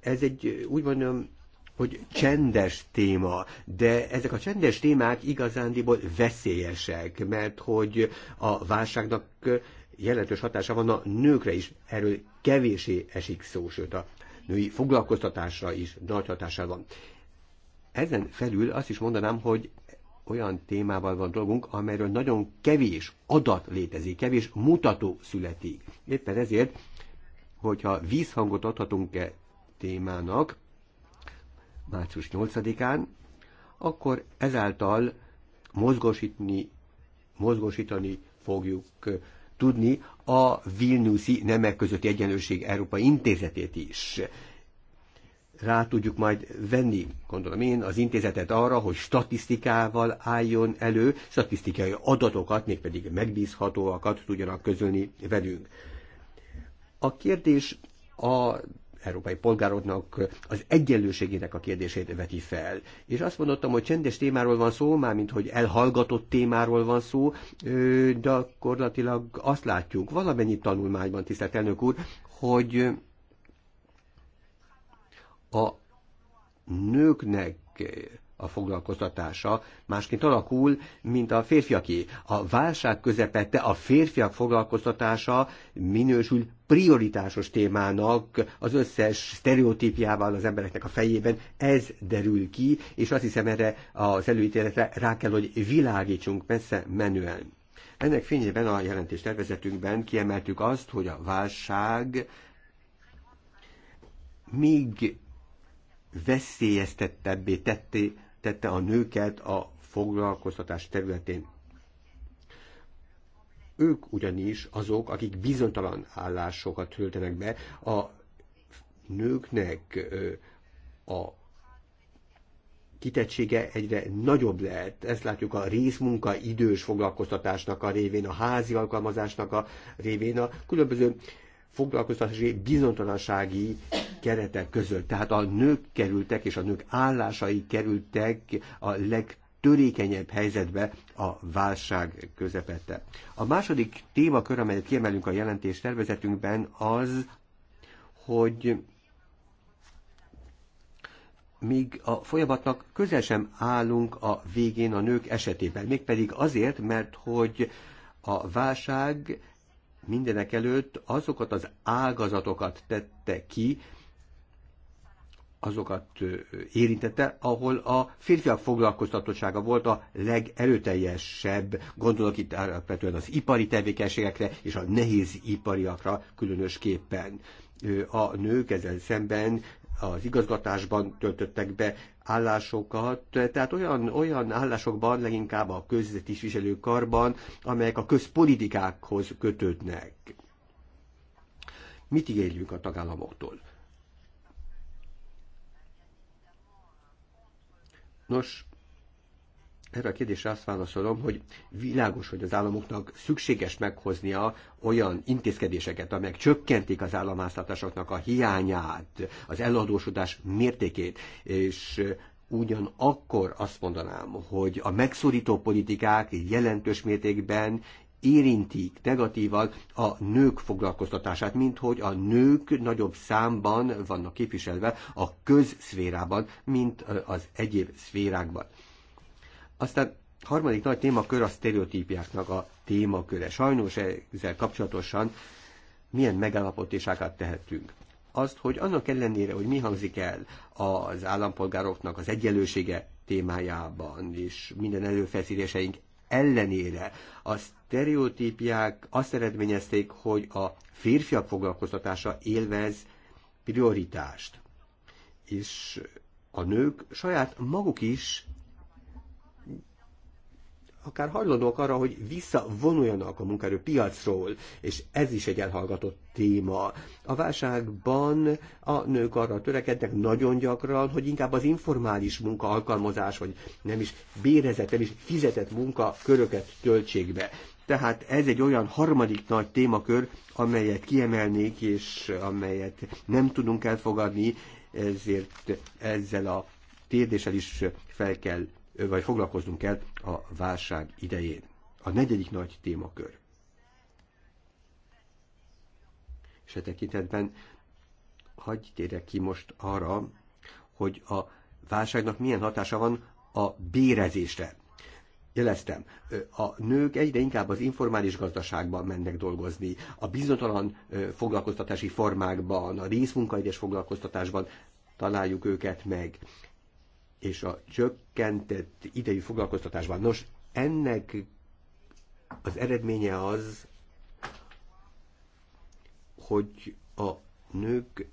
ez egy, úgy mondom, hogy csendes téma, de ezek a csendes témák igazándiból veszélyesek, mert hogy a válságnak jelentős hatása van a nőkre is, erről kevésé esik szó, sőt a női foglalkoztatásra is nagy hatással van. Ezen felül azt is mondanám, hogy olyan témával van dolgunk, amelyről nagyon kevés adat létezik, kevés mutató születik. Éppen ezért, hogyha vízhangot adhatunk-e témának március 8-án, akkor ezáltal mozgosítani, mozgosítani fogjuk eh, tudni a Vilniuszi Nemek Közötti Egyenlőség Európa Intézetét is rá tudjuk majd venni, gondolom én, az intézetet arra, hogy statisztikával álljon elő, statisztikai adatokat, mégpedig megbízhatóakat tudjanak közölni velünk. A kérdés a európai polgároknak az egyenlőségének a kérdését veti fel. És azt mondottam, hogy csendes témáról van szó, mármint hogy elhallgatott témáról van szó, de akkorlatilag azt látjuk valamennyi tanulmányban, tisztelt elnök úr, hogy a nőknek a foglalkoztatása másként alakul, mint a férfiaké. A válság közepette a férfiak foglalkoztatása minősül prioritásos témának az összes sztereotípiával az embereknek a fejében. Ez derül ki, és azt hiszem erre az előítéletre rá kell, hogy világítsunk messze menően. Ennek fényében a jelentés tervezetünkben kiemeltük azt, hogy a válság még veszélyeztettebbé tette, tette a nőket a foglalkoztatás területén. Ők ugyanis azok, akik bizonytalan állásokat töltenek be. A nőknek a kitettsége egyre nagyobb lehet. Ezt látjuk a részmunka idős foglalkoztatásnak a révén, a házi alkalmazásnak a révén, a különböző foglalkoztatási bizonytalansági keretek között. Tehát a nők kerültek és a nők állásai kerültek a leg törékenyebb helyzetbe a válság közepette. A második témakör, amelyet kiemelünk a jelentés tervezetünkben, az, hogy míg a folyamatnak közel sem állunk a végén a nők esetében. Mégpedig azért, mert hogy a válság mindenek előtt azokat az ágazatokat tette ki, azokat érintette, ahol a férfiak foglalkoztatottsága volt a legerőteljesebb, gondolok itt alapvetően az ipari tevékenységekre és a nehéz ipariakra különösképpen. A nők ezzel szemben az igazgatásban töltöttek be állásokat, tehát olyan, olyan állásokban, leginkább a karban, amelyek a közpolitikákhoz kötődnek. Mit igénylünk a tagállamoktól? Nos, erre a kérdésre azt válaszolom, hogy világos, hogy az államoknak szükséges meghoznia olyan intézkedéseket, amelyek csökkentik az államháztartásoknak a hiányát, az eladósodás mértékét, és ugyanakkor azt mondanám, hogy a megszorító politikák jelentős mértékben érintik negatívan a nők foglalkoztatását, mint hogy a nők nagyobb számban vannak képviselve a közszférában, mint az egyéb szférákban. Aztán harmadik nagy témakör a sztereotípiáknak a témaköre. Sajnos ezzel kapcsolatosan milyen megállapításákat tehetünk azt, hogy annak ellenére, hogy mi hangzik el az állampolgároknak az egyenlősége témájában, és minden előfeszítéseink ellenére a sztereotípiák azt eredményezték, hogy a férfiak foglalkoztatása élvez prioritást. És a nők saját maguk is akár hajlandóak arra, hogy visszavonuljanak a munkaerőpiacról, és ez is egy elhallgatott téma. A válságban a nők arra törekednek nagyon gyakran, hogy inkább az informális munka alkalmazás, vagy nem is bérezett, nem is fizetett munka köröket töltsék be. Tehát ez egy olyan harmadik nagy témakör, amelyet kiemelnék, és amelyet nem tudunk elfogadni, ezért ezzel a kérdéssel is fel kell vagy foglalkoznunk kell a válság idején. A negyedik nagy témakör. És e tekintetben hagyj térek ki most arra, hogy a válságnak milyen hatása van a bérezésre. Jeleztem, a nők egyre inkább az informális gazdaságban mennek dolgozni, a bizonytalan foglalkoztatási formákban, a részmunkaidős foglalkoztatásban találjuk őket meg és a csökkentett idejű foglalkoztatásban. Nos, ennek az eredménye az, hogy a nők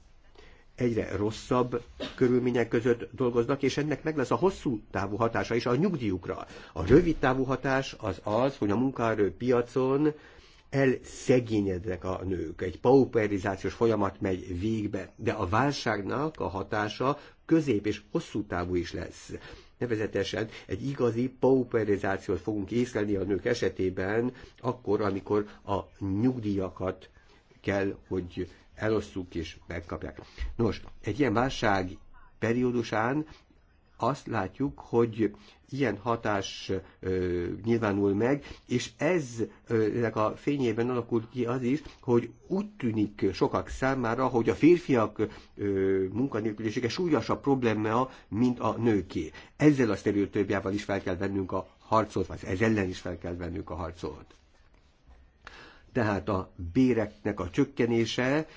egyre rosszabb körülmények között dolgoznak, és ennek meg lesz a hosszú távú hatása is a nyugdíjukra. A rövid távú hatás az az, hogy a munkaerőpiacon elszegényednek a nők. Egy pauperizációs folyamat megy végbe, de a válságnak a hatása közép és hosszú távú is lesz. Nevezetesen egy igazi pauperizációt fogunk észlelni a nők esetében, akkor, amikor a nyugdíjakat kell, hogy elosszuk és megkapják. Nos, egy ilyen válság periódusán azt látjuk, hogy ilyen hatás ö, nyilvánul meg, és ez ö, ennek a fényében alakult ki az is, hogy úgy tűnik sokak számára, hogy a férfiak ö, munkanélkülisége súlyosabb probléma, mint a nőké. Ezzel a sztereotópiával is fel kell vennünk a harcot, vagy ez ellen is fel kell vennünk a harcot. Tehát a béreknek a csökkenése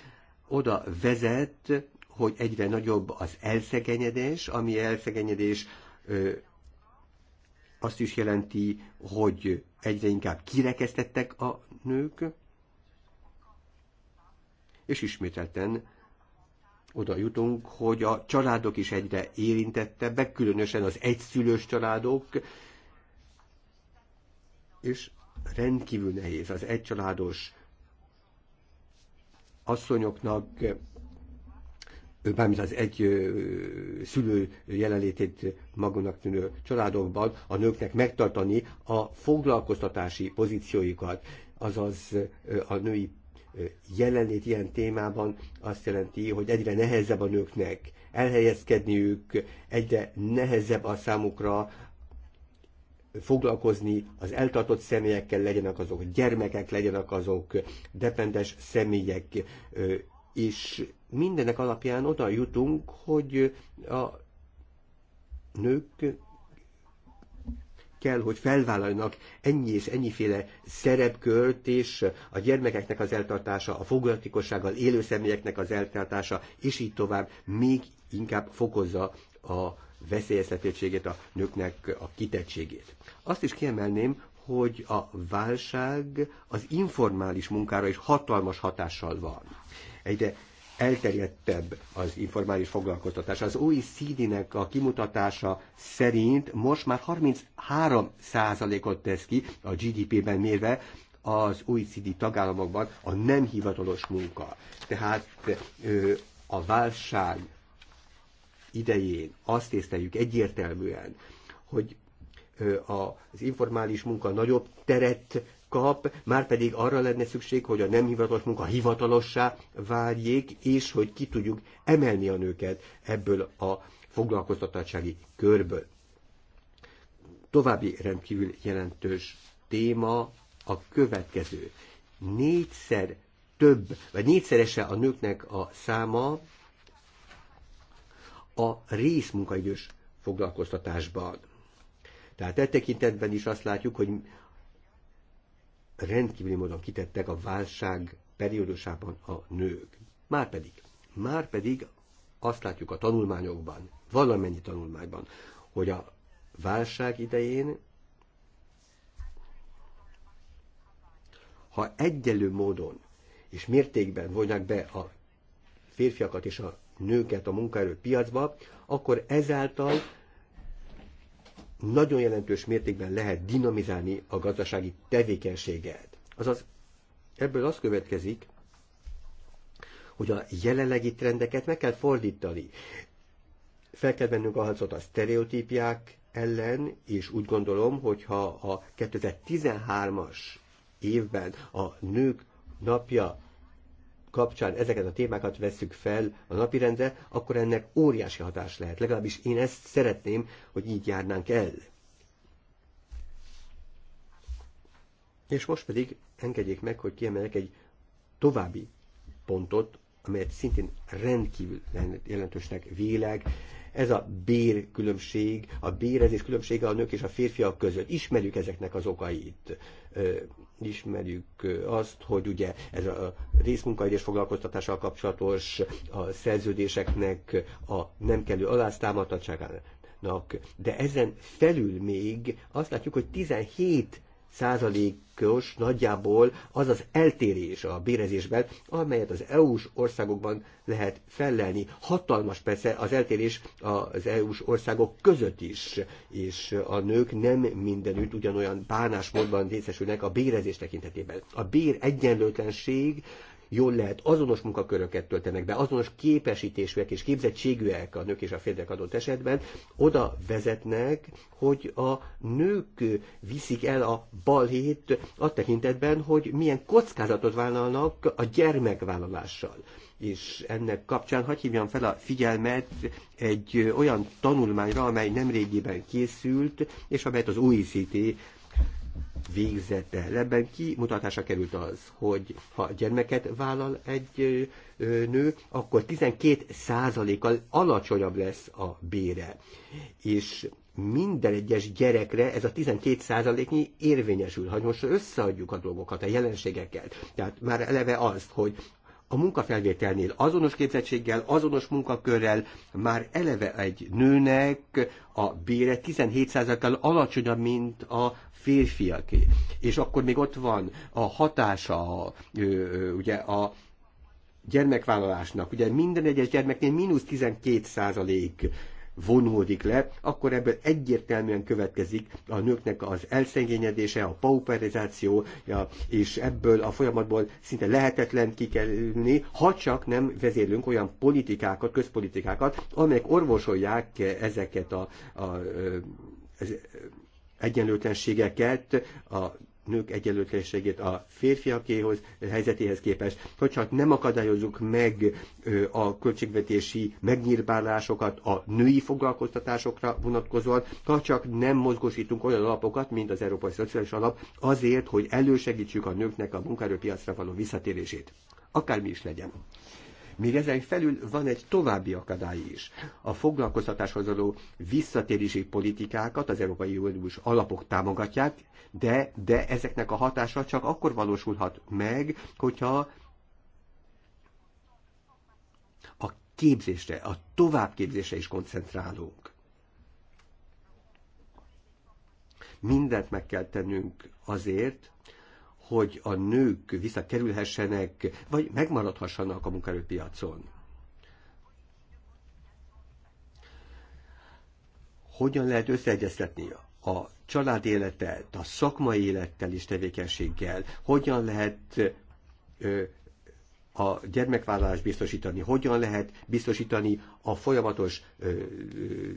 oda vezet, hogy egyre nagyobb az elszegenyedés, ami elszegenyedés ö, azt is jelenti, hogy egyre inkább kirekesztettek a nők, és ismételten oda jutunk, hogy a családok is egyre érintettebbek, különösen az egyszülős családok, és rendkívül nehéz az egycsaládos asszonyoknak mármint az egy szülő jelenlétét magunknak tűnő családokban a nőknek megtartani a foglalkoztatási pozícióikat, azaz a női jelenlét ilyen témában azt jelenti, hogy egyre nehezebb a nőknek elhelyezkedniük, egyre nehezebb a számukra foglalkozni az eltartott személyekkel, legyenek azok gyermekek, legyenek azok dependes személyek, és mindenek alapján oda jutunk, hogy a nők kell, hogy felvállaljanak ennyi és ennyiféle szerepkört, és a gyermekeknek az eltartása, a foglalatossággal élő személyeknek az eltartása, és így tovább még inkább fokozza a veszélyeztetettségét a nőknek a kitettségét. Azt is kiemelném, hogy a válság az informális munkára is hatalmas hatással van egyre elterjedtebb az informális foglalkoztatás. Az OECD-nek a kimutatása szerint most már 33 ot tesz ki a GDP-ben mérve az OECD tagállamokban a nem hivatalos munka. Tehát a válság idején azt észleljük egyértelműen, hogy az informális munka nagyobb teret kap, már pedig arra lenne szükség, hogy a nem hivatalos munka hivatalossá váljék, és hogy ki tudjuk emelni a nőket ebből a foglalkoztatottsági körből. További rendkívül jelentős téma a következő. Négyszer több, vagy négyszerese a nőknek a száma a részmunkaidős foglalkoztatásban. Tehát e tekintetben is azt látjuk, hogy rendkívüli módon kitettek a válság periódusában a nők. Márpedig, márpedig azt látjuk a tanulmányokban, valamennyi tanulmányban, hogy a válság idején, ha egyenlő módon és mértékben vonják be a férfiakat és a nőket a munkaerő piacba, akkor ezáltal nagyon jelentős mértékben lehet dinamizálni a gazdasági tevékenységet. Azaz ebből az következik, hogy a jelenlegi trendeket meg kell fordítani. Fel kell vennünk a harcot a sztereotípiák ellen, és úgy gondolom, hogyha a 2013-as évben a nők napja kapcsán ezeket a témákat veszük fel a napirendre, akkor ennek óriási hatás lehet. Legalábbis én ezt szeretném, hogy így járnánk el. És most pedig engedjék meg, hogy kiemelek egy további pontot, amelyet szintén rendkívül jelentősnek véleg, ez a bér különbség, a bérezés különbsége a nők és a férfiak között. Ismerjük ezeknek az okait. Ismerjük azt, hogy ugye ez a részmunkaidős foglalkoztatással kapcsolatos a szerződéseknek a nem kellő aláztámadtságának. De ezen felül még azt látjuk, hogy 17 százalékos nagyjából az az eltérés a bérezésben, amelyet az EU-s országokban lehet fellelni. Hatalmas persze az eltérés az EU-s országok között is, és a nők nem mindenütt ugyanolyan bánásmódban részesülnek a bérezés tekintetében. A bér egyenlőtlenség jól lehet azonos munkaköröket töltenek be, azonos képesítésűek és képzettségűek a nők és a férfiak adott esetben, oda vezetnek, hogy a nők viszik el a balhét a tekintetben, hogy milyen kockázatot vállalnak a gyermekvállalással és ennek kapcsán hagyj hívjam fel a figyelmet egy olyan tanulmányra, amely nemrégiben készült, és amelyet az OECD végzete. Ebben kimutatásra került az, hogy ha gyermeket vállal egy nő, akkor 12%-kal alacsonyabb lesz a bére. És minden egyes gyerekre ez a 12 százaléknyi érvényesül, ha most összeadjuk a dolgokat, a jelenségeket. Tehát már eleve azt, hogy a munkafelvételnél azonos képzettséggel, azonos munkakörrel már eleve egy nőnek a bére 17%-kal alacsonyabb, mint a férfiaké. És akkor még ott van a hatása, a, ugye a gyermekvállalásnak, ugye minden egyes gyermeknél mínusz 12 százalék vonódik le, akkor ebből egyértelműen következik a nőknek az elszengényedése, a pauperizáció, és ebből a folyamatból szinte lehetetlen kikerülni, ha csak nem vezérlünk olyan politikákat, közpolitikákat, amelyek orvosolják ezeket a, a, a egyenlőtlenségeket, a nők egyenlőtlenségét a férfiakéhoz, a helyzetéhez képest, hogyha nem akadályozunk meg a költségvetési megnyírbálásokat a női foglalkoztatásokra vonatkozóan, ha csak nem mozgósítunk olyan alapokat, mint az Európai Szociális Alap, azért, hogy elősegítsük a nőknek a munkaerőpiacra való visszatérését. Akármi is legyen. Még ezen felül van egy további akadály is. A foglalkoztatáshoz való visszatérési politikákat az Európai Uniós alapok támogatják, de, de ezeknek a hatása csak akkor valósulhat meg, hogyha a képzésre, a továbbképzésre is koncentrálunk. Mindent meg kell tennünk azért, hogy a nők visszakerülhessenek, vagy megmaradhassanak a munkaerőpiacon. Hogyan lehet összeegyeztetni a család életet, a szakmai élettel és tevékenységgel? Hogyan lehet ö, a gyermekvállalást biztosítani, hogyan lehet biztosítani a folyamatos ö, ö,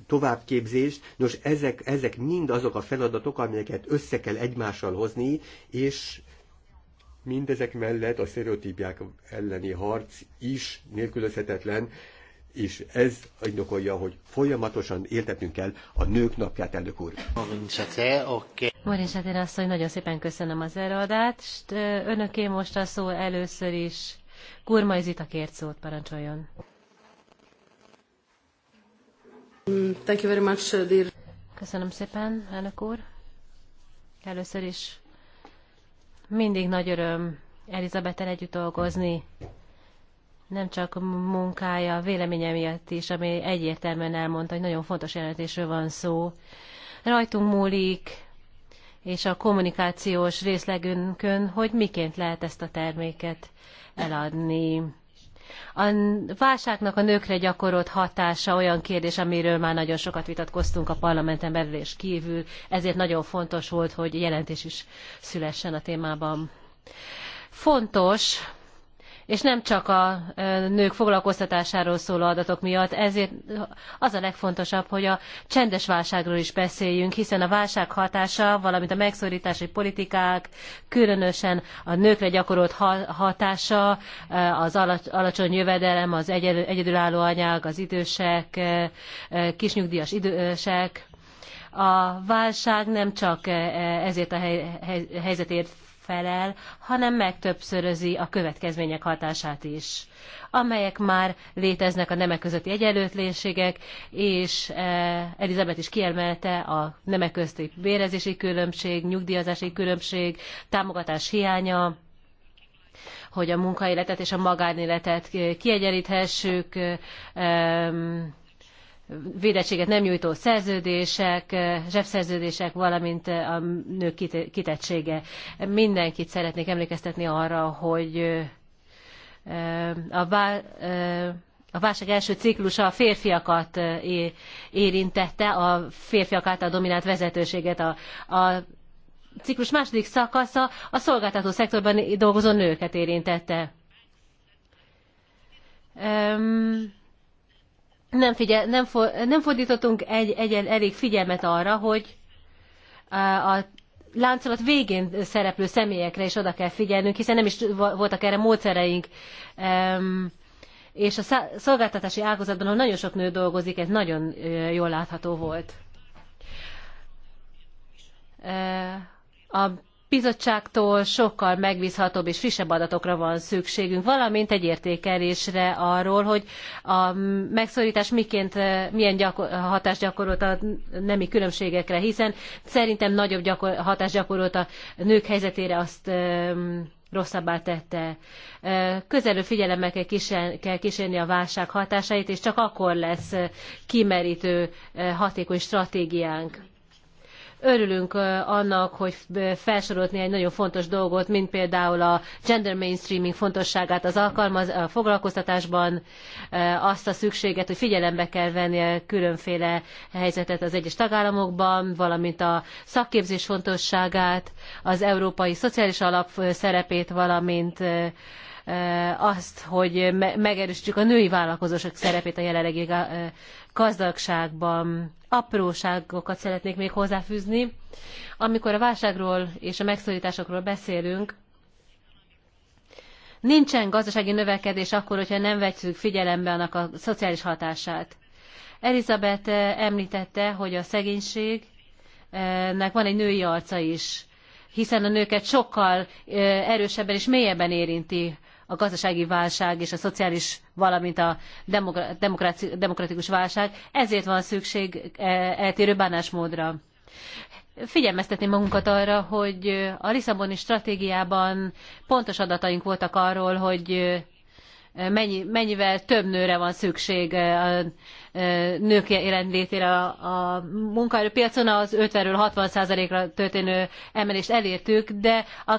továbbképzést. Nos, ezek, ezek mind azok a feladatok, amelyeket össze kell egymással hozni, és Mindezek mellett a sztereotípiák elleni harc is nélkülözhetetlen, és ez indokolja, hogy folyamatosan éltetnünk kell a nők napját, elnök úr. Morin azt asszony, nagyon szépen köszönöm az előadást. Önöké most a szó először is. Kurmai Zita kért szót, parancsoljon. Thank you very much, dear. Köszönöm szépen, elnök úr. Először is mindig nagy öröm Elizabettel együtt dolgozni, nem csak munkája, véleménye miatt is, ami egyértelműen elmondta, hogy nagyon fontos jelentésről van szó. Rajtunk múlik, és a kommunikációs részlegünkön, hogy miként lehet ezt a terméket eladni a válságnak a nőkre gyakorolt hatása olyan kérdés, amiről már nagyon sokat vitatkoztunk a parlamenten belül és kívül, ezért nagyon fontos volt, hogy jelentés is szülessen a témában. Fontos, és nem csak a nők foglalkoztatásáról szóló adatok miatt, ezért az a legfontosabb, hogy a csendes válságról is beszéljünk, hiszen a válság hatása, valamint a megszorítási politikák, különösen a nőkre gyakorolt hatása, az alacsony jövedelem, az egyedülálló anyák, az idősek, kisnyugdíjas idősek, a válság nem csak ezért a helyzetért felel, hanem megtöbbszörözi a következmények hatását is, amelyek már léteznek a nemek közötti egyenlőtlenségek, és eh, Elizabeth is kiemelte a nemek közti bérezési különbség, nyugdíjazási különbség, támogatás hiánya, hogy a munkaéletet és a magánéletet eh, kiegyenlíthessük, eh, védettséget nem nyújtó szerződések, zsebszerződések, valamint a nők kitettsége. Mindenkit szeretnék emlékeztetni arra, hogy a, vá- a válság első ciklusa a férfiakat érintette, a férfiak által dominált vezetőséget. A, a ciklus második szakasza a szolgáltató szektorban dolgozó nőket érintette. Um, nem, figyel, nem, for, nem fordítottunk egy, egy, elég figyelmet arra, hogy a láncolat végén szereplő személyekre is oda kell figyelnünk, hiszen nem is voltak erre módszereink. És a szolgáltatási ágazatban, ahol nagyon sok nő dolgozik, ez nagyon jól látható volt. A bizottságtól sokkal megbízhatóbb és frissebb adatokra van szükségünk, valamint egy értékelésre arról, hogy a megszorítás miként, milyen gyakor- hatást gyakorolt a nemi különbségekre, hiszen szerintem nagyobb gyakor- hatást gyakorolt a nők helyzetére, azt rosszabbá tette. Közelő figyelemmel kell, kísér, kell kísérni a válság hatásait, és csak akkor lesz kimerítő, hatékony stratégiánk Örülünk annak, hogy felsorolt egy nagyon fontos dolgot, mint például a gender mainstreaming fontosságát az alkalmaz, a foglalkoztatásban, azt a szükséget, hogy figyelembe kell venni a különféle helyzetet az egyes tagállamokban, valamint a szakképzés fontosságát, az európai szociális alap szerepét, valamint Eh, azt, hogy megerősítsük a női vállalkozások szerepét a jelenlegi eh, gazdagságban. Apróságokat szeretnék még hozzáfűzni. Amikor a válságról és a megszorításokról beszélünk, nincsen gazdasági növekedés akkor, hogyha nem vegyük figyelembe annak a szociális hatását. Elizabeth eh, említette, hogy a szegénységnek van egy női arca is, hiszen a nőket sokkal erősebben és mélyebben érinti a gazdasági válság és a szociális, valamint a demokratikus válság, ezért van szükség e, eltérő bánásmódra. Figyelmeztetni magunkat arra, hogy a Lisszaboni stratégiában pontos adataink voltak arról, hogy mennyi, mennyivel több nőre van szükség nők jelenlétére a, a munkaerőpiacon az 50-ről 60%-ra történő emelést elértük, de a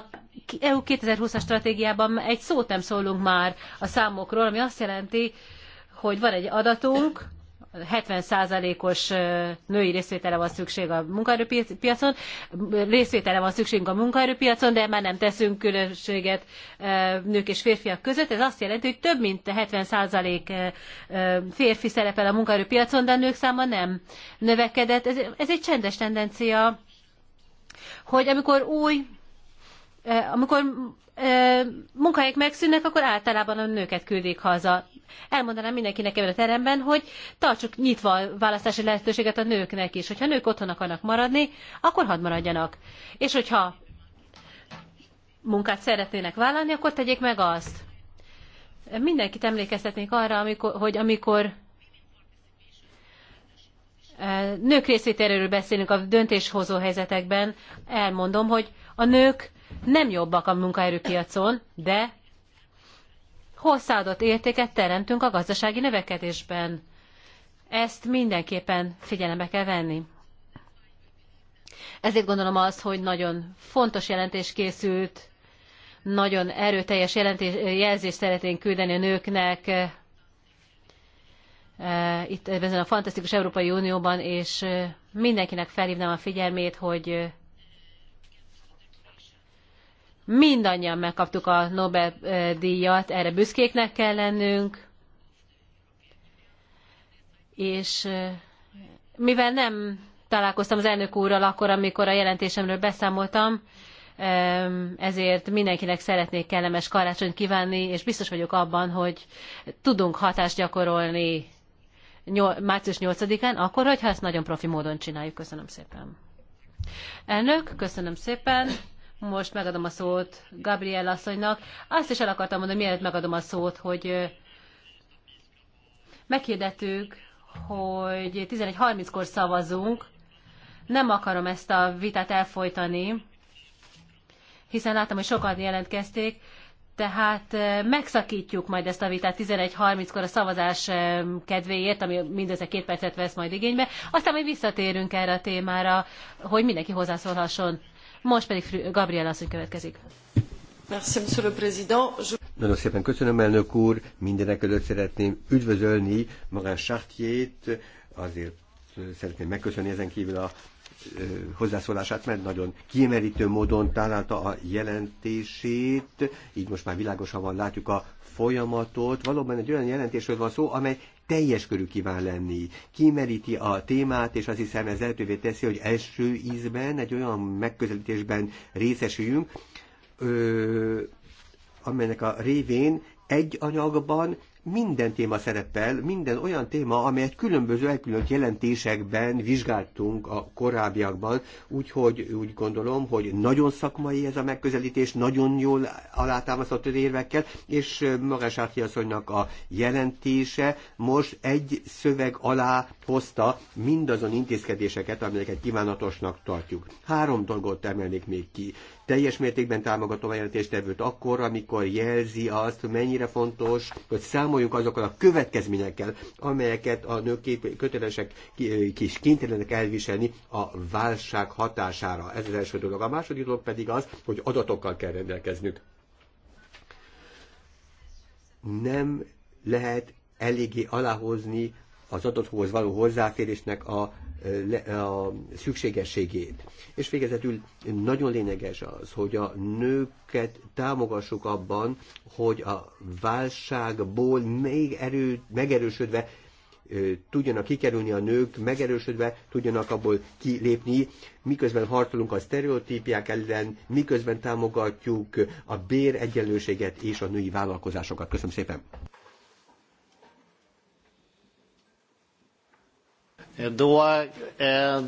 EU 2020-as stratégiában egy szót nem szólunk már a számokról, ami azt jelenti, hogy van egy adatunk, 70%-os női részvétele van szükség a munkaerőpiacon, részvétele van szükségünk a munkaerőpiacon, de már nem teszünk különbséget nők és férfiak között. Ez azt jelenti, hogy több mint 70% férfi szerepel a munkaerőpiacon, de a nők száma nem növekedett. Ez, ez egy csendes tendencia, hogy amikor új, amikor munkahelyek megszűnnek, akkor általában a nőket küldik haza elmondanám mindenkinek ebben a teremben, hogy tartsuk nyitva a választási lehetőséget a nőknek is. Hogyha nők otthon akarnak maradni, akkor hadd maradjanak. És hogyha munkát szeretnének vállalni, akkor tegyék meg azt. Mindenkit emlékeztetnék arra, amikor, hogy amikor e, nők részvételéről beszélünk a döntéshozó helyzetekben, elmondom, hogy a nők nem jobbak a munkaerőpiacon, de hozzáadott értéket teremtünk a gazdasági növekedésben. Ezt mindenképpen figyelembe kell venni. Ezért gondolom azt, hogy nagyon fontos jelentés készült, nagyon erőteljes jelentés, jelzést szeretnénk küldeni a nőknek eh, itt ezen a fantasztikus Európai Unióban, és eh, mindenkinek felhívnám a figyelmét, hogy eh, Mindannyian megkaptuk a Nobel-díjat, erre büszkéknek kell lennünk, és mivel nem találkoztam az elnök úrral akkor, amikor a jelentésemről beszámoltam, ezért mindenkinek szeretnék kellemes karácsonyt kívánni, és biztos vagyok abban, hogy tudunk hatást gyakorolni március 8-án, akkor, hogyha ezt nagyon profi módon csináljuk. Köszönöm szépen. Elnök, köszönöm szépen most megadom a szót Gabriel asszonynak. Azt is el akartam mondani, mielőtt megadom a szót, hogy meghirdettük, hogy 11.30-kor szavazunk. Nem akarom ezt a vitát elfolytani, hiszen láttam, hogy sokan jelentkezték, tehát megszakítjuk majd ezt a vitát 11.30-kor a szavazás kedvéért, ami mindössze két percet vesz majd igénybe. Aztán majd visszatérünk erre a témára, hogy mindenki hozzászólhasson. Most pedig Gabriel asszony következik. Nagyon szépen köszönöm, elnök úr. Mindenek előtt szeretném üdvözölni Chartier-t, azért szeretném megköszönni ezen kívül a hozzászólását, mert nagyon kiemelítő módon találta a jelentését, így most már világosan van, látjuk a folyamatot. Valóban egy olyan jelentésről van szó, amely teljes körű kíván lenni, kimeríti a témát, és azt hiszem ez lehetővé teszi, hogy első ízben, egy olyan megközelítésben részesüljünk, ö, amelynek a révén egy anyagban minden téma szerepel, minden olyan téma, amelyet különböző elkülönt jelentésekben vizsgáltunk a korábbiakban, úgyhogy úgy gondolom, hogy nagyon szakmai ez a megközelítés, nagyon jól alátámasztott érvekkel, és Magás asszonynak a jelentése most egy szöveg alá hozta mindazon intézkedéseket, amelyeket kívánatosnak tartjuk. Három dolgot emelnék még ki teljes mértékben támogatom a jelentéstevőt akkor, amikor jelzi azt, hogy mennyire fontos, hogy számoljunk azokkal a következményekkel, amelyeket a nők kötelesek kis kénytelenek elviselni a válság hatására. Ez az első dolog. A második dolog pedig az, hogy adatokkal kell rendelkeznünk. Nem lehet eléggé aláhozni az adathoz való hozzáférésnek a, a szükségességét. És végezetül nagyon lényeges az, hogy a nőket támogassuk abban, hogy a válságból még erő, megerősödve tudjanak kikerülni a nők, megerősödve tudjanak abból kilépni, miközben harcolunk a sztereotípiák ellen, miközben támogatjuk a béregyenlőséget és a női vállalkozásokat. Köszönöm szépen! Eh,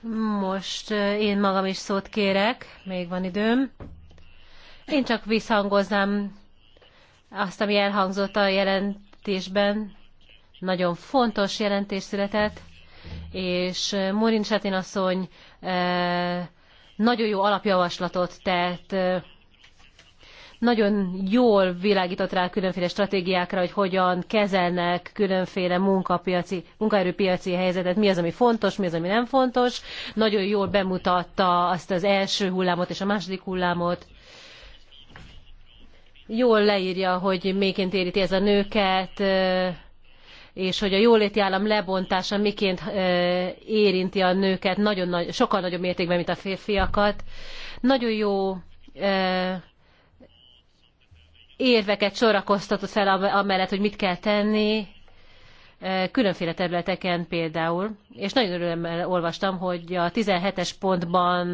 Most eh, én magam is szót kérek, még van időm. Én csak visszhangoznám azt, ami elhangzott a jelentésben. Nagyon fontos jelentés született, és eh, Morin Setin asszony nagyon jó alapjavaslatot tett nagyon jól világított rá különféle stratégiákra, hogy hogyan kezelnek különféle munkapiaci, munkaerőpiaci helyzetet, mi az, ami fontos, mi az, ami nem fontos. Nagyon jól bemutatta azt az első hullámot és a második hullámot. Jól leírja, hogy miként éríti ez a nőket, és hogy a jóléti állam lebontása miként érinti a nőket nagyon nagy, sokkal nagyobb mértékben, mint a férfiakat. Nagyon jó érveket sorakoztatott fel amellett, hogy mit kell tenni e, különféle területeken például, és nagyon örömmel olvastam, hogy a 17-es pontban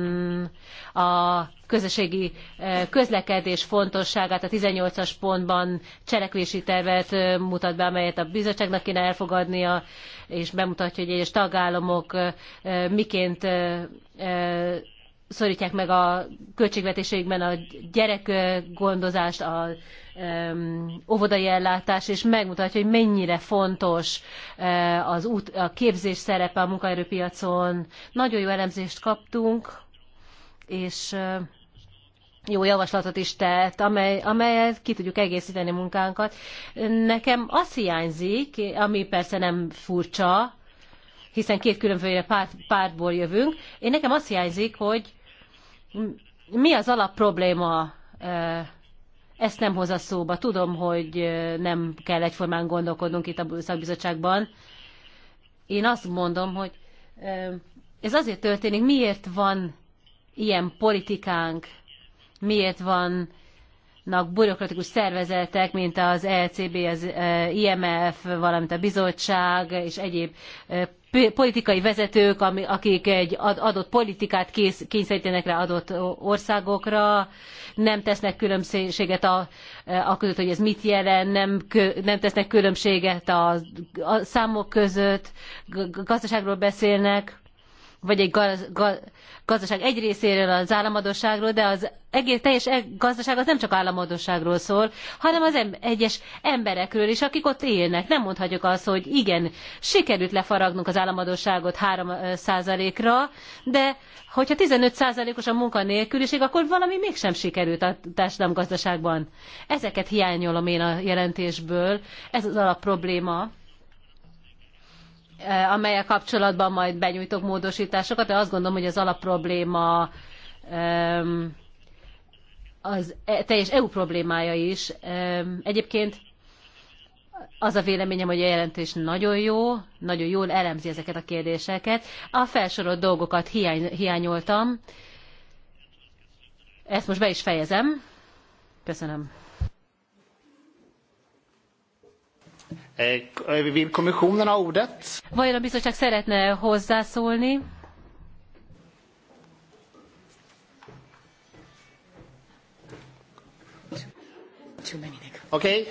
a közösségi e, közlekedés fontosságát a 18-as pontban cselekvési tervet e, mutat be, amelyet a bizottságnak kéne elfogadnia, és bemutatja, hogy egyes tagállamok miként szorítják meg a költségvetésében a gyerekgondozást, a um, óvodai ellátás és megmutatja, hogy mennyire fontos uh, az út, a képzés szerepe a munkaerőpiacon. Nagyon jó elemzést kaptunk, és uh, jó javaslatot is tett, amely, amelyet ki tudjuk egészíteni munkánkat. Nekem az hiányzik, ami persze nem furcsa, hiszen két különböző párt, pártból jövünk. Én nekem azt hiányzik, hogy mi az alapprobléma, ezt nem hoz a szóba. Tudom, hogy nem kell egyformán gondolkodnunk itt a szakbizottságban. Én azt mondom, hogy ez azért történik, miért van ilyen politikánk, miért van vannak bürokratikus szervezetek, mint az ECB, az IMF, valamint a bizottság és egyéb politikai vezetők, akik egy adott politikát kész, kényszerítenek rá adott országokra, nem tesznek különbséget a, a között, hogy ez mit jelent, nem, nem tesznek különbséget a, a számok között, gazdaságról beszélnek, vagy egy gaz, gaz, gazdaság egy részéről az államadóságról, de az egész teljes e- gazdaság az nem csak államadóságról szól, hanem az em, egyes emberekről is, akik ott élnek. Nem mondhatjuk azt, hogy igen, sikerült lefaragnunk az államadóságot 3%-ra, de hogyha 15%-os a munkanélküliség, akkor valami mégsem sikerült a gazdaságban. Ezeket hiányolom én a jelentésből, ez az alapprobléma. probléma Eh, amelyek kapcsolatban majd benyújtok módosításokat, de azt gondolom, hogy az alapprobléma az e, teljes EU problémája is. Egyébként az a véleményem, hogy a jelentés nagyon jó, nagyon jól elemzi ezeket a kérdéseket. A felsorolt dolgokat hiány, hiányoltam. Ezt most be is fejezem. Köszönöm. Eh, eh, vill kommissionen ha ordet? Vajon a bizottság szeretne hozzászólni? Okay.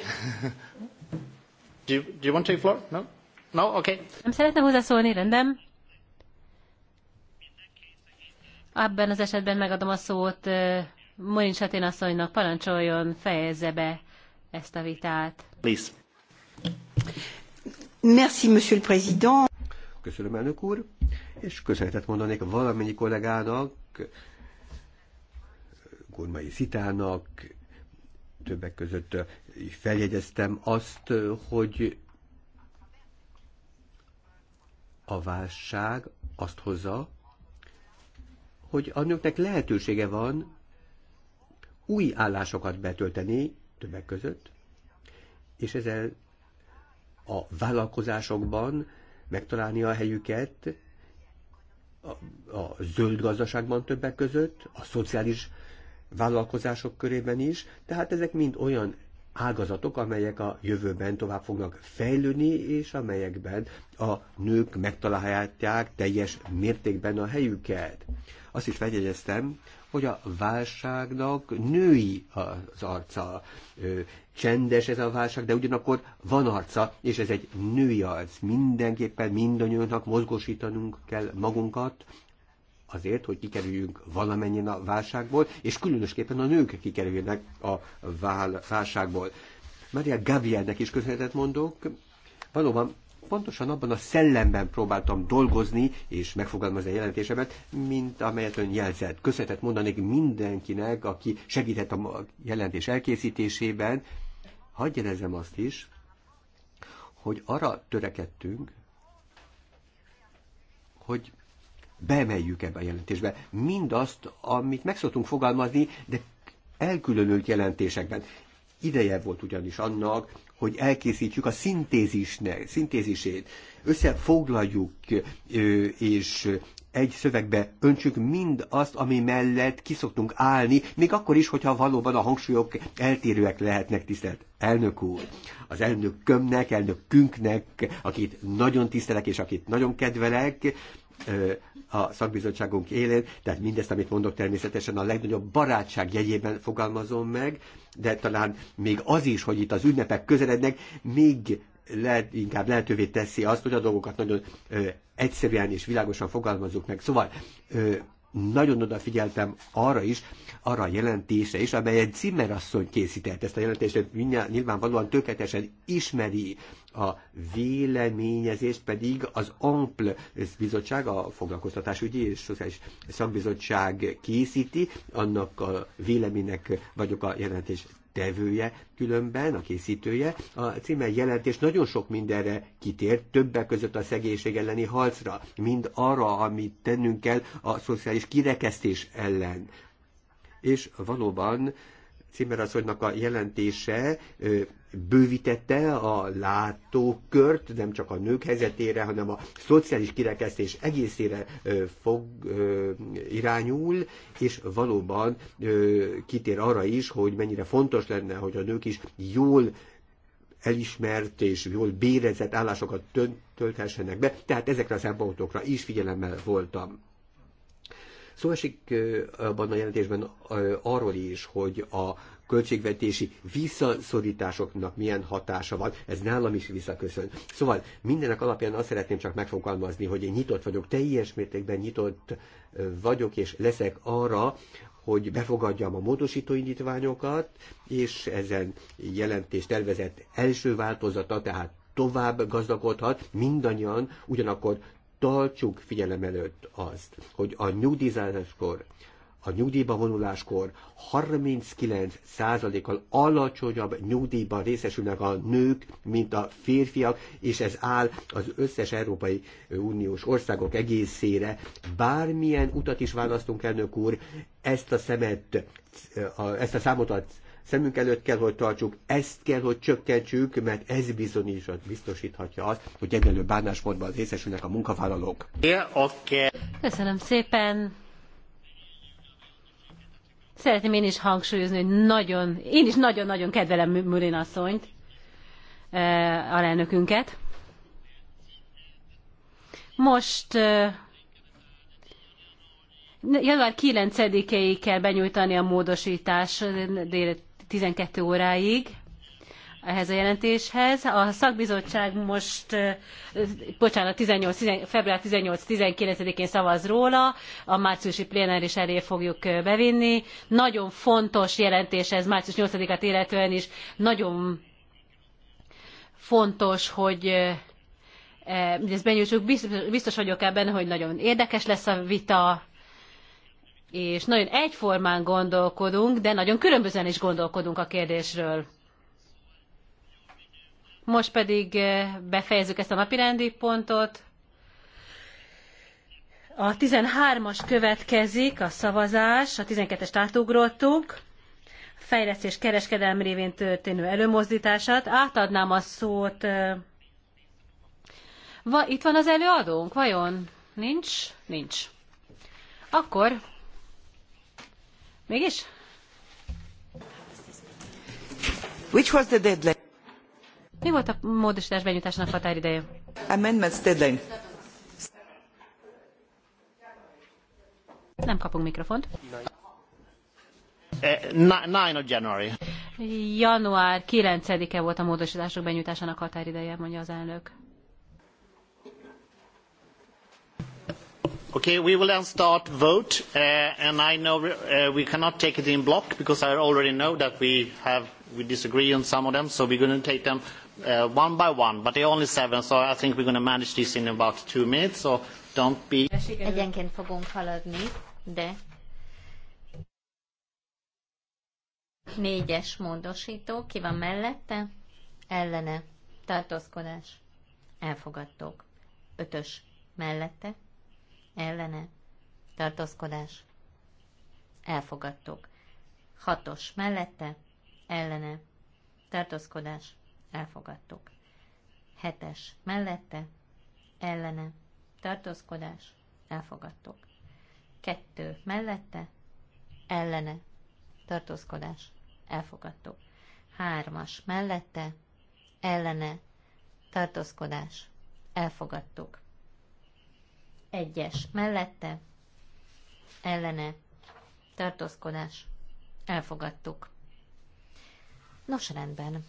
Do you, do you want to take floor? No? No? Okay. Nem szeretne hozzászólni, rendben. Abban az esetben megadom a szót eh, Morin Satén asszonynak, parancsoljon, fejezze be ezt a vitát. Please. Merci, Monsieur le Président. Köszönöm, elnök úr, és köszönetet mondanék valamennyi kollégának, Gormai Szitának, többek között feljegyeztem azt, hogy a válság azt hozza, hogy a nőknek lehetősége van új állásokat betölteni többek között, és ezzel a vállalkozásokban megtalálni a helyüket, a, a zöld gazdaságban többek között, a szociális vállalkozások körében is, tehát ezek mind olyan ágazatok, amelyek a jövőben tovább fognak fejlődni, és amelyekben a nők megtalálják teljes mértékben a helyüket. Azt is megjegyeztem, hogy a válságnak női az arca. Csendes ez a válság, de ugyanakkor van arca, és ez egy női arc. Mindenképpen mindannyiunknak mozgósítanunk kell magunkat, azért, hogy kikerüljünk valamennyien a válságból, és különösképpen a nők kikerüljenek a válságból. Maria Gabrielnek is köszönetet mondok. Valóban pontosan abban a szellemben próbáltam dolgozni és megfogalmazni a jelentésemet, mint amelyet ön jelzett. Köszönetet mondanék mindenkinek, aki segített a jelentés elkészítésében. Hagyj jelezem azt is, hogy arra törekedtünk, hogy beemeljük ebbe a jelentésbe mindazt, amit meg szoktunk fogalmazni, de elkülönült jelentésekben. Ideje volt ugyanis annak, hogy elkészítjük a szintézisnek, szintézisét, összefoglaljuk és egy szövegbe öntsük mind azt, ami mellett kiszoktunk állni, még akkor is, hogyha valóban a hangsúlyok eltérőek lehetnek, tisztelt elnök úr. Az elnökömnek, elnökünknek, akit nagyon tisztelek és akit nagyon kedvelek, a szakbizottságunk élén, tehát mindezt, amit mondok, természetesen a legnagyobb barátság jegyében fogalmazom meg, de talán még az is, hogy itt az ünnepek közelednek, még lehet, inkább lehetővé teszi azt, hogy a dolgokat nagyon ö, egyszerűen és világosan fogalmazzuk meg. Szóval ö, nagyon odafigyeltem arra is, arra a jelentése is, amelyet Zimmer asszony készített. Ezt a jelentést nyilvánvalóan tökéletesen ismeri a véleményezést, pedig az ANPL bizottság, a foglalkoztatásügyi és szociális szakbizottság készíti, annak a véleménynek vagyok a jelentés tevője, különben a készítője. A címe jelentés nagyon sok mindenre kitér, többek között a szegénység elleni harcra, mind arra, amit tennünk kell a szociális kirekesztés ellen és valóban Cimmer a jelentése bővítette a látókört, nem csak a nők helyzetére, hanem a szociális kirekesztés egészére fog, irányul, és valóban kitér arra is, hogy mennyire fontos lenne, hogy a nők is jól elismert és jól bérezett állásokat tölthessenek be, tehát ezekre a szempontokra is figyelemmel voltam. Szó esik abban a jelentésben arról is, hogy a költségvetési visszaszorításoknak milyen hatása van, ez nálam is visszaköszön. Szóval mindenek alapján azt szeretném csak megfogalmazni, hogy én nyitott vagyok, teljes mértékben nyitott vagyok, és leszek arra, hogy befogadjam a módosító indítványokat, és ezen jelentés tervezett első változata, tehát tovább gazdagodhat, mindannyian ugyanakkor tartsuk figyelem előtt azt, hogy a nyugdíjzázáskor, a nyugdíjba vonuláskor 39%-kal alacsonyabb nyugdíjban részesülnek a nők, mint a férfiak, és ez áll az összes Európai Uniós országok egészére. Bármilyen utat is választunk, elnök úr, ezt a szemet, ezt a számot a szemünk előtt kell, hogy tartsuk, ezt kell, hogy csökkentsük, mert ez bizonyos, biztosíthatja azt, hogy egyenlő bánásmódban részesülnek a munkavállalók. Köszönöm szépen! Szeretném én is hangsúlyozni, hogy nagyon, én is nagyon-nagyon kedvelem Mürin asszonyt, e, lelnökünket. Most e, január 9-éig kell benyújtani a módosítás 12 óráig ehhez a jelentéshez. A szakbizottság most, bocsánat, 18, 10, február 18-19-én szavaz róla, a márciusi plenáris elé fogjuk bevinni. Nagyon fontos jelentés ez március 8-át illetően is. Nagyon fontos, hogy e, ezt benyújtsuk. Biztos, biztos vagyok ebben, hogy nagyon érdekes lesz a vita, és nagyon egyformán gondolkodunk, de nagyon különbözően is gondolkodunk a kérdésről. Most pedig eh, befejezzük ezt a napirendi pontot. A 13-as következik a szavazás, a 12-est átugrottuk, fejlesztés kereskedelmi révén történő előmozdítását. Átadnám a szót. Eh, Va, itt van az előadónk, vajon? Nincs? Nincs. Akkor Mégis? Which was the deadline? Mi volt a módosítás benyújtásának határideje? Amendments deadline. Nem kapunk mikrofont. Eh, nine of January. Január 9-e volt a módosítások benyújtásának határideje, mondja az elnök. Okay, we will then start vote, uh, and I know uh, we cannot take it in block because I already know that we disagree on some of them, so we're going to take them uh, one by one. But there are only seven, so I think we're going to manage this in about two minutes. So don't be. Egyenként fogunk haladni, de négyes módosító, ki van mellette? Ellene. Tartózkodás. Elfogadtok. Ötös. Mellette ellene, tartózkodás, elfogadtuk. Hatos mellette, ellene, tartózkodás, elfogadtuk. Hetes mellette, ellene, tartózkodás, elfogadtuk. Kettő mellette, ellene, tartózkodás, elfogadtuk. Hármas mellette, ellene, tartózkodás, elfogadtuk egyes mellette, ellene, tartózkodás, elfogadtuk. Nos, rendben.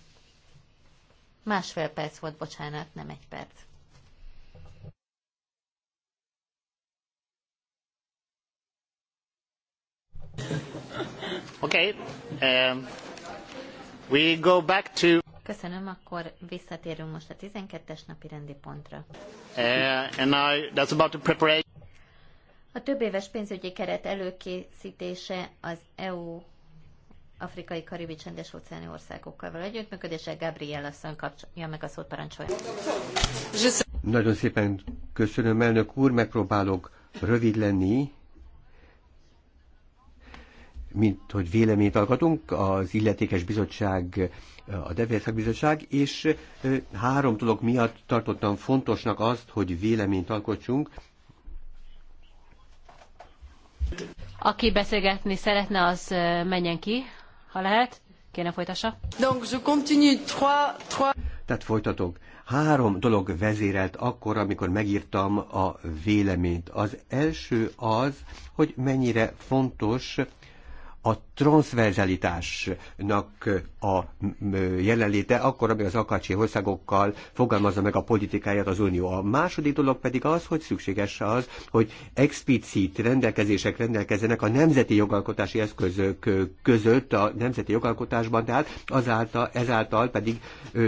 Másfél perc volt, bocsánat, nem egy perc. Okay. Um, we go back to... Köszönöm, akkor visszatérünk most a 12-es napi rendi pontra. Uh, and I, that's about the preparation. A több éves pénzügyi keret előkészítése az EU afrikai karibi csendes óceáni országokkal való együttműködése. Gabriel asszony kapcsolja meg a szót parancsolja. Nagyon szépen köszönöm, elnök úr, megpróbálok rövid lenni, mint hogy véleményt alkotunk az illetékes bizottság a Devészak Bizottság, és három dolog miatt tartottam fontosnak azt, hogy véleményt alkotsunk. Aki beszélgetni szeretne, az menjen ki, ha lehet. Kéne folytassa. Donc, je continue. Trois, trois... Tehát folytatok. Három dolog vezérelt akkor, amikor megírtam a véleményt. Az első az, hogy mennyire fontos a transzverzalitásnak a jelenléte akkor, ami az akácsi országokkal fogalmazza meg a politikáját az Unió. A második dolog pedig az, hogy szükséges az, hogy explicit rendelkezések rendelkezzenek a nemzeti jogalkotási eszközök között a nemzeti jogalkotásban, tehát azáltal, ezáltal pedig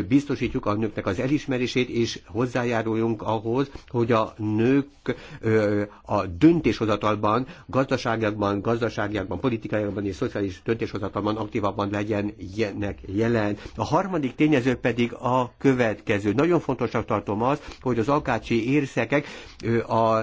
biztosítjuk a nőknek az elismerését, és hozzájáruljunk ahhoz, hogy a nők a döntéshozatalban, gazdaságokban, gazdaságokban, politikájában gazdasági és szociális döntéshozatalban aktívabban legyenek jelen. A harmadik tényező pedig a következő. Nagyon fontosnak tartom az, hogy az akácsi érszekek a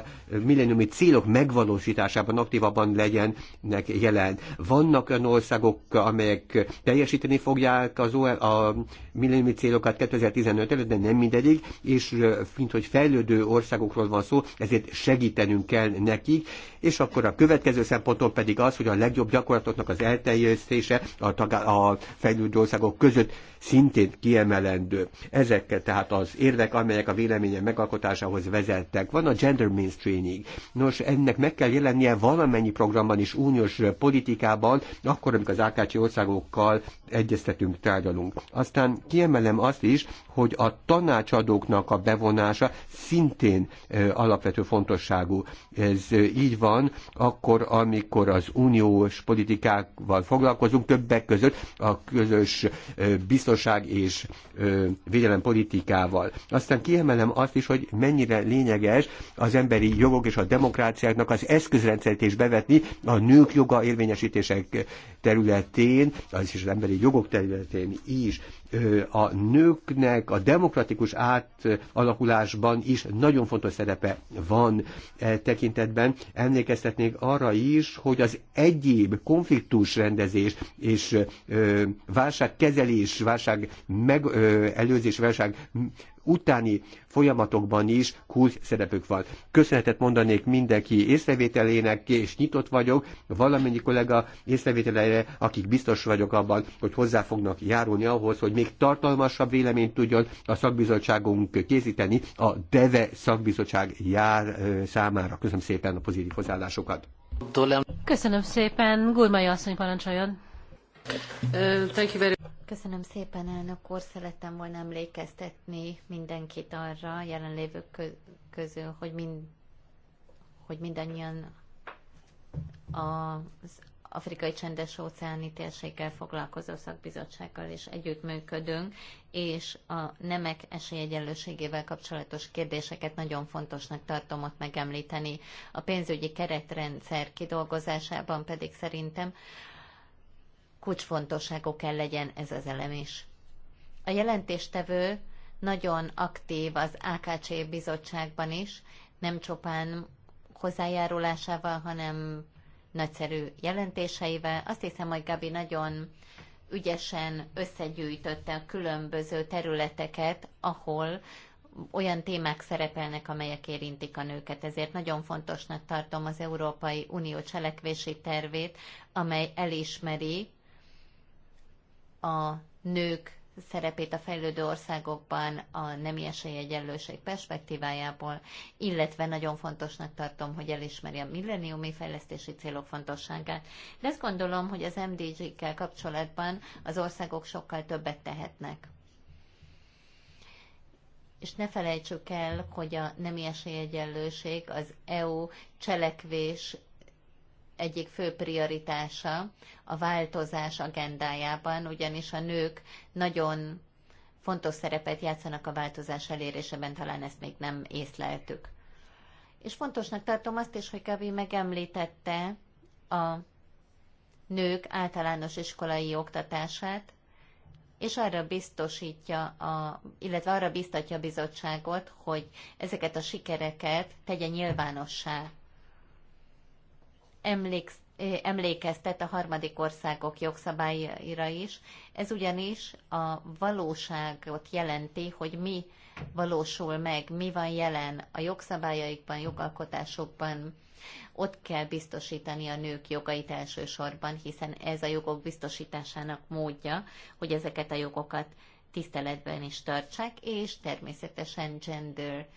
milleniumi célok megvalósításában aktívabban legyenek jelen. Vannak olyan országok, amelyek teljesíteni fogják az OL, a milleniumi célokat 2015 előtt, de nem mindegyik, és mint hogy fejlődő országokról van szó, ezért segítenünk kell nekik, és akkor a következő szemponton pedig az, hogy a legjobb gyakorlatoknak az elterjesztése a, tagá- a fejlődő országok között szintén kiemelendő. Ezekkel tehát az érvek, amelyek a véleménye megalkotásához vezettek. Van a gender mainstreaming. Nos, ennek meg kell jelennie valamennyi programban is, uniós politikában, akkor, amikor az AKC országokkal egyeztetünk, tárgyalunk. Aztán kiemelem azt is, hogy a tanácsadóknak a bevonása szintén alapvető fontosságú. Ez így van, akkor, amikor az uniós politikával foglalkozunk, többek között a közös biztonság és védelem politikával. Aztán kiemelem azt is, hogy mennyire lényeges az emberi jogok és a demokráciáknak az eszközrendszert is bevetni a nők joga érvényesítések területén, az is az emberi jogok területén is a nőknek a demokratikus átalakulásban is nagyon fontos szerepe van e tekintetben. Emlékeztetnék arra is, hogy az egyéb konfliktusrendezés és válságkezelés, válság előzés, válság utáni folyamatokban is kulcs szerepük van. Köszönetet mondanék mindenki észrevételének, és nyitott vagyok valamennyi kollega észrevételére, akik biztos vagyok abban, hogy hozzá fognak járulni ahhoz, hogy még tartalmasabb véleményt tudjon a szakbizottságunk készíteni a DEVE szakbizottság jár számára. Köszönöm szépen a pozitív hozzáállásokat. Köszönöm szépen. Gurmai asszony parancsoljon. Uh, Köszönöm szépen, elnök úr. Szerettem volna emlékeztetni mindenkit arra, jelenlévők közül, hogy, mind, hogy mindannyian az Afrikai Csendes Óceáni Térséggel foglalkozó szakbizottsággal is együttműködünk, és a nemek esélyegyenlőségével kapcsolatos kérdéseket nagyon fontosnak tartom ott megemlíteni. A pénzügyi keretrendszer kidolgozásában pedig szerintem kulcsfontosságú kell legyen ez az elem is. A jelentéstevő nagyon aktív az AKC bizottságban is, nem csupán hozzájárulásával, hanem nagyszerű jelentéseivel. Azt hiszem, hogy Gabi nagyon ügyesen összegyűjtötte a különböző területeket, ahol olyan témák szerepelnek, amelyek érintik a nőket. Ezért nagyon fontosnak tartom az Európai Unió cselekvési tervét, amely elismeri a nők szerepét a fejlődő országokban a nemi egyenlőség perspektívájából, illetve nagyon fontosnak tartom, hogy elismeri a milleniumi fejlesztési célok fontosságát. De azt gondolom, hogy az MDG-kkel kapcsolatban az országok sokkal többet tehetnek. És ne felejtsük el, hogy a nemi esélyegyenlőség az EU cselekvés egyik fő prioritása a változás agendájában, ugyanis a nők nagyon fontos szerepet játszanak a változás elérésében, talán ezt még nem észleltük. És fontosnak tartom azt is, hogy Gabi megemlítette a nők általános iskolai oktatását, és arra biztosítja, a, illetve arra biztatja a bizottságot, hogy ezeket a sikereket tegye nyilvánossá emléksz, emlékeztet a harmadik országok jogszabályaira is. Ez ugyanis a valóságot jelenti, hogy mi valósul meg, mi van jelen a jogszabályaikban, jogalkotásokban. Ott kell biztosítani a nők jogait elsősorban, hiszen ez a jogok biztosításának módja, hogy ezeket a jogokat tiszteletben is tartsák, és természetesen gender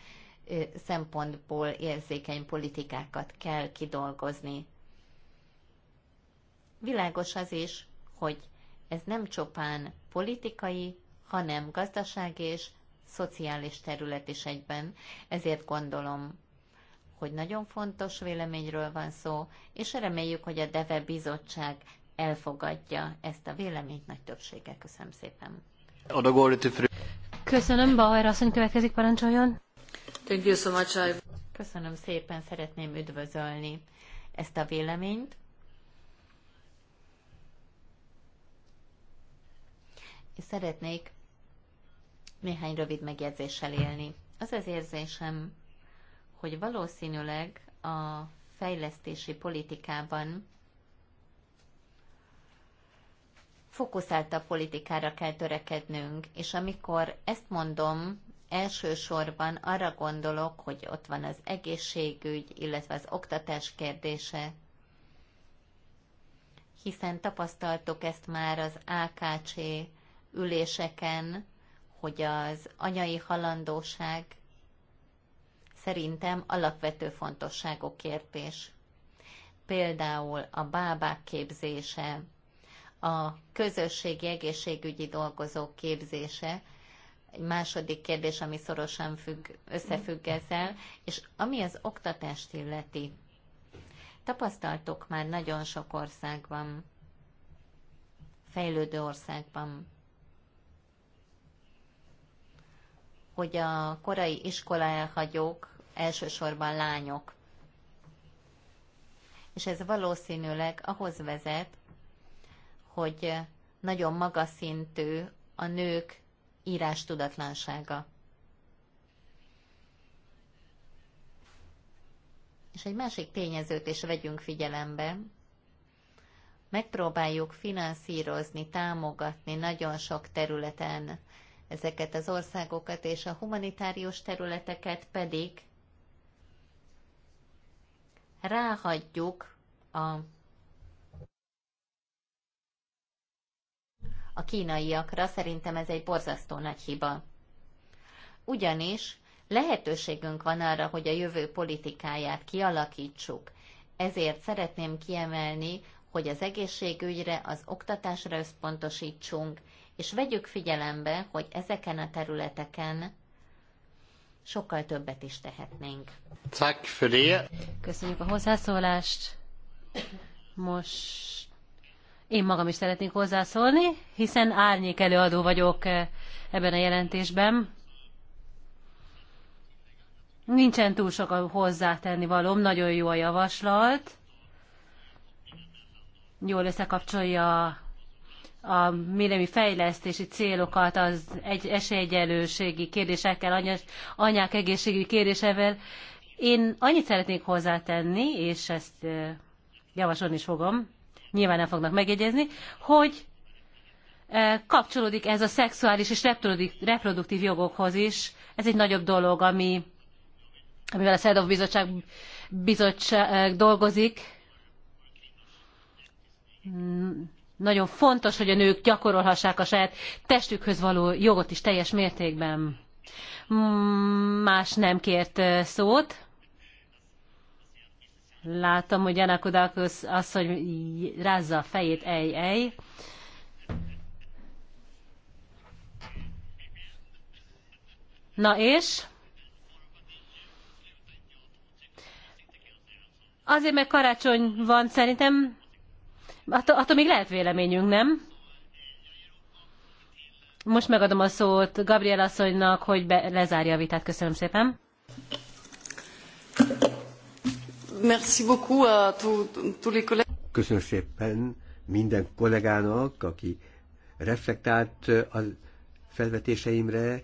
szempontból érzékeny politikákat kell kidolgozni Világos az is, hogy ez nem csupán politikai, hanem gazdasági és szociális terület is egyben. Ezért gondolom, hogy nagyon fontos véleményről van szó, és reméljük, hogy a DEVE bizottság elfogadja ezt a véleményt nagy többsége. Köszönöm szépen. Köszönöm, Bauer asszony következik, parancsoljon. Thank you so much. Köszönöm szépen, szeretném üdvözölni ezt a véleményt. és szeretnék néhány rövid megjegyzéssel élni. Az az érzésem, hogy valószínűleg a fejlesztési politikában fokuszáltabb politikára kell törekednünk, és amikor ezt mondom, elsősorban arra gondolok, hogy ott van az egészségügy, illetve az oktatás kérdése, hiszen tapasztaltuk ezt már az AKC üléseken, hogy az anyai halandóság szerintem alapvető fontosságú kérdés. Például a bábák képzése, a közösségi egészségügyi dolgozók képzése, egy második kérdés, ami szorosan függ, összefügg ezzel, és ami az oktatást illeti. Tapasztaltok már nagyon sok országban, fejlődő országban, hogy a korai iskola elhagyók elsősorban lányok. És ez valószínűleg ahhoz vezet, hogy nagyon magas szintű a nők írás tudatlansága. És egy másik tényezőt is vegyünk figyelembe. Megpróbáljuk finanszírozni, támogatni nagyon sok területen ezeket az országokat, és a humanitárius területeket pedig ráhagyjuk a, a kínaiakra, szerintem ez egy borzasztó nagy hiba. Ugyanis lehetőségünk van arra, hogy a jövő politikáját kialakítsuk. Ezért szeretném kiemelni, hogy az egészségügyre, az oktatásra összpontosítsunk, és vegyük figyelembe, hogy ezeken a területeken sokkal többet is tehetnénk. Köszönjük a hozzászólást. Most én magam is szeretnék hozzászólni, hiszen árnyék előadó vagyok eh, ebben a jelentésben. Nincsen túl sok a hozzátenni valóm, nagyon jó a javaslat. Jól összekapcsolja a mélemi fejlesztési célokat az egy esélyegyelőségi kérdésekkel, anyák egészségügyi kérdésevel. Én annyit szeretnék hozzátenni, és ezt javasolni is fogom, nyilván nem fognak megjegyezni, hogy kapcsolódik ez a szexuális és reproduktív jogokhoz is. Ez egy nagyobb dolog, ami, amivel a Szedov bizottság, bizottság dolgozik nagyon fontos, hogy a nők gyakorolhassák a saját testükhöz való jogot is teljes mértékben. Más nem kért eh, szót. Látom, hogy Janakodakusz az, hogy rázza a fejét, ej, ej. Na és? Azért, mert karácsony van, szerintem Att, attól még lehet véleményünk, nem? Most megadom a szót Gabriel asszonynak, hogy be, lezárja a vitát. Köszönöm szépen. Merci beaucoup à tous les collègues. Köszönöm szépen minden kollégának, aki reflektált a felvetéseimre,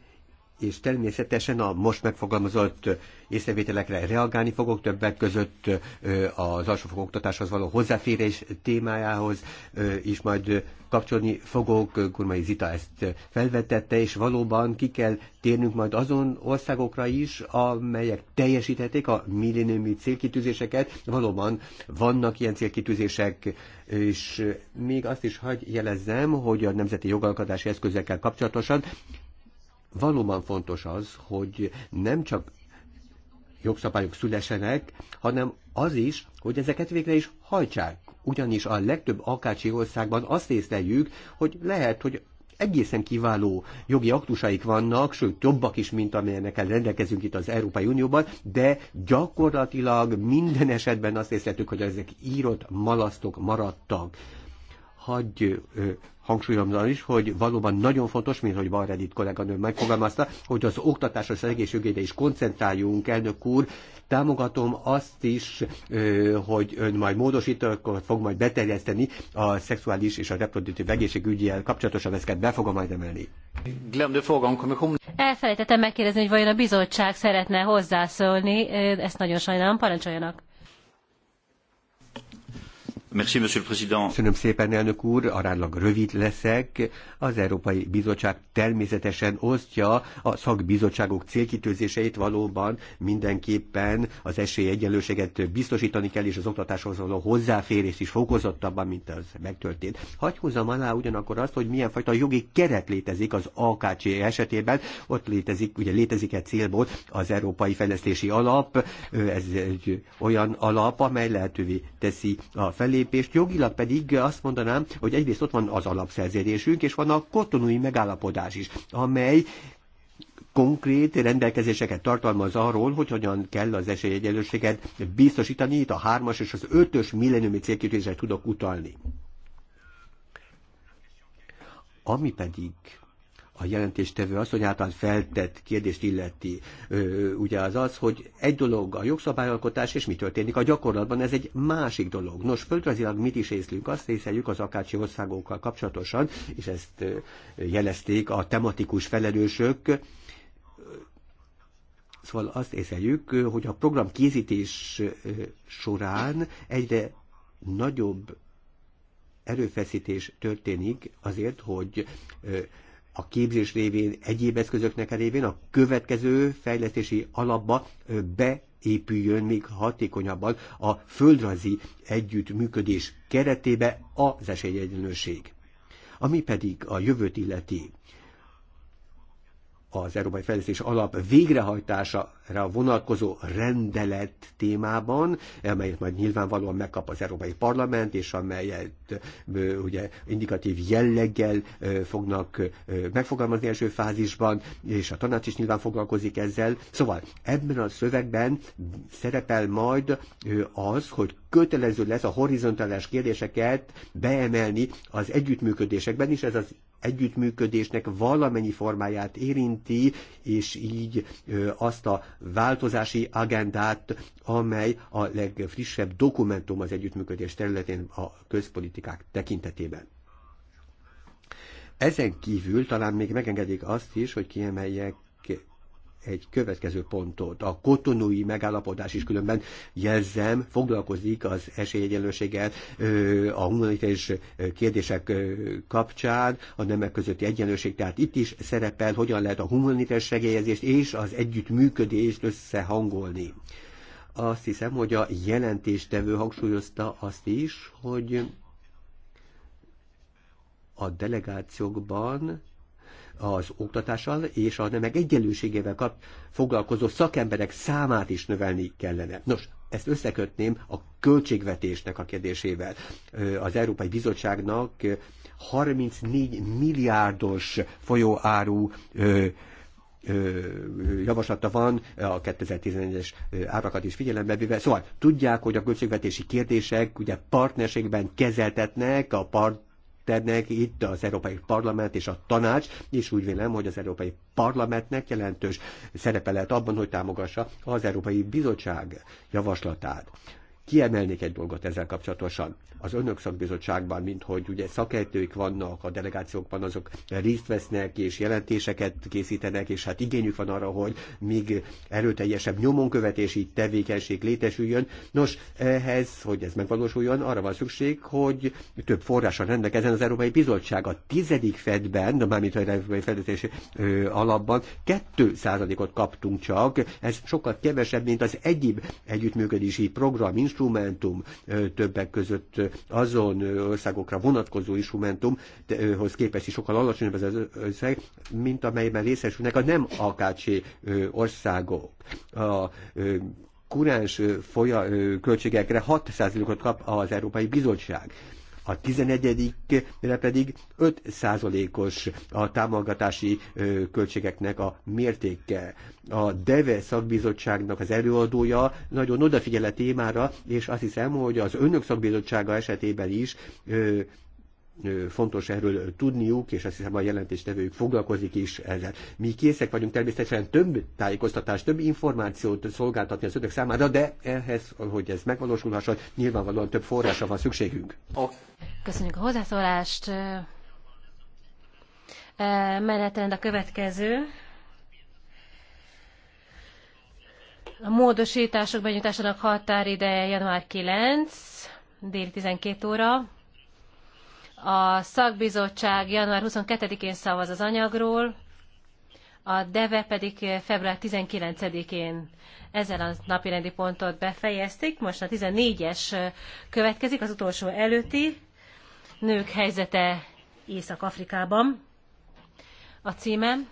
és természetesen a most megfogalmazott észrevételekre reagálni fogok, többek között az alsófokú oktatáshoz való hozzáférés témájához is majd kapcsolni fogok. Kurmai Zita ezt felvetette, és valóban ki kell térnünk majd azon országokra is, amelyek teljesítették a milléniumi célkitűzéseket. Valóban vannak ilyen célkitűzések, és még azt is hagy jelezzem, hogy a nemzeti jogalkotási eszközekkel kapcsolatosan valóban fontos az, hogy nem csak jogszabályok szülesenek, hanem az is, hogy ezeket végre is hajtsák. Ugyanis a legtöbb akácsi országban azt észleljük, hogy lehet, hogy egészen kiváló jogi aktusaik vannak, sőt jobbak is, mint amilyenekkel rendelkezünk itt az Európai Unióban, de gyakorlatilag minden esetben azt észletük, hogy ezek írott malasztok maradtak hagy hangsúlyozom is, hogy valóban nagyon fontos, mint hogy van Redit kolléganő megfogalmazta, hogy az oktatásra, egészségügyre is koncentráljunk, elnök úr. Támogatom azt is, hogy ön majd akkor fog majd beterjeszteni a szexuális és a reproduktív egészségügyjel kapcsolatosan ezt be fogom majd emelni. Elfelejtettem megkérdezni, hogy vajon a bizottság szeretne hozzászólni, ezt nagyon sajnálom, parancsoljanak. Merci, Monsieur le Président. Köszönöm szépen, elnök úr, aránylag rövid leszek. Az Európai Bizottság természetesen osztja a szakbizottságok célkitőzéseit valóban mindenképpen az esélyegyenlőséget biztosítani kell, és az oktatáshoz való hozzáférést is fokozottabban, mint az megtörtént. Hagy hozzam alá ugyanakkor azt, hogy milyen fajta jogi keret létezik az AKC esetében. Ott létezik, ugye létezik egy célból az Európai Fejlesztési Alap, ez egy olyan alap, amely lehetővé teszi a felé lépést, jogilag pedig azt mondanám, hogy egyrészt ott van az alapszerződésünk, és van a kotonúi megállapodás is, amely konkrét rendelkezéseket tartalmaz arról, hogy hogyan kell az esélyegyenlőséget biztosítani, itt a hármas és az ötös milleniumi célkitűzésre tudok utalni. Ami pedig a jelentéstevő az, hogy általán feltett kérdést illeti, ö, ugye az az, hogy egy dolog a jogszabályalkotás, és mi történik a gyakorlatban, ez egy másik dolog. Nos, földrajzilag mit is észlünk, azt észeljük az akácsi országokkal kapcsolatosan, és ezt jelezték a tematikus felelősök, Szóval azt észeljük, hogy a program készítés során egyre nagyobb erőfeszítés történik azért, hogy a képzés révén, egyéb eszközöknek a révén a következő fejlesztési alapba épüljön még hatékonyabban a földrajzi együttműködés keretébe az esélyegyenlőség. Ami pedig a jövőt illeti, az Európai Fejlesztés Alap végrehajtására vonatkozó rendelet témában, amelyet majd nyilvánvalóan megkap az Európai Parlament, és amelyet ugye indikatív jelleggel fognak megfogalmazni első fázisban, és a tanács is nyilván foglalkozik ezzel. Szóval ebben a szövegben szerepel majd az, hogy kötelező lesz a horizontális kérdéseket beemelni az együttműködésekben is, ez az együttműködésnek valamennyi formáját érinti, és így azt a változási agendát, amely a legfrissebb dokumentum az együttműködés területén a közpolitikák tekintetében. Ezen kívül talán még megengedik azt is, hogy kiemeljek egy következő pontot. A kotonói megállapodás is különben jelzem, foglalkozik az esélyegyenlőséggel a humanitárius kérdések kapcsán, a nemek közötti egyenlőség, tehát itt is szerepel, hogyan lehet a humanitárius segélyezést és az együttműködést összehangolni. Azt hiszem, hogy a jelentéstevő hangsúlyozta azt is, hogy a delegációkban az oktatással és a nemek egyenlőségével kap, foglalkozó szakemberek számát is növelni kellene. Nos, ezt összekötném a költségvetésnek a kérdésével. Az Európai Bizottságnak 34 milliárdos folyóáru javaslata van a 2011-es árakat is figyelembe véve. Szóval tudják, hogy a költségvetési kérdések ugye partnerségben kezeltetnek, a part tennek itt az Európai Parlament és a Tanács, és úgy vélem, hogy az Európai Parlamentnek jelentős szerepe lehet abban, hogy támogassa az Európai Bizottság javaslatát. Kiemelnék egy dolgot ezzel kapcsolatosan. Az önök szakbizottságban, mint hogy ugye szakértőik vannak, a delegációkban azok részt vesznek és jelentéseket készítenek, és hát igényük van arra, hogy még erőteljesebb nyomonkövetési tevékenység létesüljön. Nos, ehhez, hogy ez megvalósuljon, arra van szükség, hogy több forrással rendelkezzen az Európai Bizottság. A tizedik fedben, de mármint a Európai Fedetési alapban 2 ot kaptunk csak, ez sokkal kevesebb, mint az egyéb együttműködési program, instrumentum, instrumentum többek között azon országokra vonatkozó instrumentumhoz képest is sokkal alacsonyabb ez az összeg, mint amelyben részesülnek a nem akácsi országok. A kuráns folya, költségekre 6%-ot kap az Európai Bizottság a 11-re pedig 5%-os a támogatási költségeknek a mértéke. A DEVE szakbizottságnak az előadója nagyon odafigyel a témára, és azt hiszem, hogy az önök szakbizottsága esetében is fontos erről tudniuk, és azt hiszem a jelentéstevők foglalkozik is ezzel. Mi készek vagyunk természetesen több tájékoztatást, több információt szolgáltatni az önök számára, de ehhez, hogy ez megvalósulhasson, nyilvánvalóan több forrásra van szükségünk. Oh. Köszönjük a hozzászólást. Menetrend a következő. A módosítások benyújtásának határideje január 9, déli 12 óra a szakbizottság január 22-én szavaz az anyagról, a DEVE pedig február 19-én ezzel a napirendi pontot befejezték. Most a 14-es következik, az utolsó előtti, nők helyzete Észak-Afrikában. A címem,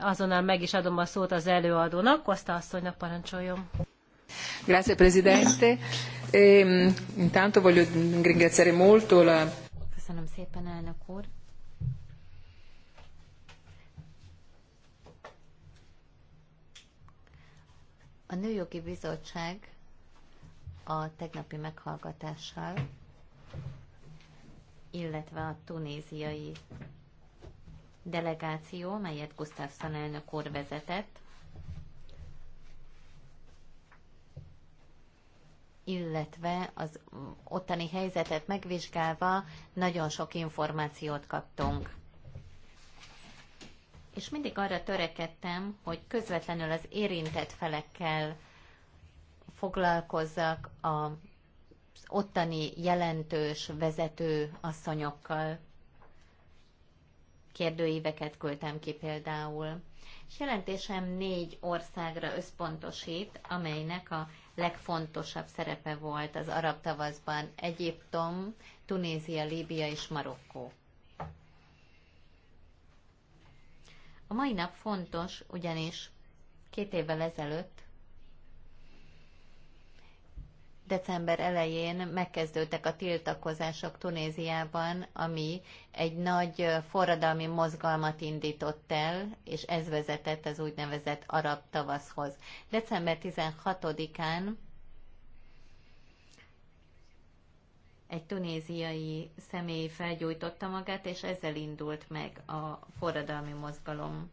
azonnal meg is adom a szót az előadónak, Koszta asszonynak parancsoljon. Grazie, Presidente. E, intanto voglio ringraziare molto la... Köszönöm szépen, elnök úr. A Nőjogi Bizottság a tegnapi meghallgatással, illetve a tunéziai delegáció, melyet Gustafsson elnök úr vezetett, illetve az ottani helyzetet megvizsgálva nagyon sok információt kaptunk. És mindig arra törekedtem, hogy közvetlenül az érintett felekkel foglalkozzak az ottani jelentős vezető asszonyokkal. Kérdőíveket küldtem ki például. Jelentésem négy országra összpontosít, amelynek a legfontosabb szerepe volt az arab tavaszban Egyiptom, Tunézia, Líbia és Marokkó. A mai nap fontos, ugyanis két évvel ezelőtt december elején megkezdődtek a tiltakozások Tunéziában, ami egy nagy forradalmi mozgalmat indított el, és ez vezetett az úgynevezett arab tavaszhoz. December 16-án egy tunéziai személy felgyújtotta magát, és ezzel indult meg a forradalmi mozgalom.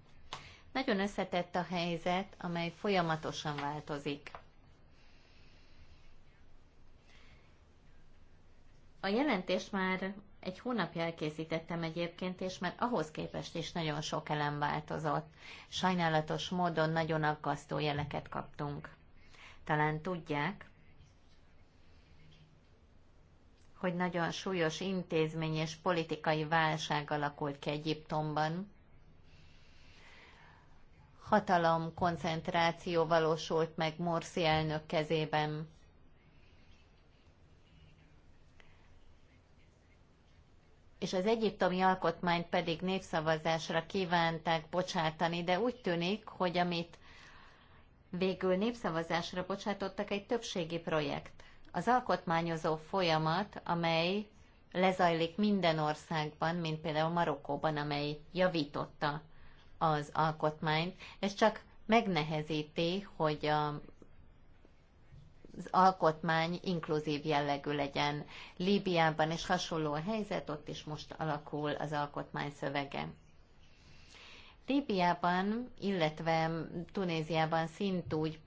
Nagyon összetett a helyzet, amely folyamatosan változik. A jelentést már egy hónapja elkészítettem egyébként, és már ahhoz képest is nagyon sok elem változott. Sajnálatos módon nagyon aggasztó jeleket kaptunk. Talán tudják, hogy nagyon súlyos intézmény és politikai válság alakult ki Egyiptomban. Hatalom koncentráció valósult meg Morsi elnök kezében és az egyiptomi alkotmányt pedig népszavazásra kívánták bocsátani, de úgy tűnik, hogy amit végül népszavazásra bocsátottak, egy többségi projekt. Az alkotmányozó folyamat, amely lezajlik minden országban, mint például Marokkóban, amely javította az alkotmányt, ez csak megnehezíti, hogy a az alkotmány inkluzív jellegű legyen. Líbiában is hasonló a helyzet, ott is most alakul az alkotmány szövege. Líbiában, illetve Tunéziában szintúgy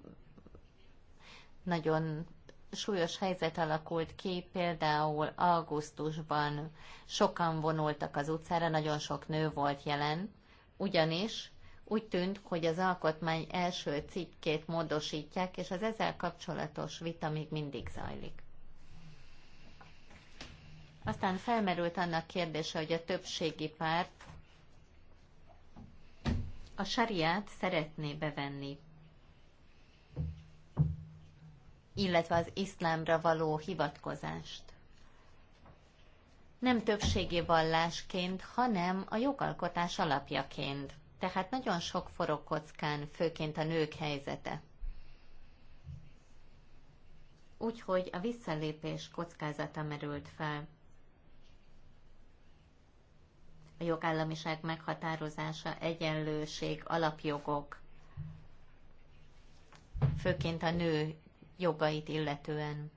nagyon súlyos helyzet alakult ki, például augusztusban sokan vonultak az utcára, nagyon sok nő volt jelen, ugyanis úgy tűnt, hogy az alkotmány első cikkét módosítják, és az ezzel kapcsolatos vita még mindig zajlik. Aztán felmerült annak kérdése, hogy a többségi párt a sariát szeretné bevenni, illetve az iszlámra való hivatkozást. Nem többségi vallásként, hanem a jogalkotás alapjaként. Tehát nagyon sok forog kockán, főként a nők helyzete. Úgyhogy a visszalépés kockázata merült fel. A jogállamiság meghatározása, egyenlőség, alapjogok, főként a nő jogait illetően.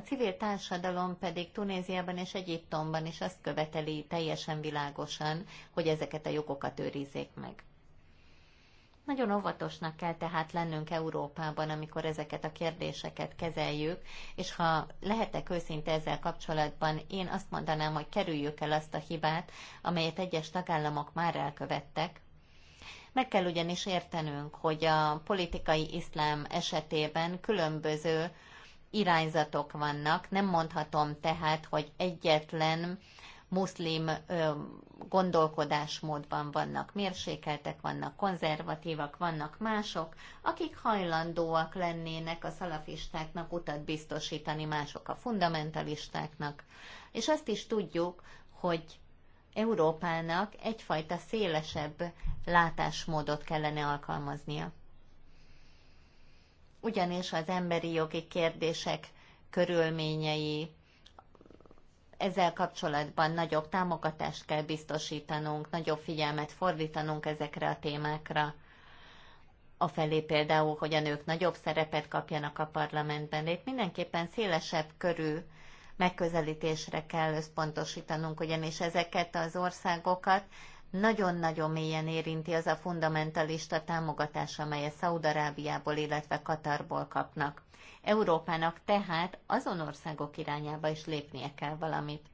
A civil társadalom pedig Tunéziában és Egyiptomban is azt követeli teljesen világosan, hogy ezeket a jogokat őrizzék meg. Nagyon óvatosnak kell tehát lennünk Európában, amikor ezeket a kérdéseket kezeljük, és ha lehetek őszinte ezzel kapcsolatban, én azt mondanám, hogy kerüljük el azt a hibát, amelyet egyes tagállamok már elkövettek. Meg kell ugyanis értenünk, hogy a politikai iszlám esetében különböző irányzatok vannak, nem mondhatom tehát, hogy egyetlen muszlim gondolkodásmódban vannak mérsékeltek, vannak konzervatívak, vannak mások, akik hajlandóak lennének a szalafistáknak utat biztosítani, mások a fundamentalistáknak. És azt is tudjuk, hogy Európának egyfajta szélesebb látásmódot kellene alkalmaznia ugyanis az emberi jogi kérdések körülményei ezzel kapcsolatban nagyobb támogatást kell biztosítanunk, nagyobb figyelmet fordítanunk ezekre a témákra. A felé például, hogy a nők nagyobb szerepet kapjanak a parlamentben. Itt mindenképpen szélesebb körű megközelítésre kell összpontosítanunk, ugyanis ezeket az országokat nagyon-nagyon mélyen érinti az a fundamentalista támogatás, amelyet Szaudarábiából, illetve Katarból kapnak. Európának tehát azon országok irányába is lépnie kell valamit.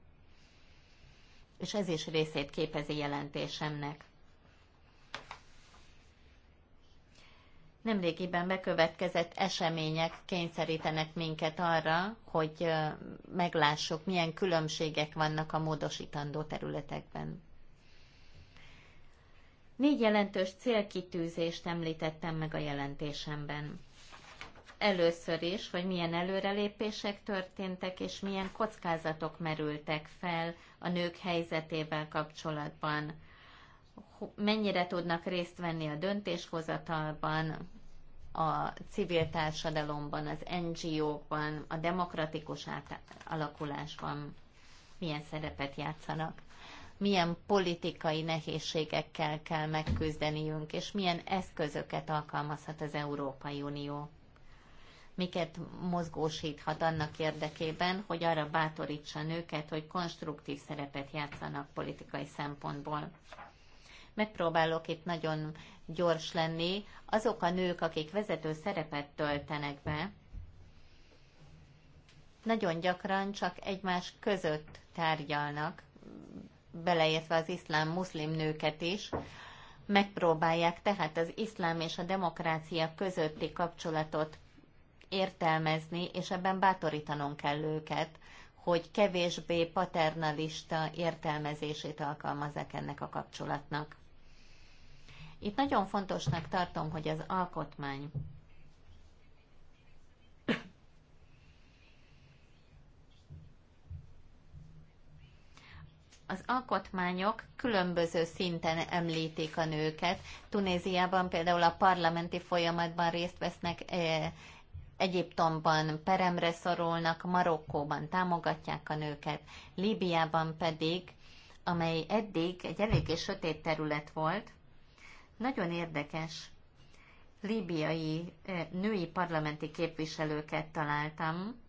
És ez is részét képezi jelentésemnek. nemrégiben bekövetkezett események kényszerítenek minket arra, hogy meglássuk, milyen különbségek vannak a módosítandó területekben. Négy jelentős célkitűzést említettem meg a jelentésemben. Először is, hogy milyen előrelépések történtek, és milyen kockázatok merültek fel a nők helyzetével kapcsolatban. Mennyire tudnak részt venni a döntéshozatalban, a civil társadalomban, az NGO-kban, a demokratikus átalakulásban milyen szerepet játszanak milyen politikai nehézségekkel kell megküzdeniünk, és milyen eszközöket alkalmazhat az Európai Unió. Miket mozgósíthat annak érdekében, hogy arra bátorítsa nőket, hogy konstruktív szerepet játszanak politikai szempontból megpróbálok itt nagyon gyors lenni, azok a nők, akik vezető szerepet töltenek be, nagyon gyakran csak egymás között tárgyalnak, beleértve az iszlám muszlim nőket is, megpróbálják tehát az iszlám és a demokrácia közötti kapcsolatot értelmezni, és ebben bátorítanunk kell őket, hogy kevésbé paternalista értelmezését alkalmazzák ennek a kapcsolatnak. Itt nagyon fontosnak tartom, hogy az alkotmány az alkotmányok különböző szinten említik a nőket. Tunéziában például a parlamenti folyamatban részt vesznek, eh, Egyiptomban peremre szorulnak, Marokkóban támogatják a nőket, Líbiában pedig, amely eddig egy eléggé sötét terület volt, nagyon érdekes líbiai eh, női parlamenti képviselőket találtam,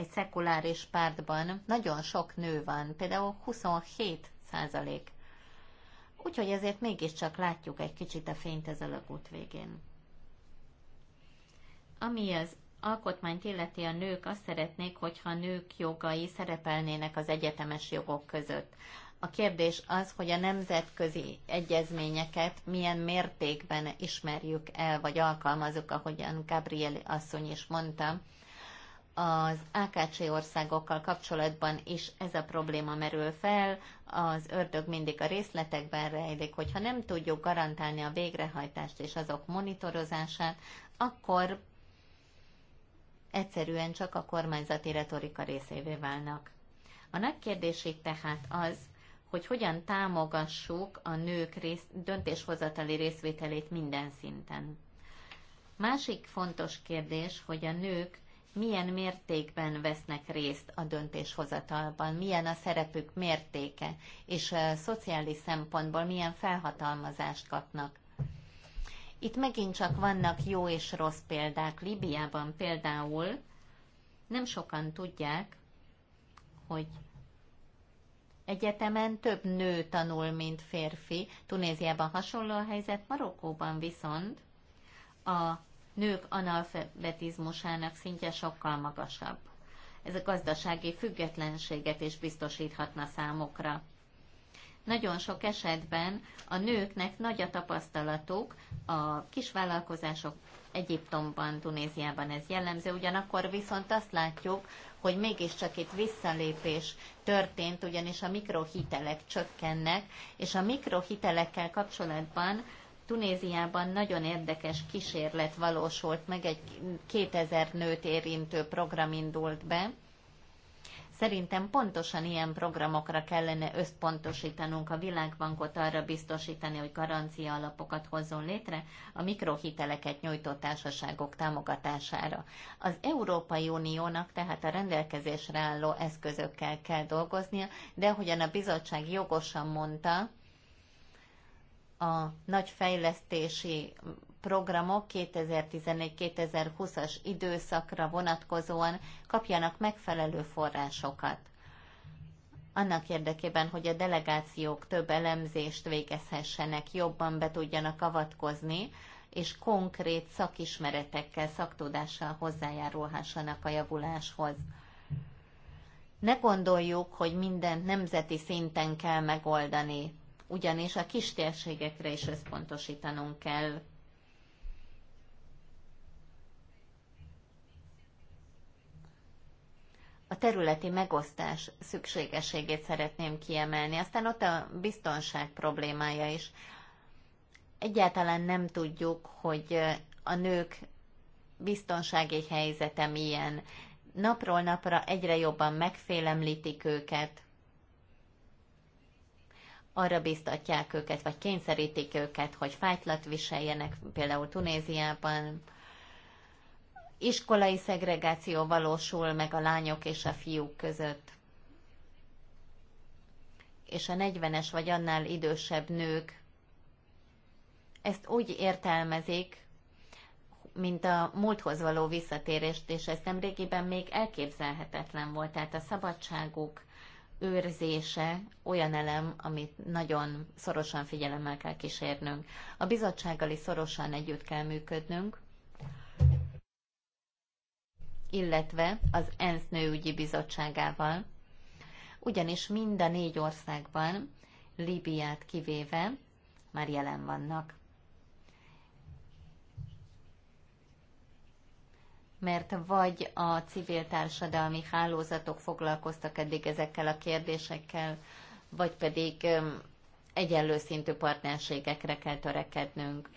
egy szekuláris pártban nagyon sok nő van, például 27 százalék. Úgyhogy ezért mégiscsak látjuk egy kicsit a fényt ezzel a út végén. Ami az alkotmányt illeti a nők, azt szeretnék, hogyha a nők jogai szerepelnének az egyetemes jogok között. A kérdés az, hogy a nemzetközi egyezményeket milyen mértékben ismerjük el, vagy alkalmazunk, ahogyan Gabriel asszony is mondta az AKC országokkal kapcsolatban is ez a probléma merül fel, az ördög mindig a részletekben rejlik, hogyha nem tudjuk garantálni a végrehajtást és azok monitorozását, akkor egyszerűen csak a kormányzati retorika részévé válnak. A nagy kérdés itt tehát az, hogy hogyan támogassuk a nők rész, döntéshozatali részvételét minden szinten. Másik fontos kérdés, hogy a nők milyen mértékben vesznek részt a döntéshozatalban, milyen a szerepük mértéke, és a szociális szempontból milyen felhatalmazást kapnak. Itt megint csak vannak jó és rossz példák. Libiában például nem sokan tudják, hogy egyetemen több nő tanul, mint férfi. Tunéziában hasonló a helyzet, Marokkóban viszont a nők analfabetizmusának szintje sokkal magasabb. Ez a gazdasági függetlenséget is biztosíthatna számokra. Nagyon sok esetben a nőknek nagy a tapasztalatuk, a kisvállalkozások Egyiptomban, Tunéziában ez jellemző, ugyanakkor viszont azt látjuk, hogy mégiscsak itt visszalépés történt, ugyanis a mikrohitelek csökkennek, és a mikrohitelekkel kapcsolatban Tunéziában nagyon érdekes kísérlet valósult meg, egy 2000 nőt érintő program indult be. Szerintem pontosan ilyen programokra kellene összpontosítanunk a világbankot arra biztosítani, hogy garancia alapokat hozzon létre a mikrohiteleket nyújtó társaságok támogatására. Az Európai Uniónak tehát a rendelkezésre álló eszközökkel kell dolgoznia, de ahogyan a bizottság jogosan mondta, a nagy fejlesztési programok 2014-2020-as időszakra vonatkozóan kapjanak megfelelő forrásokat. Annak érdekében, hogy a delegációk több elemzést végezhessenek, jobban be tudjanak avatkozni, és konkrét szakismeretekkel, szaktudással hozzájárulhassanak a javuláshoz. Ne gondoljuk, hogy mindent nemzeti szinten kell megoldani ugyanis a kis térségekre is összpontosítanunk kell. A területi megosztás szükségességét szeretném kiemelni, aztán ott a biztonság problémája is. Egyáltalán nem tudjuk, hogy a nők biztonsági helyzete milyen. Napról napra egyre jobban megfélemlítik őket, arra biztatják őket, vagy kényszerítik őket, hogy fájtlat viseljenek, például Tunéziában. Iskolai szegregáció valósul meg a lányok és a fiúk között. És a 40-es vagy annál idősebb nők ezt úgy értelmezik, mint a múlthoz való visszatérést, és ez nemrégiben még elképzelhetetlen volt. Tehát a szabadságuk, őrzése olyan elem, amit nagyon szorosan figyelemmel kell kísérnünk. A bizottsággal is szorosan együtt kell működnünk, illetve az ENSZ nőügyi bizottságával, ugyanis mind a négy országban, Líbiát kivéve, már jelen vannak. mert vagy a civil társadalmi hálózatok foglalkoztak eddig ezekkel a kérdésekkel, vagy pedig egyenlő szintű partnerségekre kell törekednünk.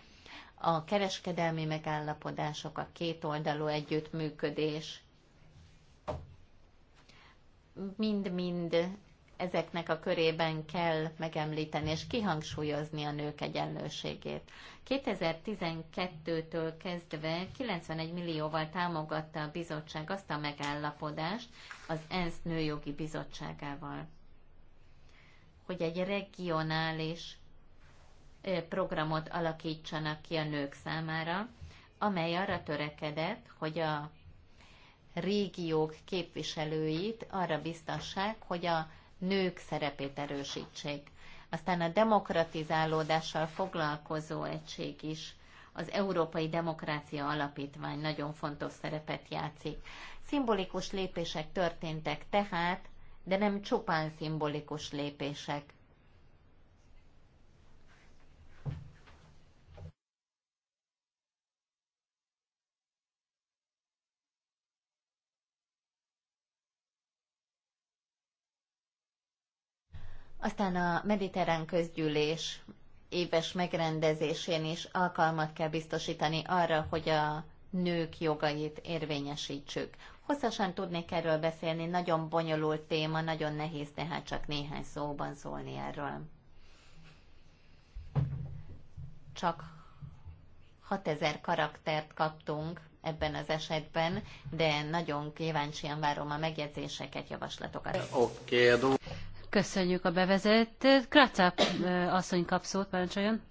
A kereskedelmi megállapodások, a kétoldalú együttműködés mind-mind ezeknek a körében kell megemlíteni és kihangsúlyozni a nők egyenlőségét. 2012-től kezdve 91 millióval támogatta a bizottság azt a megállapodást az ENSZ Nőjogi Bizottságával, hogy egy regionális programot alakítsanak ki a nők számára, amely arra törekedett, hogy a régiók képviselőit arra biztassák, hogy a nők szerepét erősítsék. Aztán a demokratizálódással foglalkozó egység is, az Európai Demokrácia Alapítvány nagyon fontos szerepet játszik. Szimbolikus lépések történtek tehát, de nem csupán szimbolikus lépések. Aztán a mediterrán közgyűlés éves megrendezésén is alkalmat kell biztosítani arra, hogy a nők jogait érvényesítsük. Hosszasan tudnék erről beszélni, nagyon bonyolult téma, nagyon nehéz tehát csak néhány szóban szólni erről. Csak 6000 karaktert kaptunk ebben az esetben, de nagyon kíváncsian várom a megjegyzéseket, javaslatokat. Oké, okay, Köszönjük a bevezetőt. Krácáp asszony kap szót, parancsoljon.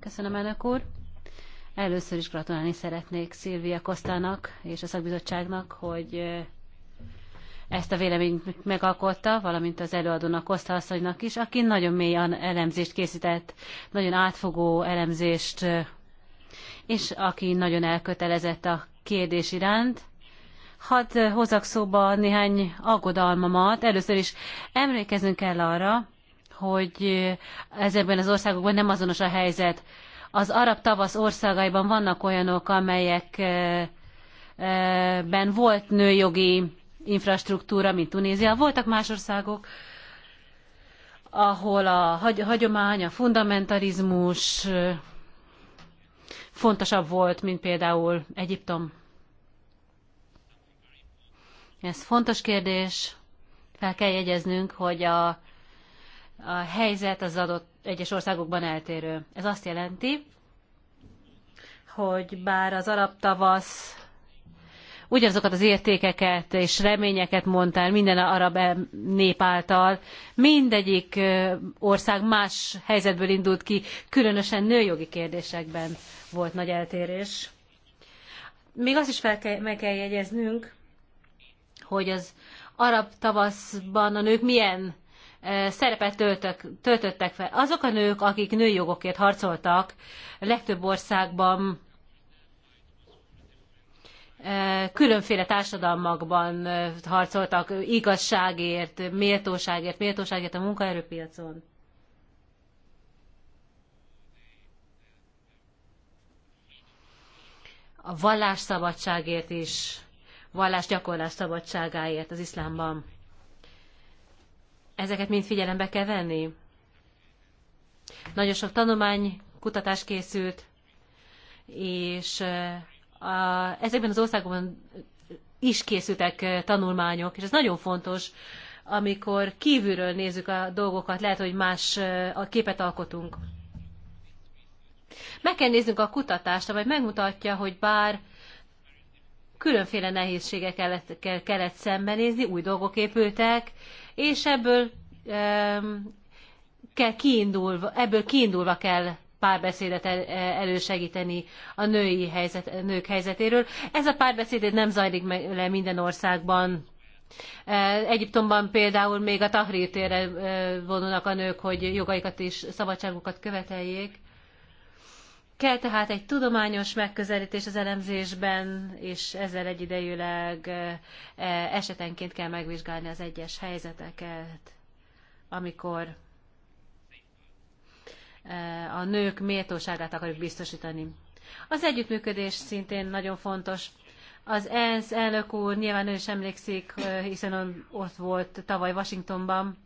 Köszönöm, elnök úr. Először is gratulálni szeretnék Szilvia Kosztának és a szakbizottságnak, hogy ezt a véleményt megalkotta, valamint az előadónak, Koszta asszonynak is, aki nagyon mély elemzést készített, nagyon átfogó elemzést, és aki nagyon elkötelezett a kérdés iránt, Hadd hozzak szóba néhány aggodalmamat. Először is emlékezünk kell arra, hogy ezekben az országokban nem azonos a helyzet. Az arab tavasz országaiban vannak olyanok, amelyekben eh, eh, volt nőjogi infrastruktúra, mint Tunézia. Voltak más országok, ahol a hagyomány, a fundamentalizmus eh, fontosabb volt, mint például Egyiptom. Ez fontos kérdés, fel kell jegyeznünk, hogy a, a helyzet az adott egyes országokban eltérő. Ez azt jelenti, hogy bár az arab tavasz ugyanazokat az értékeket és reményeket mondtál minden arab nép által, mindegyik ország más helyzetből indult ki, különösen nőjogi kérdésekben volt nagy eltérés. Még azt is fel kell, meg kell jegyeznünk, hogy az arab tavaszban a nők milyen e, szerepet töltök, töltöttek fel. Azok a nők, akik női jogokért harcoltak, legtöbb országban e, különféle társadalmakban e, harcoltak igazságért, méltóságért, méltóságért a munkaerőpiacon. A vallásszabadságért is gyakorlás szabadságáért az iszlámban. Ezeket mind figyelembe kell venni. Nagyon sok tanulmány, kutatás készült, és a, ezekben az országokban is készültek tanulmányok, és ez nagyon fontos, amikor kívülről nézzük a dolgokat, lehet, hogy más a képet alkotunk. Meg kell néznünk a kutatást, amely megmutatja, hogy bár különféle nehézségekkel kellett szembenézni, új dolgok épültek, és ebből um, kell kiindulva, ebből kiindulva kell párbeszédet el, e- elősegíteni a női helyzet, a nők helyzetéről. Ez a párbeszéd nem zajlik meg le minden országban. E, Egyiptomban például még a Tahrir térre e, vonulnak a nők, hogy jogaikat és szabadságukat követeljék. Kell tehát egy tudományos megközelítés az elemzésben, és ezzel egyidejűleg eh, eh, esetenként kell megvizsgálni az egyes helyzeteket, amikor eh, a nők méltóságát akarjuk biztosítani. Az együttműködés szintén nagyon fontos. Az ENSZ elnök úr nyilván ő is emlékszik, hiszen ott volt tavaly Washingtonban,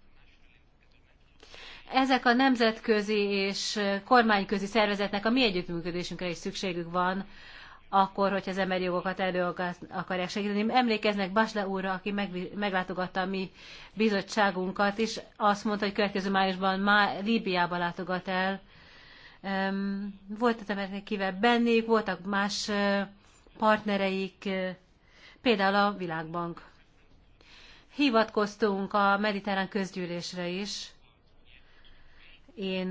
ezek a nemzetközi és kormányközi szervezetnek a mi együttműködésünkre is szükségük van, akkor, hogy az emberi jogokat elő akarják segíteni. Emlékeznek Basle úrra, aki meg, meglátogatta a mi bizottságunkat, és azt mondta, hogy következő májusban már Líbiába látogat el. Um, volt az embereknek kivel bennék, voltak más partnereik, például a Világbank. Hivatkoztunk a mediterrán közgyűlésre is, én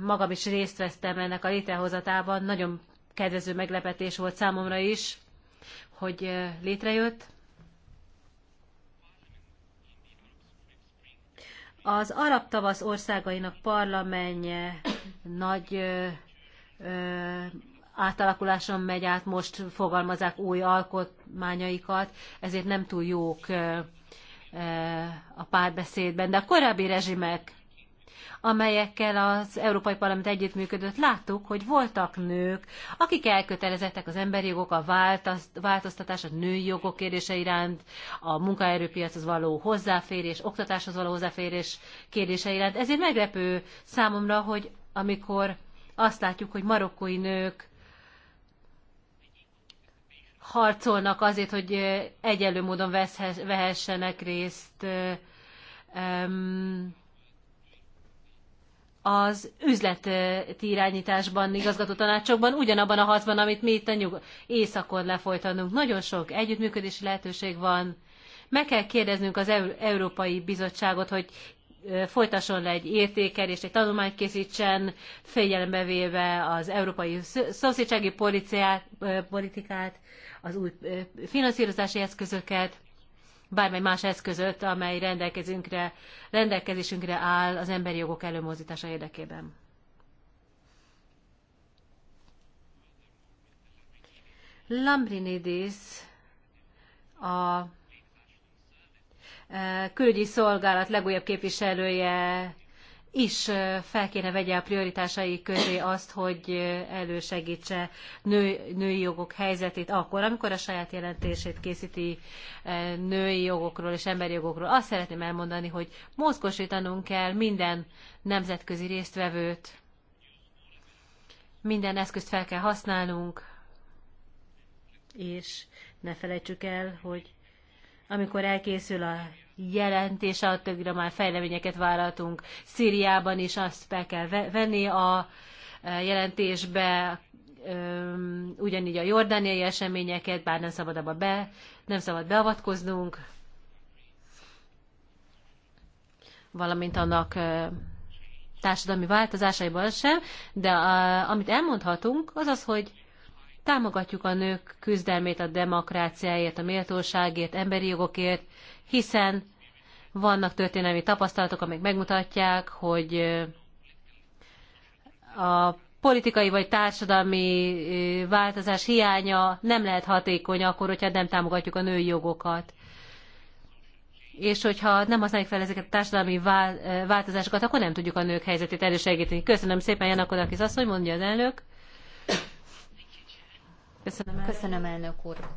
magam is részt vettem ennek a létrehozatában, nagyon kedvező meglepetés volt számomra is, hogy létrejött. Az arab tavasz országainak parlamentje nagy ö, ö, átalakuláson megy át, most fogalmazák új alkotmányaikat, ezért nem túl jók ö, ö, a párbeszédben, de a korábbi rezsimek amelyekkel az Európai Parlament együttműködött, láttuk, hogy voltak nők, akik elkötelezettek az emberi jogok, a változtatás, a női jogok kérdése iránt, a munkaerőpiachoz való hozzáférés, oktatáshoz való hozzáférés kérdése iránt. Ezért meglepő számomra, hogy amikor azt látjuk, hogy marokkói nők harcolnak azért, hogy egyenlő módon vehessenek részt um, az üzleti irányításban, igazgató tanácsokban, ugyanabban a harcban, amit mi itt a nyug- északon lefolytanunk. Nagyon sok együttműködési lehetőség van. Meg kell kérdeznünk az Európai Bizottságot, hogy folytasson le egy értékelést, egy tanulmányt készítsen, figyelembe véve az európai szomszédsági politikát, az új finanszírozási eszközöket, bármely más eszközöt, amely rendelkezünkre, rendelkezésünkre áll az emberi jogok előmozdítása érdekében. Lambrinidis a e, külügyi szolgálat legújabb képviselője is fel kéne vegye a prioritásai közé azt, hogy elősegítse nő, női jogok helyzetét akkor, amikor a saját jelentését készíti női jogokról és emberi jogokról. Azt szeretném elmondani, hogy mozgósítanunk kell minden nemzetközi résztvevőt, minden eszközt fel kell használnunk, és ne felejtsük el, hogy amikor elkészül a jelentése, többire már fejleményeket vállaltunk. Szíriában is azt be kell venni a e, jelentésbe, e, ugyanígy a jordániai eseményeket, bár nem szabad abba be, nem szabad beavatkoznunk, valamint annak e, társadalmi változásaiban sem, de a, amit elmondhatunk, az az, hogy Támogatjuk a nők küzdelmét a demokráciáért, a méltóságért, emberi jogokért, hiszen vannak történelmi tapasztalatok, amik megmutatják, hogy a politikai vagy társadalmi változás hiánya nem lehet hatékony akkor, hogyha nem támogatjuk a női jogokat. És hogyha nem használjuk fel ezeket a társadalmi változásokat, akkor nem tudjuk a nők helyzetét elősegíteni. Köszönöm szépen Janakodakis asszony, mondja az elnök. Köszönöm, elnök. Köszönöm elnök úr.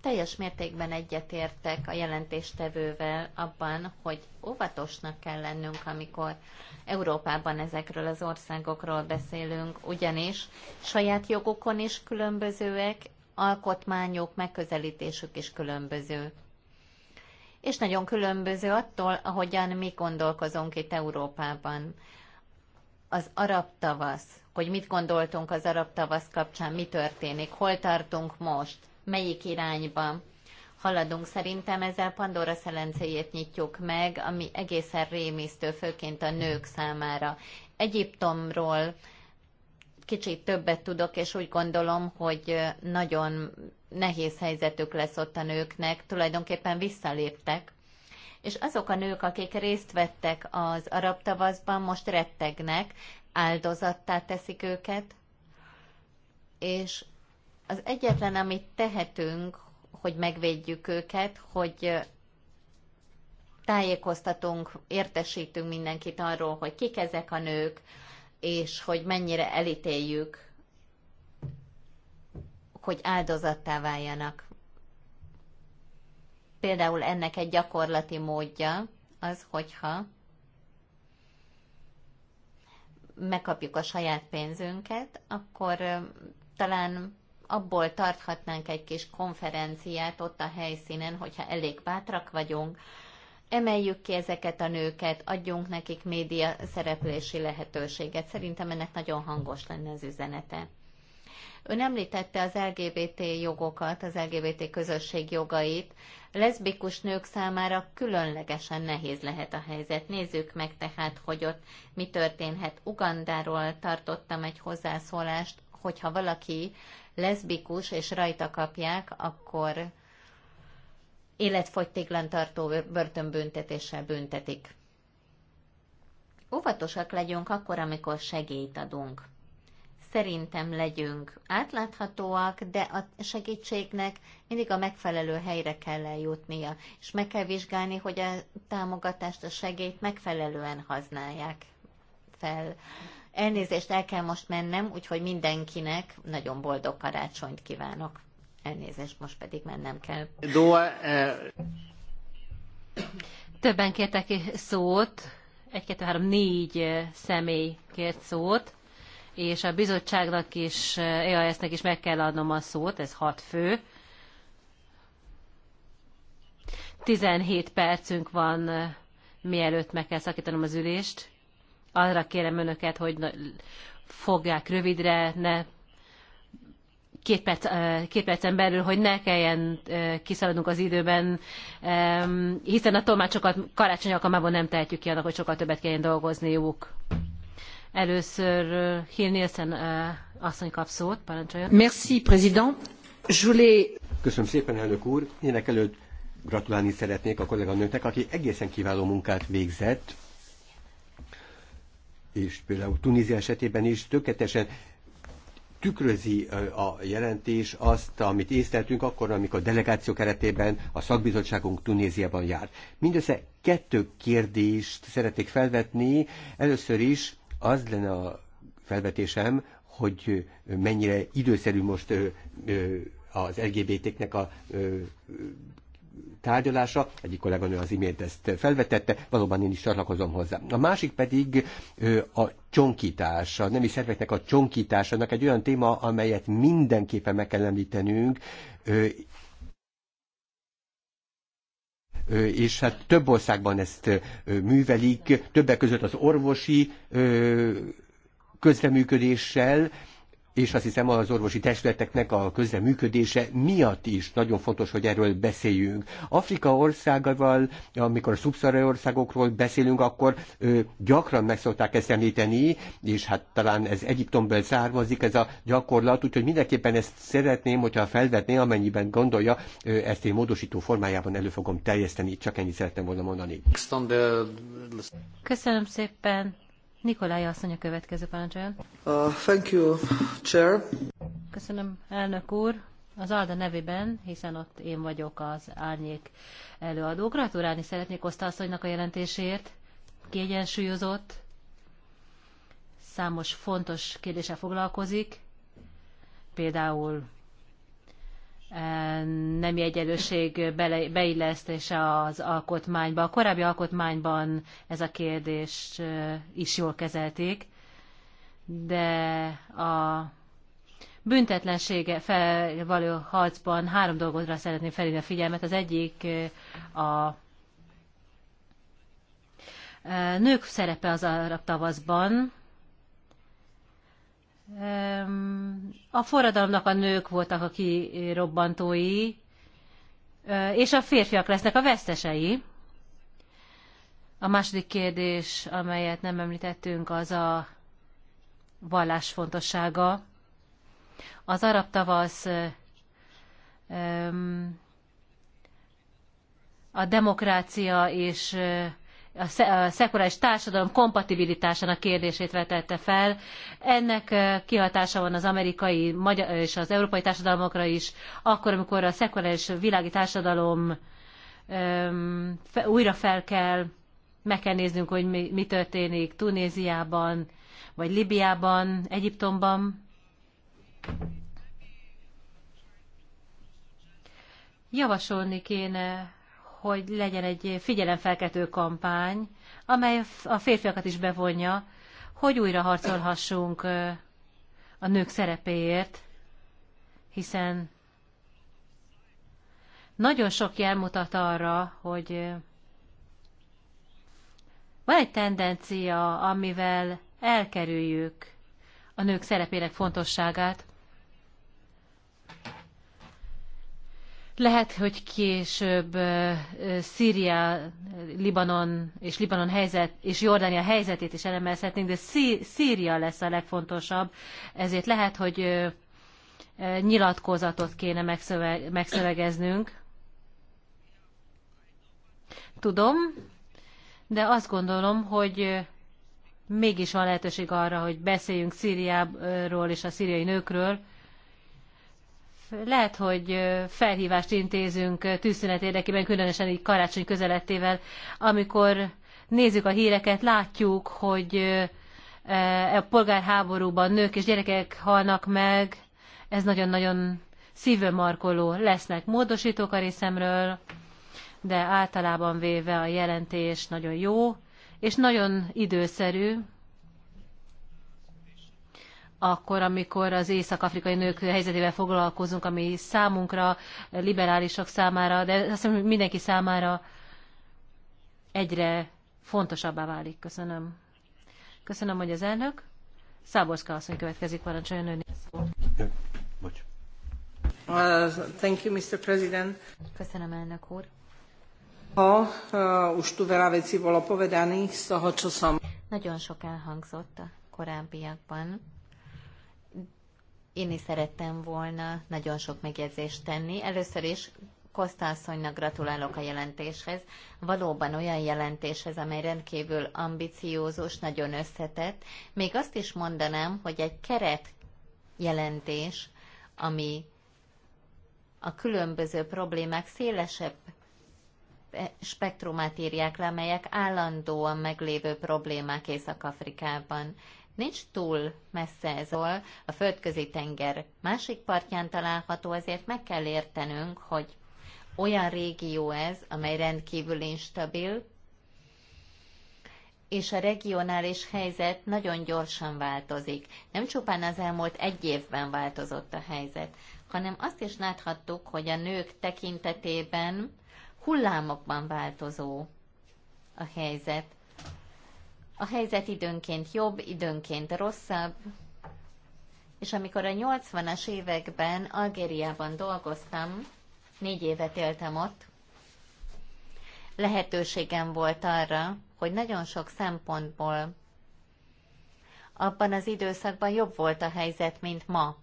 Teljes mértékben egyetértek a jelentéstevővel abban, hogy óvatosnak kell lennünk, amikor Európában ezekről az országokról beszélünk, ugyanis saját jogokon is különbözőek, alkotmányok, megközelítésük is különböző. És nagyon különböző attól, ahogyan mi gondolkozunk itt Európában. Az arab tavasz, hogy mit gondoltunk az arab tavasz kapcsán, mi történik, hol tartunk most, melyik irányba haladunk. Szerintem ezzel Pandora szelencéjét nyitjuk meg, ami egészen rémisztő, főként a nők számára. Egyiptomról kicsit többet tudok, és úgy gondolom, hogy nagyon nehéz helyzetük lesz ott a nőknek, tulajdonképpen visszaléptek, és azok a nők, akik részt vettek az arab tavaszban, most rettegnek, áldozattá teszik őket, és az egyetlen, amit tehetünk, hogy megvédjük őket, hogy tájékoztatunk, értesítünk mindenkit arról, hogy kik ezek a nők, és hogy mennyire elítéljük, hogy áldozattá váljanak. Például ennek egy gyakorlati módja az, hogyha megkapjuk a saját pénzünket, akkor talán abból tarthatnánk egy kis konferenciát ott a helyszínen, hogyha elég bátrak vagyunk, emeljük ki ezeket a nőket, adjunk nekik média szereplési lehetőséget. Szerintem ennek nagyon hangos lenne az üzenete. Ön említette az LGBT jogokat, az LGBT közösség jogait. Leszbikus nők számára különlegesen nehéz lehet a helyzet. Nézzük meg tehát, hogy ott mi történhet. Ugandáról tartottam egy hozzászólást, hogyha valaki leszbikus és rajta kapják, akkor életfogytéglen tartó börtönbüntetéssel büntetik. Óvatosak legyünk akkor, amikor segélyt adunk. Szerintem legyünk átláthatóak, de a segítségnek mindig a megfelelő helyre kell eljutnia, és meg kell vizsgálni, hogy a támogatást, a segélyt megfelelően használják fel. Elnézést el kell most mennem, úgyhogy mindenkinek nagyon boldog karácsonyt kívánok. Elnézést, most pedig mennem kell. Eh, Többen kértek szót, egy, kettő, három, négy eh, személy kért szót és a bizottságnak is, EAS-nek is meg kell adnom a szót, ez hat fő. 17 percünk van, eh, mielőtt meg kell szakítanom az ülést. Arra kérem önöket, hogy fogják rövidre, ne két, perc, eh, két percen belül, hogy ne kelljen eh, kiszaladnunk az időben, hiszen a tolmácsokat karácsony alkalmában nem tehetjük ki annak, hogy sokkal többet kelljen dolgozniuk. Először Hill Nielsen asszony kap szót, parancsoljon. Merci, président. Voulais... Köszönöm szépen, elnök úr. Ének előtt gratulálni szeretnék a kolléganőknek, aki egészen kiváló munkát végzett, és például Tunízia esetében is tökéletesen tükrözi a jelentés azt, amit észleltünk akkor, amikor a delegáció keretében a szakbizottságunk Tunéziában járt. Mindössze kettő kérdést szeretnék felvetni. Először is az lenne a felvetésem, hogy mennyire időszerű most az LGBT-knek a tárgyalása, egyik kolléganő az imént ezt felvetette, valóban én is csatlakozom hozzá. A másik pedig a csonkítás, a nemi szerveknek a csonkításának egy olyan téma, amelyet mindenképpen meg kell említenünk, és hát több országban ezt művelik, többek között az orvosi közreműködéssel, és azt hiszem az orvosi testületeknek a közreműködése miatt is nagyon fontos, hogy erről beszéljünk. Afrika országával, amikor a szubszarai országokról beszélünk, akkor ö, gyakran meg szokták ezt említeni, és hát talán ez Egyiptomból származik ez a gyakorlat, úgyhogy mindenképpen ezt szeretném, hogyha felvetné, amennyiben gondolja, ö, ezt én módosító formájában elő fogom teljeszteni, csak ennyit szerettem volna mondani. Köszönöm szépen. Nikolaj asszony a következő parancsoljon. Uh, thank you, Chair. Köszönöm, elnök úr. Az Alda nevében, hiszen ott én vagyok az árnyék előadó. Gratulálni szeretnék Osztászonynak a jelentésért. Kiegyensúlyozott, számos fontos kérdése foglalkozik, például E, nemi egyenlőség beillesztése az alkotmányba. A korábbi alkotmányban ez a kérdés e, is jól kezelték, de a büntetlensége felvaló harcban három dolgozra szeretném felhívni a figyelmet. Az egyik e, a nők szerepe az arab tavaszban, a forradalomnak a nők voltak a kirobbantói, és a férfiak lesznek a vesztesei. A második kérdés, amelyet nem említettünk, az a vallás fontossága. Az arab tavasz a demokrácia és a szekuláris társadalom kompatibilitásának kérdését vetette fel. Ennek kihatása van az amerikai magyar, és az európai társadalmakra is, akkor, amikor a szekuláris világi társadalom öm, fe, újra fel kell, meg kell néznünk, hogy mi, mi történik Tunéziában, vagy Libiában, Egyiptomban. Javasolni kéne hogy legyen egy figyelemfelkető kampány, amely a férfiakat is bevonja, hogy újra harcolhassunk a nők szerepéért, hiszen nagyon sok jel mutat arra, hogy van egy tendencia, amivel elkerüljük a nők szerepének fontosságát, Lehet, hogy később Szíria, Libanon és Libanon helyzet és Jordánia helyzetét is elemezhetnénk, de Szíria lesz a legfontosabb, ezért lehet, hogy nyilatkozatot kéne megszöveg, megszövegeznünk. Tudom, de azt gondolom, hogy mégis van lehetőség arra, hogy beszéljünk Szíriáról és a szíriai nőkről, lehet, hogy felhívást intézünk tűzszünet érdekében, különösen így karácsony közelettével, amikor nézzük a híreket, látjuk, hogy a polgárháborúban nők és gyerekek halnak meg, ez nagyon-nagyon szívömarkoló. Lesznek módosítók a részemről, de általában véve a jelentés nagyon jó, és nagyon időszerű, akkor, amikor az észak-afrikai nők helyzetével foglalkozunk, ami számunkra, liberálisok számára, de azt hiszem, hogy mindenki számára egyre fontosabbá válik. Köszönöm. Köszönöm, hogy az elnök. Száborszka asszony következik, parancsoljon önni uh, thank you, Mr. President. Köszönöm, elnök úr. Ha uh, už tu som... Nagyon sok elhangzott a korábbiakban én is szerettem volna nagyon sok megjegyzést tenni. Először is Kosztászonynak gratulálok a jelentéshez. Valóban olyan jelentéshez, amely rendkívül ambiciózus, nagyon összetett. Még azt is mondanám, hogy egy keret jelentés, ami a különböző problémák szélesebb eh, spektrumát írják le, amelyek állandóan meglévő problémák Észak-Afrikában. Nincs túl messze ez a földközi tenger másik partján található, ezért meg kell értenünk, hogy olyan régió ez, amely rendkívül instabil, és a regionális helyzet nagyon gyorsan változik. Nem csupán az elmúlt egy évben változott a helyzet, hanem azt is láthattuk, hogy a nők tekintetében hullámokban változó a helyzet. A helyzet időnként jobb, időnként rosszabb, és amikor a 80-as években Algériában dolgoztam, négy évet éltem ott, lehetőségem volt arra, hogy nagyon sok szempontból abban az időszakban jobb volt a helyzet, mint ma.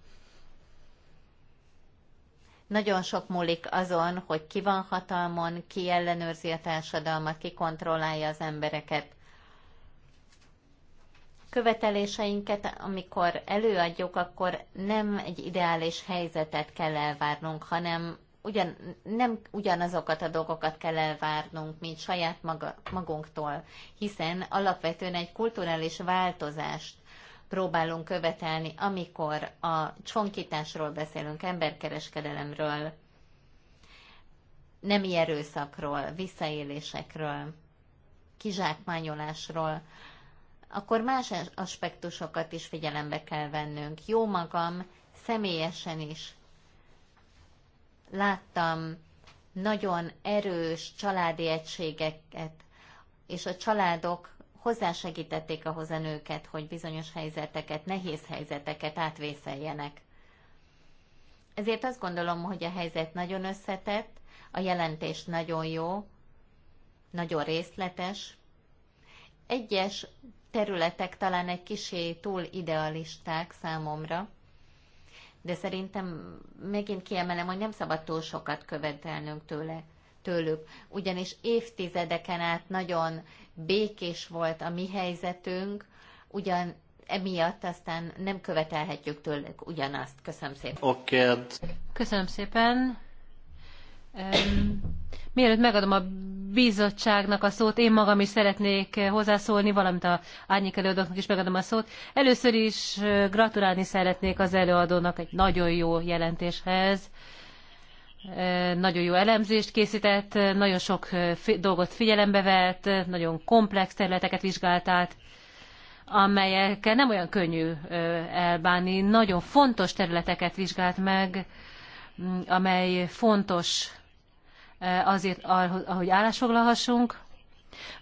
Nagyon sok múlik azon, hogy ki van hatalmon, ki ellenőrzi a társadalmat, ki kontrollálja az embereket követeléseinket, amikor előadjuk, akkor nem egy ideális helyzetet kell elvárnunk, hanem ugyan, nem ugyanazokat a dolgokat kell elvárnunk, mint saját maga, magunktól, hiszen alapvetően egy kulturális változást próbálunk követelni, amikor a csonkításról beszélünk, emberkereskedelemről, nemi erőszakról, visszaélésekről, kizsákmányolásról, akkor más aspektusokat is figyelembe kell vennünk. Jó magam személyesen is láttam nagyon erős családi egységeket, és a családok hozzásegítették ahhoz a nőket, hogy bizonyos helyzeteket, nehéz helyzeteket átvészeljenek. Ezért azt gondolom, hogy a helyzet nagyon összetett, a jelentés nagyon jó, nagyon részletes. Egyes területek talán egy kisé túl idealisták számomra, de szerintem megint kiemelem, hogy nem szabad túl sokat követelnünk tőle, tőlük, ugyanis évtizedeken át nagyon békés volt a mi helyzetünk, ugyan emiatt aztán nem követelhetjük tőlük ugyanazt. Köszönöm szépen. Oké. Okay. Köszönöm szépen. Um, mielőtt megadom a bizottságnak a szót. Én magam is szeretnék hozzászólni, valamint a árnyék előadóknak is megadom a szót. Először is gratulálni szeretnék az előadónak egy nagyon jó jelentéshez. Nagyon jó elemzést készített, nagyon sok dolgot figyelembe vett, nagyon komplex területeket vizsgált át amelyekkel nem olyan könnyű elbánni. Nagyon fontos területeket vizsgált meg, amely fontos azért, ahogy állásfoglalhassunk.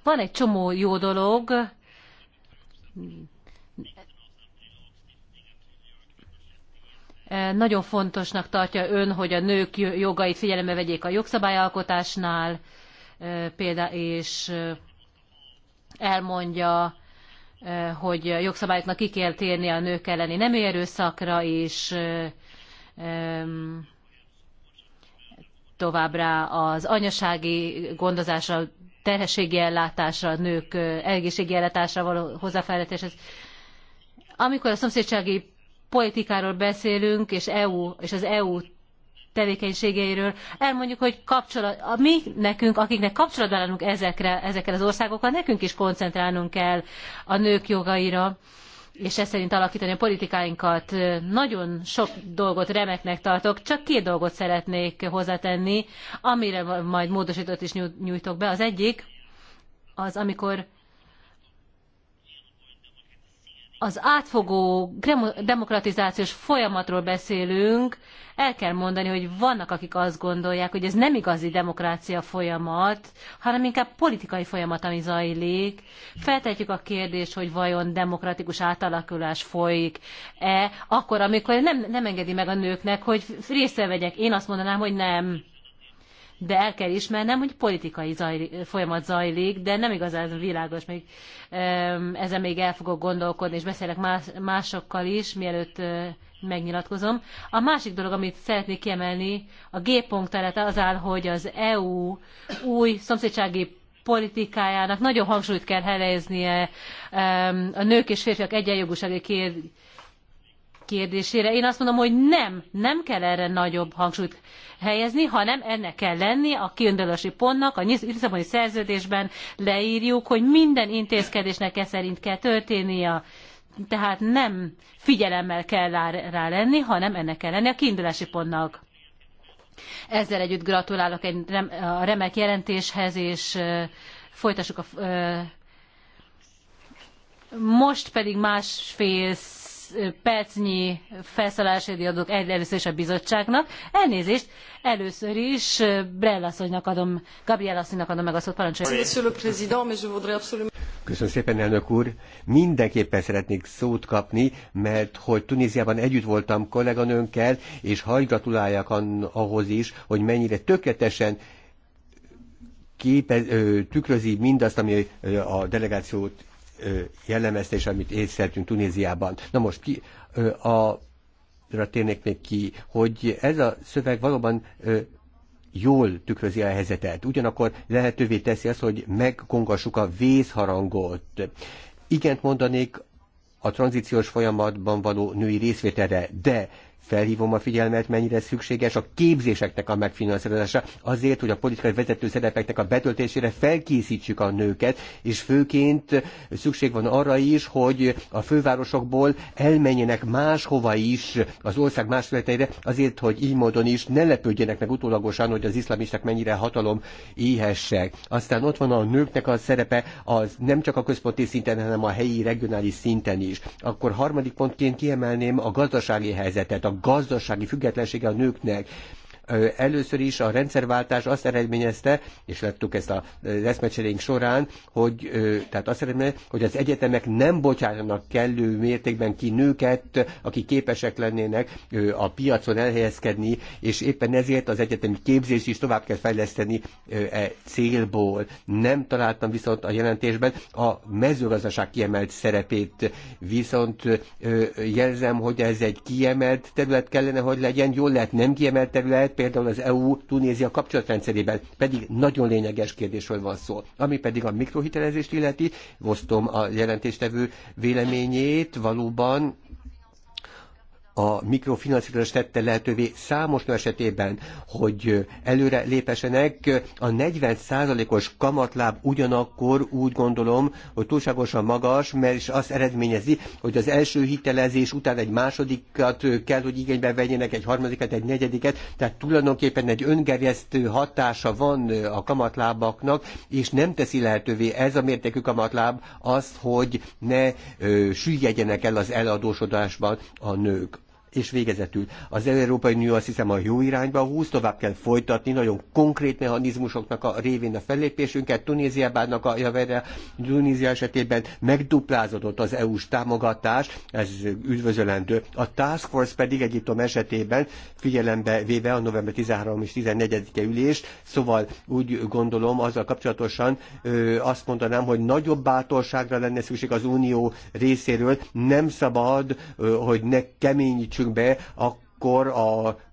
Van egy csomó jó dolog, nagyon fontosnak tartja ön, hogy a nők jogai figyelembe vegyék a jogszabályalkotásnál, például, és elmondja, hogy jogszabályoknak ki kell térni a nők elleni nem erőszakra, és továbbra az anyasági gondozásra, terhességi ellátásra, nők egészségi ellátásra való hozzáférhetéshez. Amikor a szomszédsági politikáról beszélünk, és, EU, és az EU tevékenységeiről, elmondjuk, hogy kapcsolat, a mi nekünk, akiknek kapcsolatban állunk ezekre, ezekkel az országokkal, nekünk is koncentrálnunk kell a nők jogaira és ez szerint alakítani a politikáinkat. Nagyon sok dolgot remeknek tartok, csak két dolgot szeretnék hozzátenni, amire majd módosított is nyújtok be. Az egyik az, amikor az átfogó demokratizációs folyamatról beszélünk, el kell mondani, hogy vannak, akik azt gondolják, hogy ez nem igazi demokrácia folyamat, hanem inkább politikai folyamat, ami zajlik. Feltetjük a kérdést, hogy vajon demokratikus átalakulás folyik-e, akkor, amikor nem, nem engedi meg a nőknek, hogy részt vegyek. Én azt mondanám, hogy nem de el kell ismernem, hogy politikai zajli, folyamat zajlik, de nem igazán világos, még ezen még el fogok gondolkodni, és beszélek más, másokkal is, mielőtt megnyilatkozom. A másik dolog, amit szeretnék kiemelni, a G-pont terület az áll, hogy az EU új szomszédsági politikájának nagyon hangsúlyt kell helyeznie a nők és férfiak egyenjogúsági kérdésére. Én azt mondom, hogy nem, nem kell erre nagyobb hangsúlyt helyezni, hanem ennek kell lenni a kiindulósi pontnak, a Lisszaboni szerződésben leírjuk, hogy minden intézkedésnek e szerint kell történnie. Tehát nem figyelemmel kell rá lenni, hanem ennek kell lenni a kiindulási pontnak. Ezzel együtt gratulálok egy rem, a remek jelentéshez, és uh, folytassuk a uh, most pedig másfél percnyi felszólalási adok először is a bizottságnak. Elnézést, először is Brell asszonynak adom, Gabriel asszonynak adom meg a szót, parancsoljon. Köszönöm szépen, elnök úr. Mindenképpen szeretnék szót kapni, mert hogy Tunéziában együtt voltam kolléganőnkkel, és hagy gratuláljak ahhoz is, hogy mennyire tökéletesen képe, tükrözi mindazt, ami a delegációt jellemeztés, amit észleltünk Tunéziában. Na most ki a térnék még ki, hogy ez a szöveg valóban jól tükrözi a helyzetet. Ugyanakkor lehetővé teszi azt, hogy megkongassuk a vészharangot. Igent mondanék a tranzíciós folyamatban való női részvételre, de felhívom a figyelmet, mennyire szükséges a képzéseknek a megfinanszírozása, azért, hogy a politikai vezető szerepeknek a betöltésére felkészítsük a nőket, és főként szükség van arra is, hogy a fővárosokból elmenjenek máshova is az ország más területeire, azért, hogy így módon is ne lepődjenek meg utólagosan, hogy az iszlamisták mennyire hatalom éhessek. Aztán ott van a nőknek a szerepe, az nem csak a központi szinten, hanem a helyi, regionális szinten is. Akkor harmadik pontként kiemelném a gazdasági helyzetet, a a gazdasági függetlensége a nőknek. Először is a rendszerváltás azt eredményezte, és láttuk ezt a eszmecserénk során, hogy, tehát azt eredményezte, hogy az egyetemek nem bocsátanak kellő mértékben ki nőket, akik képesek lennének a piacon elhelyezkedni, és éppen ezért az egyetemi képzést is tovább kell fejleszteni e célból. Nem találtam viszont a jelentésben a mezőgazdaság kiemelt szerepét, viszont jelzem, hogy ez egy kiemelt terület kellene, hogy legyen, jól lehet nem kiemelt terület, például az EU-Tunézia kapcsolatrendszerében, pedig nagyon lényeges kérdésről van szó. Ami pedig a mikrohitelezést illeti, osztom a jelentéstevő véleményét, valóban a mikrofinanszírozás tette lehetővé számos esetében, hogy előre lépesenek. A 40%-os kamatláb ugyanakkor úgy gondolom, hogy túlságosan magas, mert is azt eredményezi, hogy az első hitelezés után egy másodikat kell, hogy igénybe vegyenek, egy harmadikat, egy negyediket, tehát tulajdonképpen egy öngerjesztő hatása van a kamatlábaknak, és nem teszi lehetővé ez a mértékű kamatláb azt, hogy ne ö, süllyedjenek el az eladósodásban a nők. És végezetül az Európai Unió azt hiszem a jó irányba húz, tovább kell folytatni nagyon konkrét mechanizmusoknak a révén a fellépésünket. Tunéziában a javára, Tunézia esetében megduplázódott az EU-s támogatás, ez üdvözölendő. A Task Force pedig Egyiptom esetében figyelembe véve a november 13 és 14-e ülést, szóval úgy gondolom azzal kapcsolatosan ö, azt mondanám, hogy nagyobb bátorságra lenne szükség az Unió részéről, nem szabad, ö, hogy ne keményítsük vezessünk be, akkor akkor,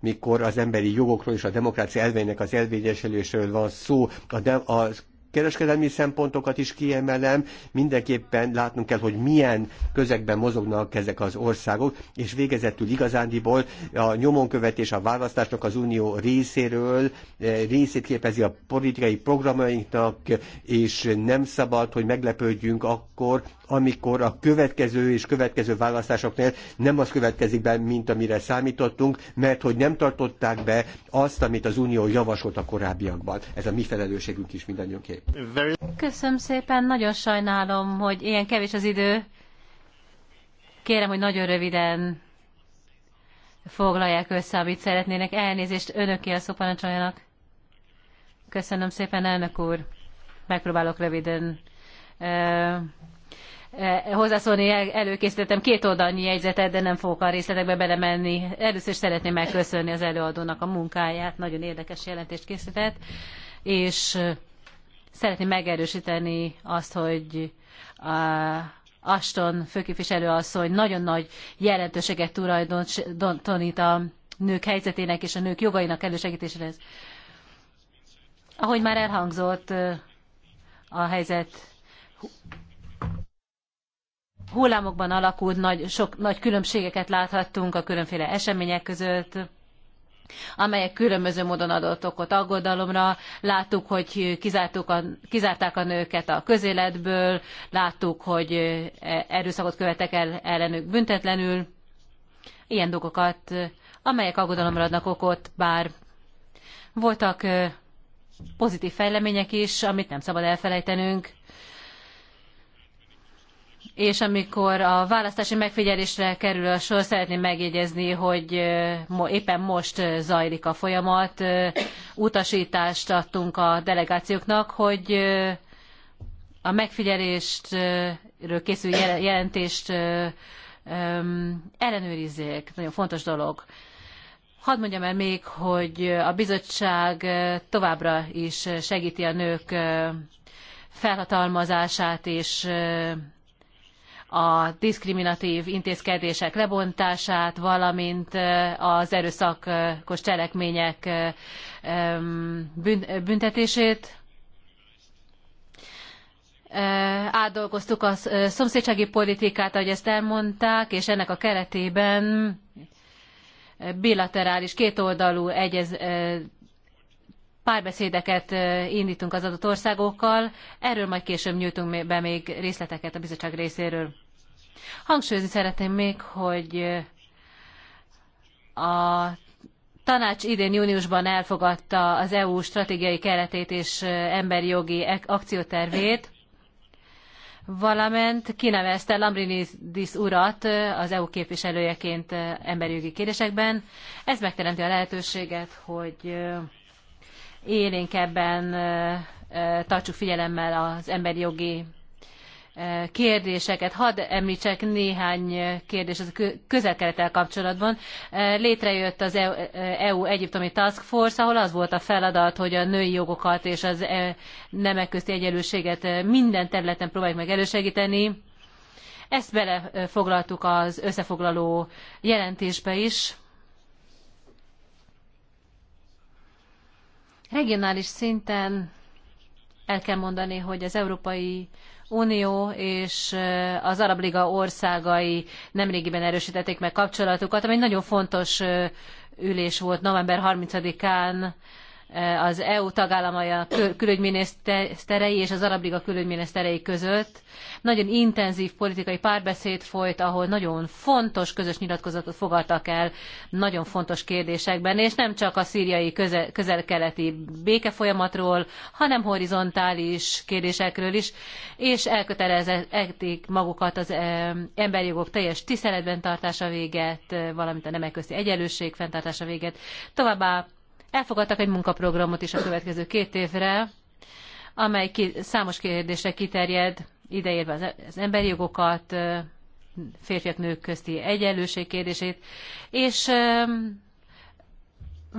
amikor az emberi jogokról és a demokrácia elvének az elvényesüléséről van szó, a, de, a kereskedelmi szempontokat is kiemelem, mindenképpen látnunk kell, hogy milyen közegben mozognak ezek az országok, és végezetül igazándiból a nyomonkövetés a választásnak az unió részéről eh, részét képezi a politikai programainknak, és nem szabad, hogy meglepődjünk akkor, amikor a következő és következő választásoknál nem az következik be, mint amire számítottunk, mert hogy nem tartották be azt, amit az Unió javasolt a korábbiakban. Ez a mi felelősségünk is mindannyiunké. Köszönöm szépen, nagyon sajnálom, hogy ilyen kevés az idő. Kérem, hogy nagyon röviden foglalják össze, amit szeretnének. Elnézést önöké a szóparancsoljanak. Köszönöm szépen, elnök úr. Megpróbálok röviden hozzászólni, előkészítettem két oldalnyi jegyzetet, de nem fogok a részletekbe belemenni. Először is szeretném megköszönni az előadónak a munkáját, nagyon érdekes jelentést készített, és Szeretném megerősíteni azt, hogy a Aston főképviselő asszony nagyon nagy jelentőséget tulajdonít a nők helyzetének és a nők jogainak elősegítésére. Ahogy már elhangzott, a helyzet hullámokban alakult, nagy, sok, nagy különbségeket láthattunk a különféle események között amelyek különböző módon adott okot aggodalomra. Láttuk, hogy kizártuk a, kizárták a nőket a közéletből, láttuk, hogy e, erőszakot követek el ellenük büntetlenül. Ilyen dolgokat, amelyek aggodalomra adnak okot, bár voltak pozitív fejlemények is, amit nem szabad elfelejtenünk és amikor a választási megfigyelésre kerül a sor, szeretném megjegyezni, hogy éppen most zajlik a folyamat. Utasítást adtunk a delegációknak, hogy a megfigyelésről készül jelentést ellenőrizzék. Nagyon fontos dolog. Hadd mondjam el még, hogy a bizottság továbbra is segíti a nők felhatalmazását és a diszkriminatív intézkedések lebontását, valamint az erőszakos cselekmények büntetését. Átdolgoztuk a szomszédsági politikát, ahogy ezt elmondták, és ennek a keretében bilaterális, kétoldalú egyez, párbeszédeket indítunk az adott országokkal, erről majd később nyújtunk be még részleteket a bizottság részéről. Hangsúlyozni szeretném még, hogy a tanács idén júniusban elfogadta az EU stratégiai keretét és emberi jogi akciótervét, valamint kinevezte Lambrinidis urat az EU képviselőjeként emberi jogi kérdésekben. Ez megteremti a lehetőséget, hogy ebben tartsuk figyelemmel az emberi jogi kérdéseket. Hadd említsek néhány kérdés az közel-kelettel kapcsolatban. Létrejött az EU e egyiptomi Task Force, ahol az volt a feladat, hogy a női jogokat és az nemek közti egyenlőséget minden területen próbáljuk meg elősegíteni. Ezt belefoglaltuk az összefoglaló jelentésbe is Regionális szinten el kell mondani, hogy az Európai Unió és az Arab Liga országai nemrégiben erősítették meg kapcsolatukat, ami egy nagyon fontos ülés volt november 30-án az EU tagállamai a külügyminiszterei és az Arab Liga külügyminiszterei között. Nagyon intenzív politikai párbeszéd folyt, ahol nagyon fontos közös nyilatkozatot fogadtak el nagyon fontos kérdésekben, és nem csak a szíriai közel- keleti békefolyamatról, hanem horizontális kérdésekről is, és elkötelezették magukat az e, emberi jogok teljes tiszteletben tartása véget, valamint a nemek közti egyenlőség fenntartása véget. Továbbá Elfogadtak egy munkaprogramot is a következő két évre, amely ki, számos kérdésre kiterjed, ideérve az, az emberi jogokat, férfiak-nők közti egyenlőség kérdését, és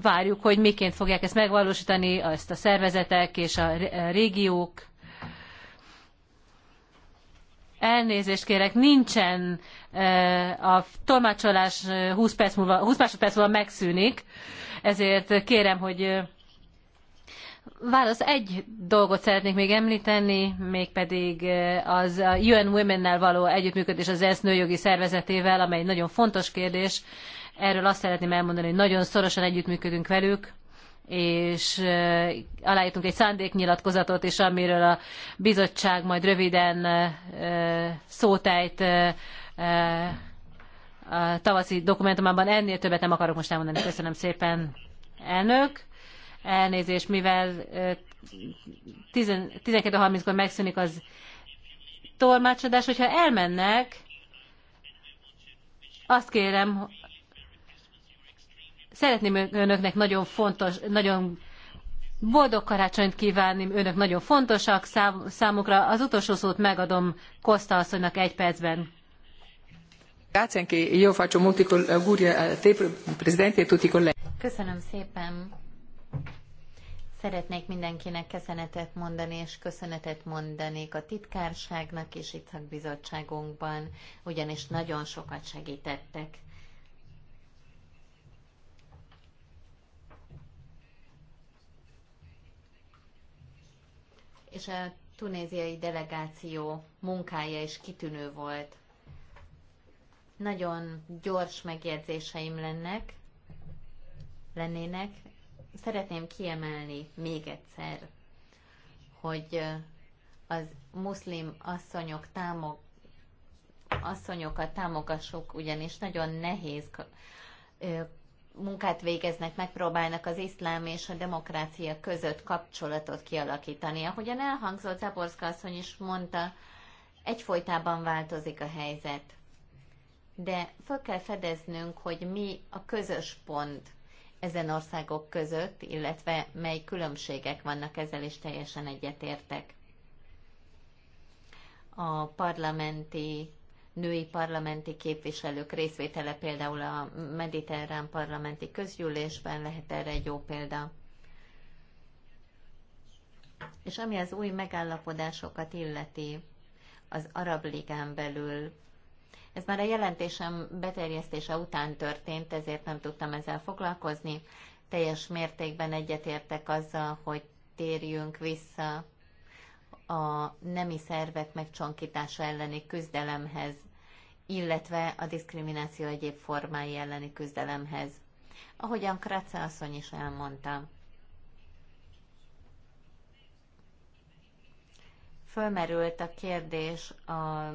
várjuk, hogy miként fogják ezt megvalósítani, ezt a szervezetek és a régiók, Elnézést kérek, nincsen eh, a tolmácsolás 20, eh, perc múlva, 20 másodperc múlva megszűnik, ezért kérem, hogy eh, válasz egy dolgot szeretnék még említeni, mégpedig az a UN Women-nel való együttműködés az ENSZ nőjogi szervezetével, amely egy nagyon fontos kérdés. Erről azt szeretném elmondani, hogy nagyon szorosan együttműködünk velük és aláírtunk egy szándéknyilatkozatot is, amiről a bizottság majd röviden szótájt a tavaszi dokumentumában. Ennél többet nem akarok most elmondani. Köszönöm szépen, elnök. Elnézést, mivel 12.30-kor megszűnik az tolmácsadás, hogyha elmennek, azt kérem, Szeretném önöknek nagyon fontos, nagyon boldog karácsonyt kívánni, önök nagyon fontosak szám, számukra. Az utolsó szót megadom Kosta asszonynak egy percben. Grazie anche io faccio molti auguri a te Presidente e tutti i colleghi. Köszönöm szépen. Szeretnék mindenkinek köszönetet mondani, és köszönetet mondanék a titkárságnak és itt bizottságunkban, ugyanis nagyon sokat segítettek és a tunéziai delegáció munkája is kitűnő volt. Nagyon gyors megjegyzéseim lennek, lennének. Szeretném kiemelni még egyszer, hogy az muszlim asszonyok támog, asszonyokat támogassuk, ugyanis nagyon nehéz munkát végeznek, megpróbálnak az iszlám és a demokrácia között kapcsolatot kialakítani. Ahogyan elhangzott, Zaborszka asszony is mondta, egyfolytában változik a helyzet. De föl kell fedeznünk, hogy mi a közös pont ezen országok között, illetve mely különbségek vannak, ezzel és teljesen egyetértek. A parlamenti női parlamenti képviselők részvétele például a mediterrán parlamenti közgyűlésben lehet erre egy jó példa. És ami az új megállapodásokat illeti az Arab Ligán belül, ez már a jelentésem beterjesztése után történt, ezért nem tudtam ezzel foglalkozni. Teljes mértékben egyetértek azzal, hogy térjünk vissza a nemi szervek megcsonkítása elleni küzdelemhez, illetve a diszkrimináció egyéb formái elleni küzdelemhez. Ahogyan Kratza asszony is elmondta. Fölmerült a kérdés a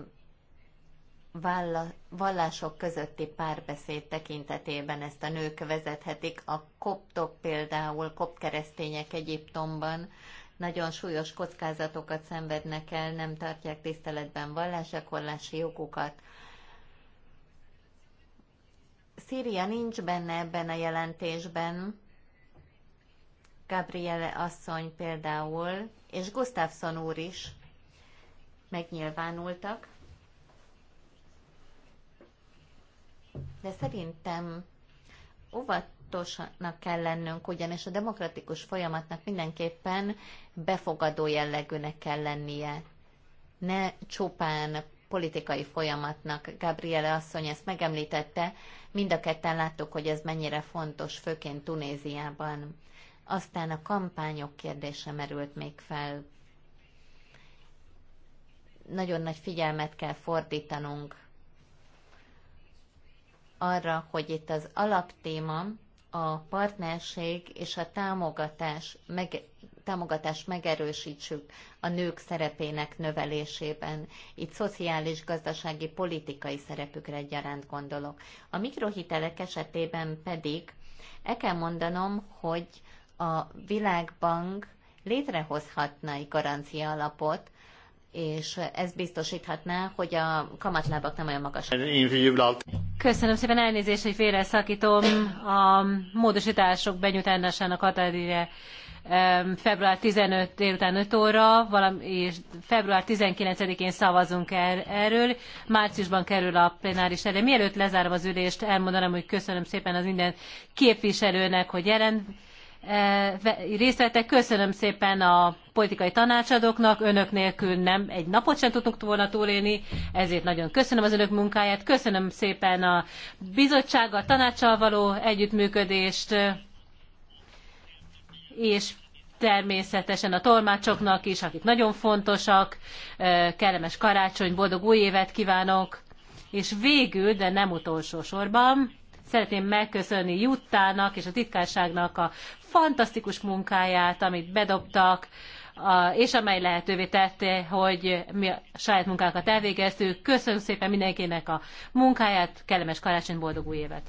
vallások közötti párbeszéd tekintetében ezt a nők vezethetik. A koptok például, kopkeresztények Egyiptomban nagyon súlyos kockázatokat szenvednek el, nem tartják tiszteletben vallásgyakorlási jogukat. Szíria nincs benne ebben a jelentésben, Gabriele asszony például, és Gustafsson úr is megnyilvánultak. De szerintem óvat, óvatosnak kell lennünk, ugyanis a demokratikus folyamatnak mindenképpen befogadó jellegűnek kell lennie. Ne csupán politikai folyamatnak. Gabriele asszony ezt megemlítette, mind a ketten láttuk, hogy ez mennyire fontos, főként Tunéziában. Aztán a kampányok kérdése merült még fel. Nagyon nagy figyelmet kell fordítanunk arra, hogy itt az alaptéma a partnerség és a támogatás, meg, támogatás megerősítsük a nők szerepének növelésében. Itt szociális, gazdasági, politikai szerepükre egyaránt gondolok. A mikrohitelek esetében pedig el kell mondanom, hogy a Világbank létrehozhatna egy garancia alapot, és ez biztosíthatná, hogy a kamatlábak nem olyan magas. Köszönöm szépen elnézést, hogy félre szakítom a módosítások benyújtásának határidője február 15 délután 5 óra, valami, és február 19-én szavazunk el er-, erről. Márciusban kerül a plenáris elé. Mielőtt lezárom az ülést, elmondanám, hogy köszönöm szépen az minden képviselőnek, hogy jelent E, részt vettek. Köszönöm szépen a politikai tanácsadóknak, önök nélkül nem egy napot sem tudtunk volna túlélni, ezért nagyon köszönöm az önök munkáját, köszönöm szépen a bizottsággal, tanácssal való együttműködést, és természetesen a tolmácsoknak is, akik nagyon fontosak, e, kellemes karácsony, boldog új évet kívánok, és végül, de nem utolsó sorban, szeretném megköszönni Juttának és a titkárságnak a fantasztikus munkáját, amit bedobtak, és amely lehetővé tette, hogy mi a saját munkákat elvégeztük. Köszönöm szépen mindenkinek a munkáját, kellemes karácsony, boldog új évet!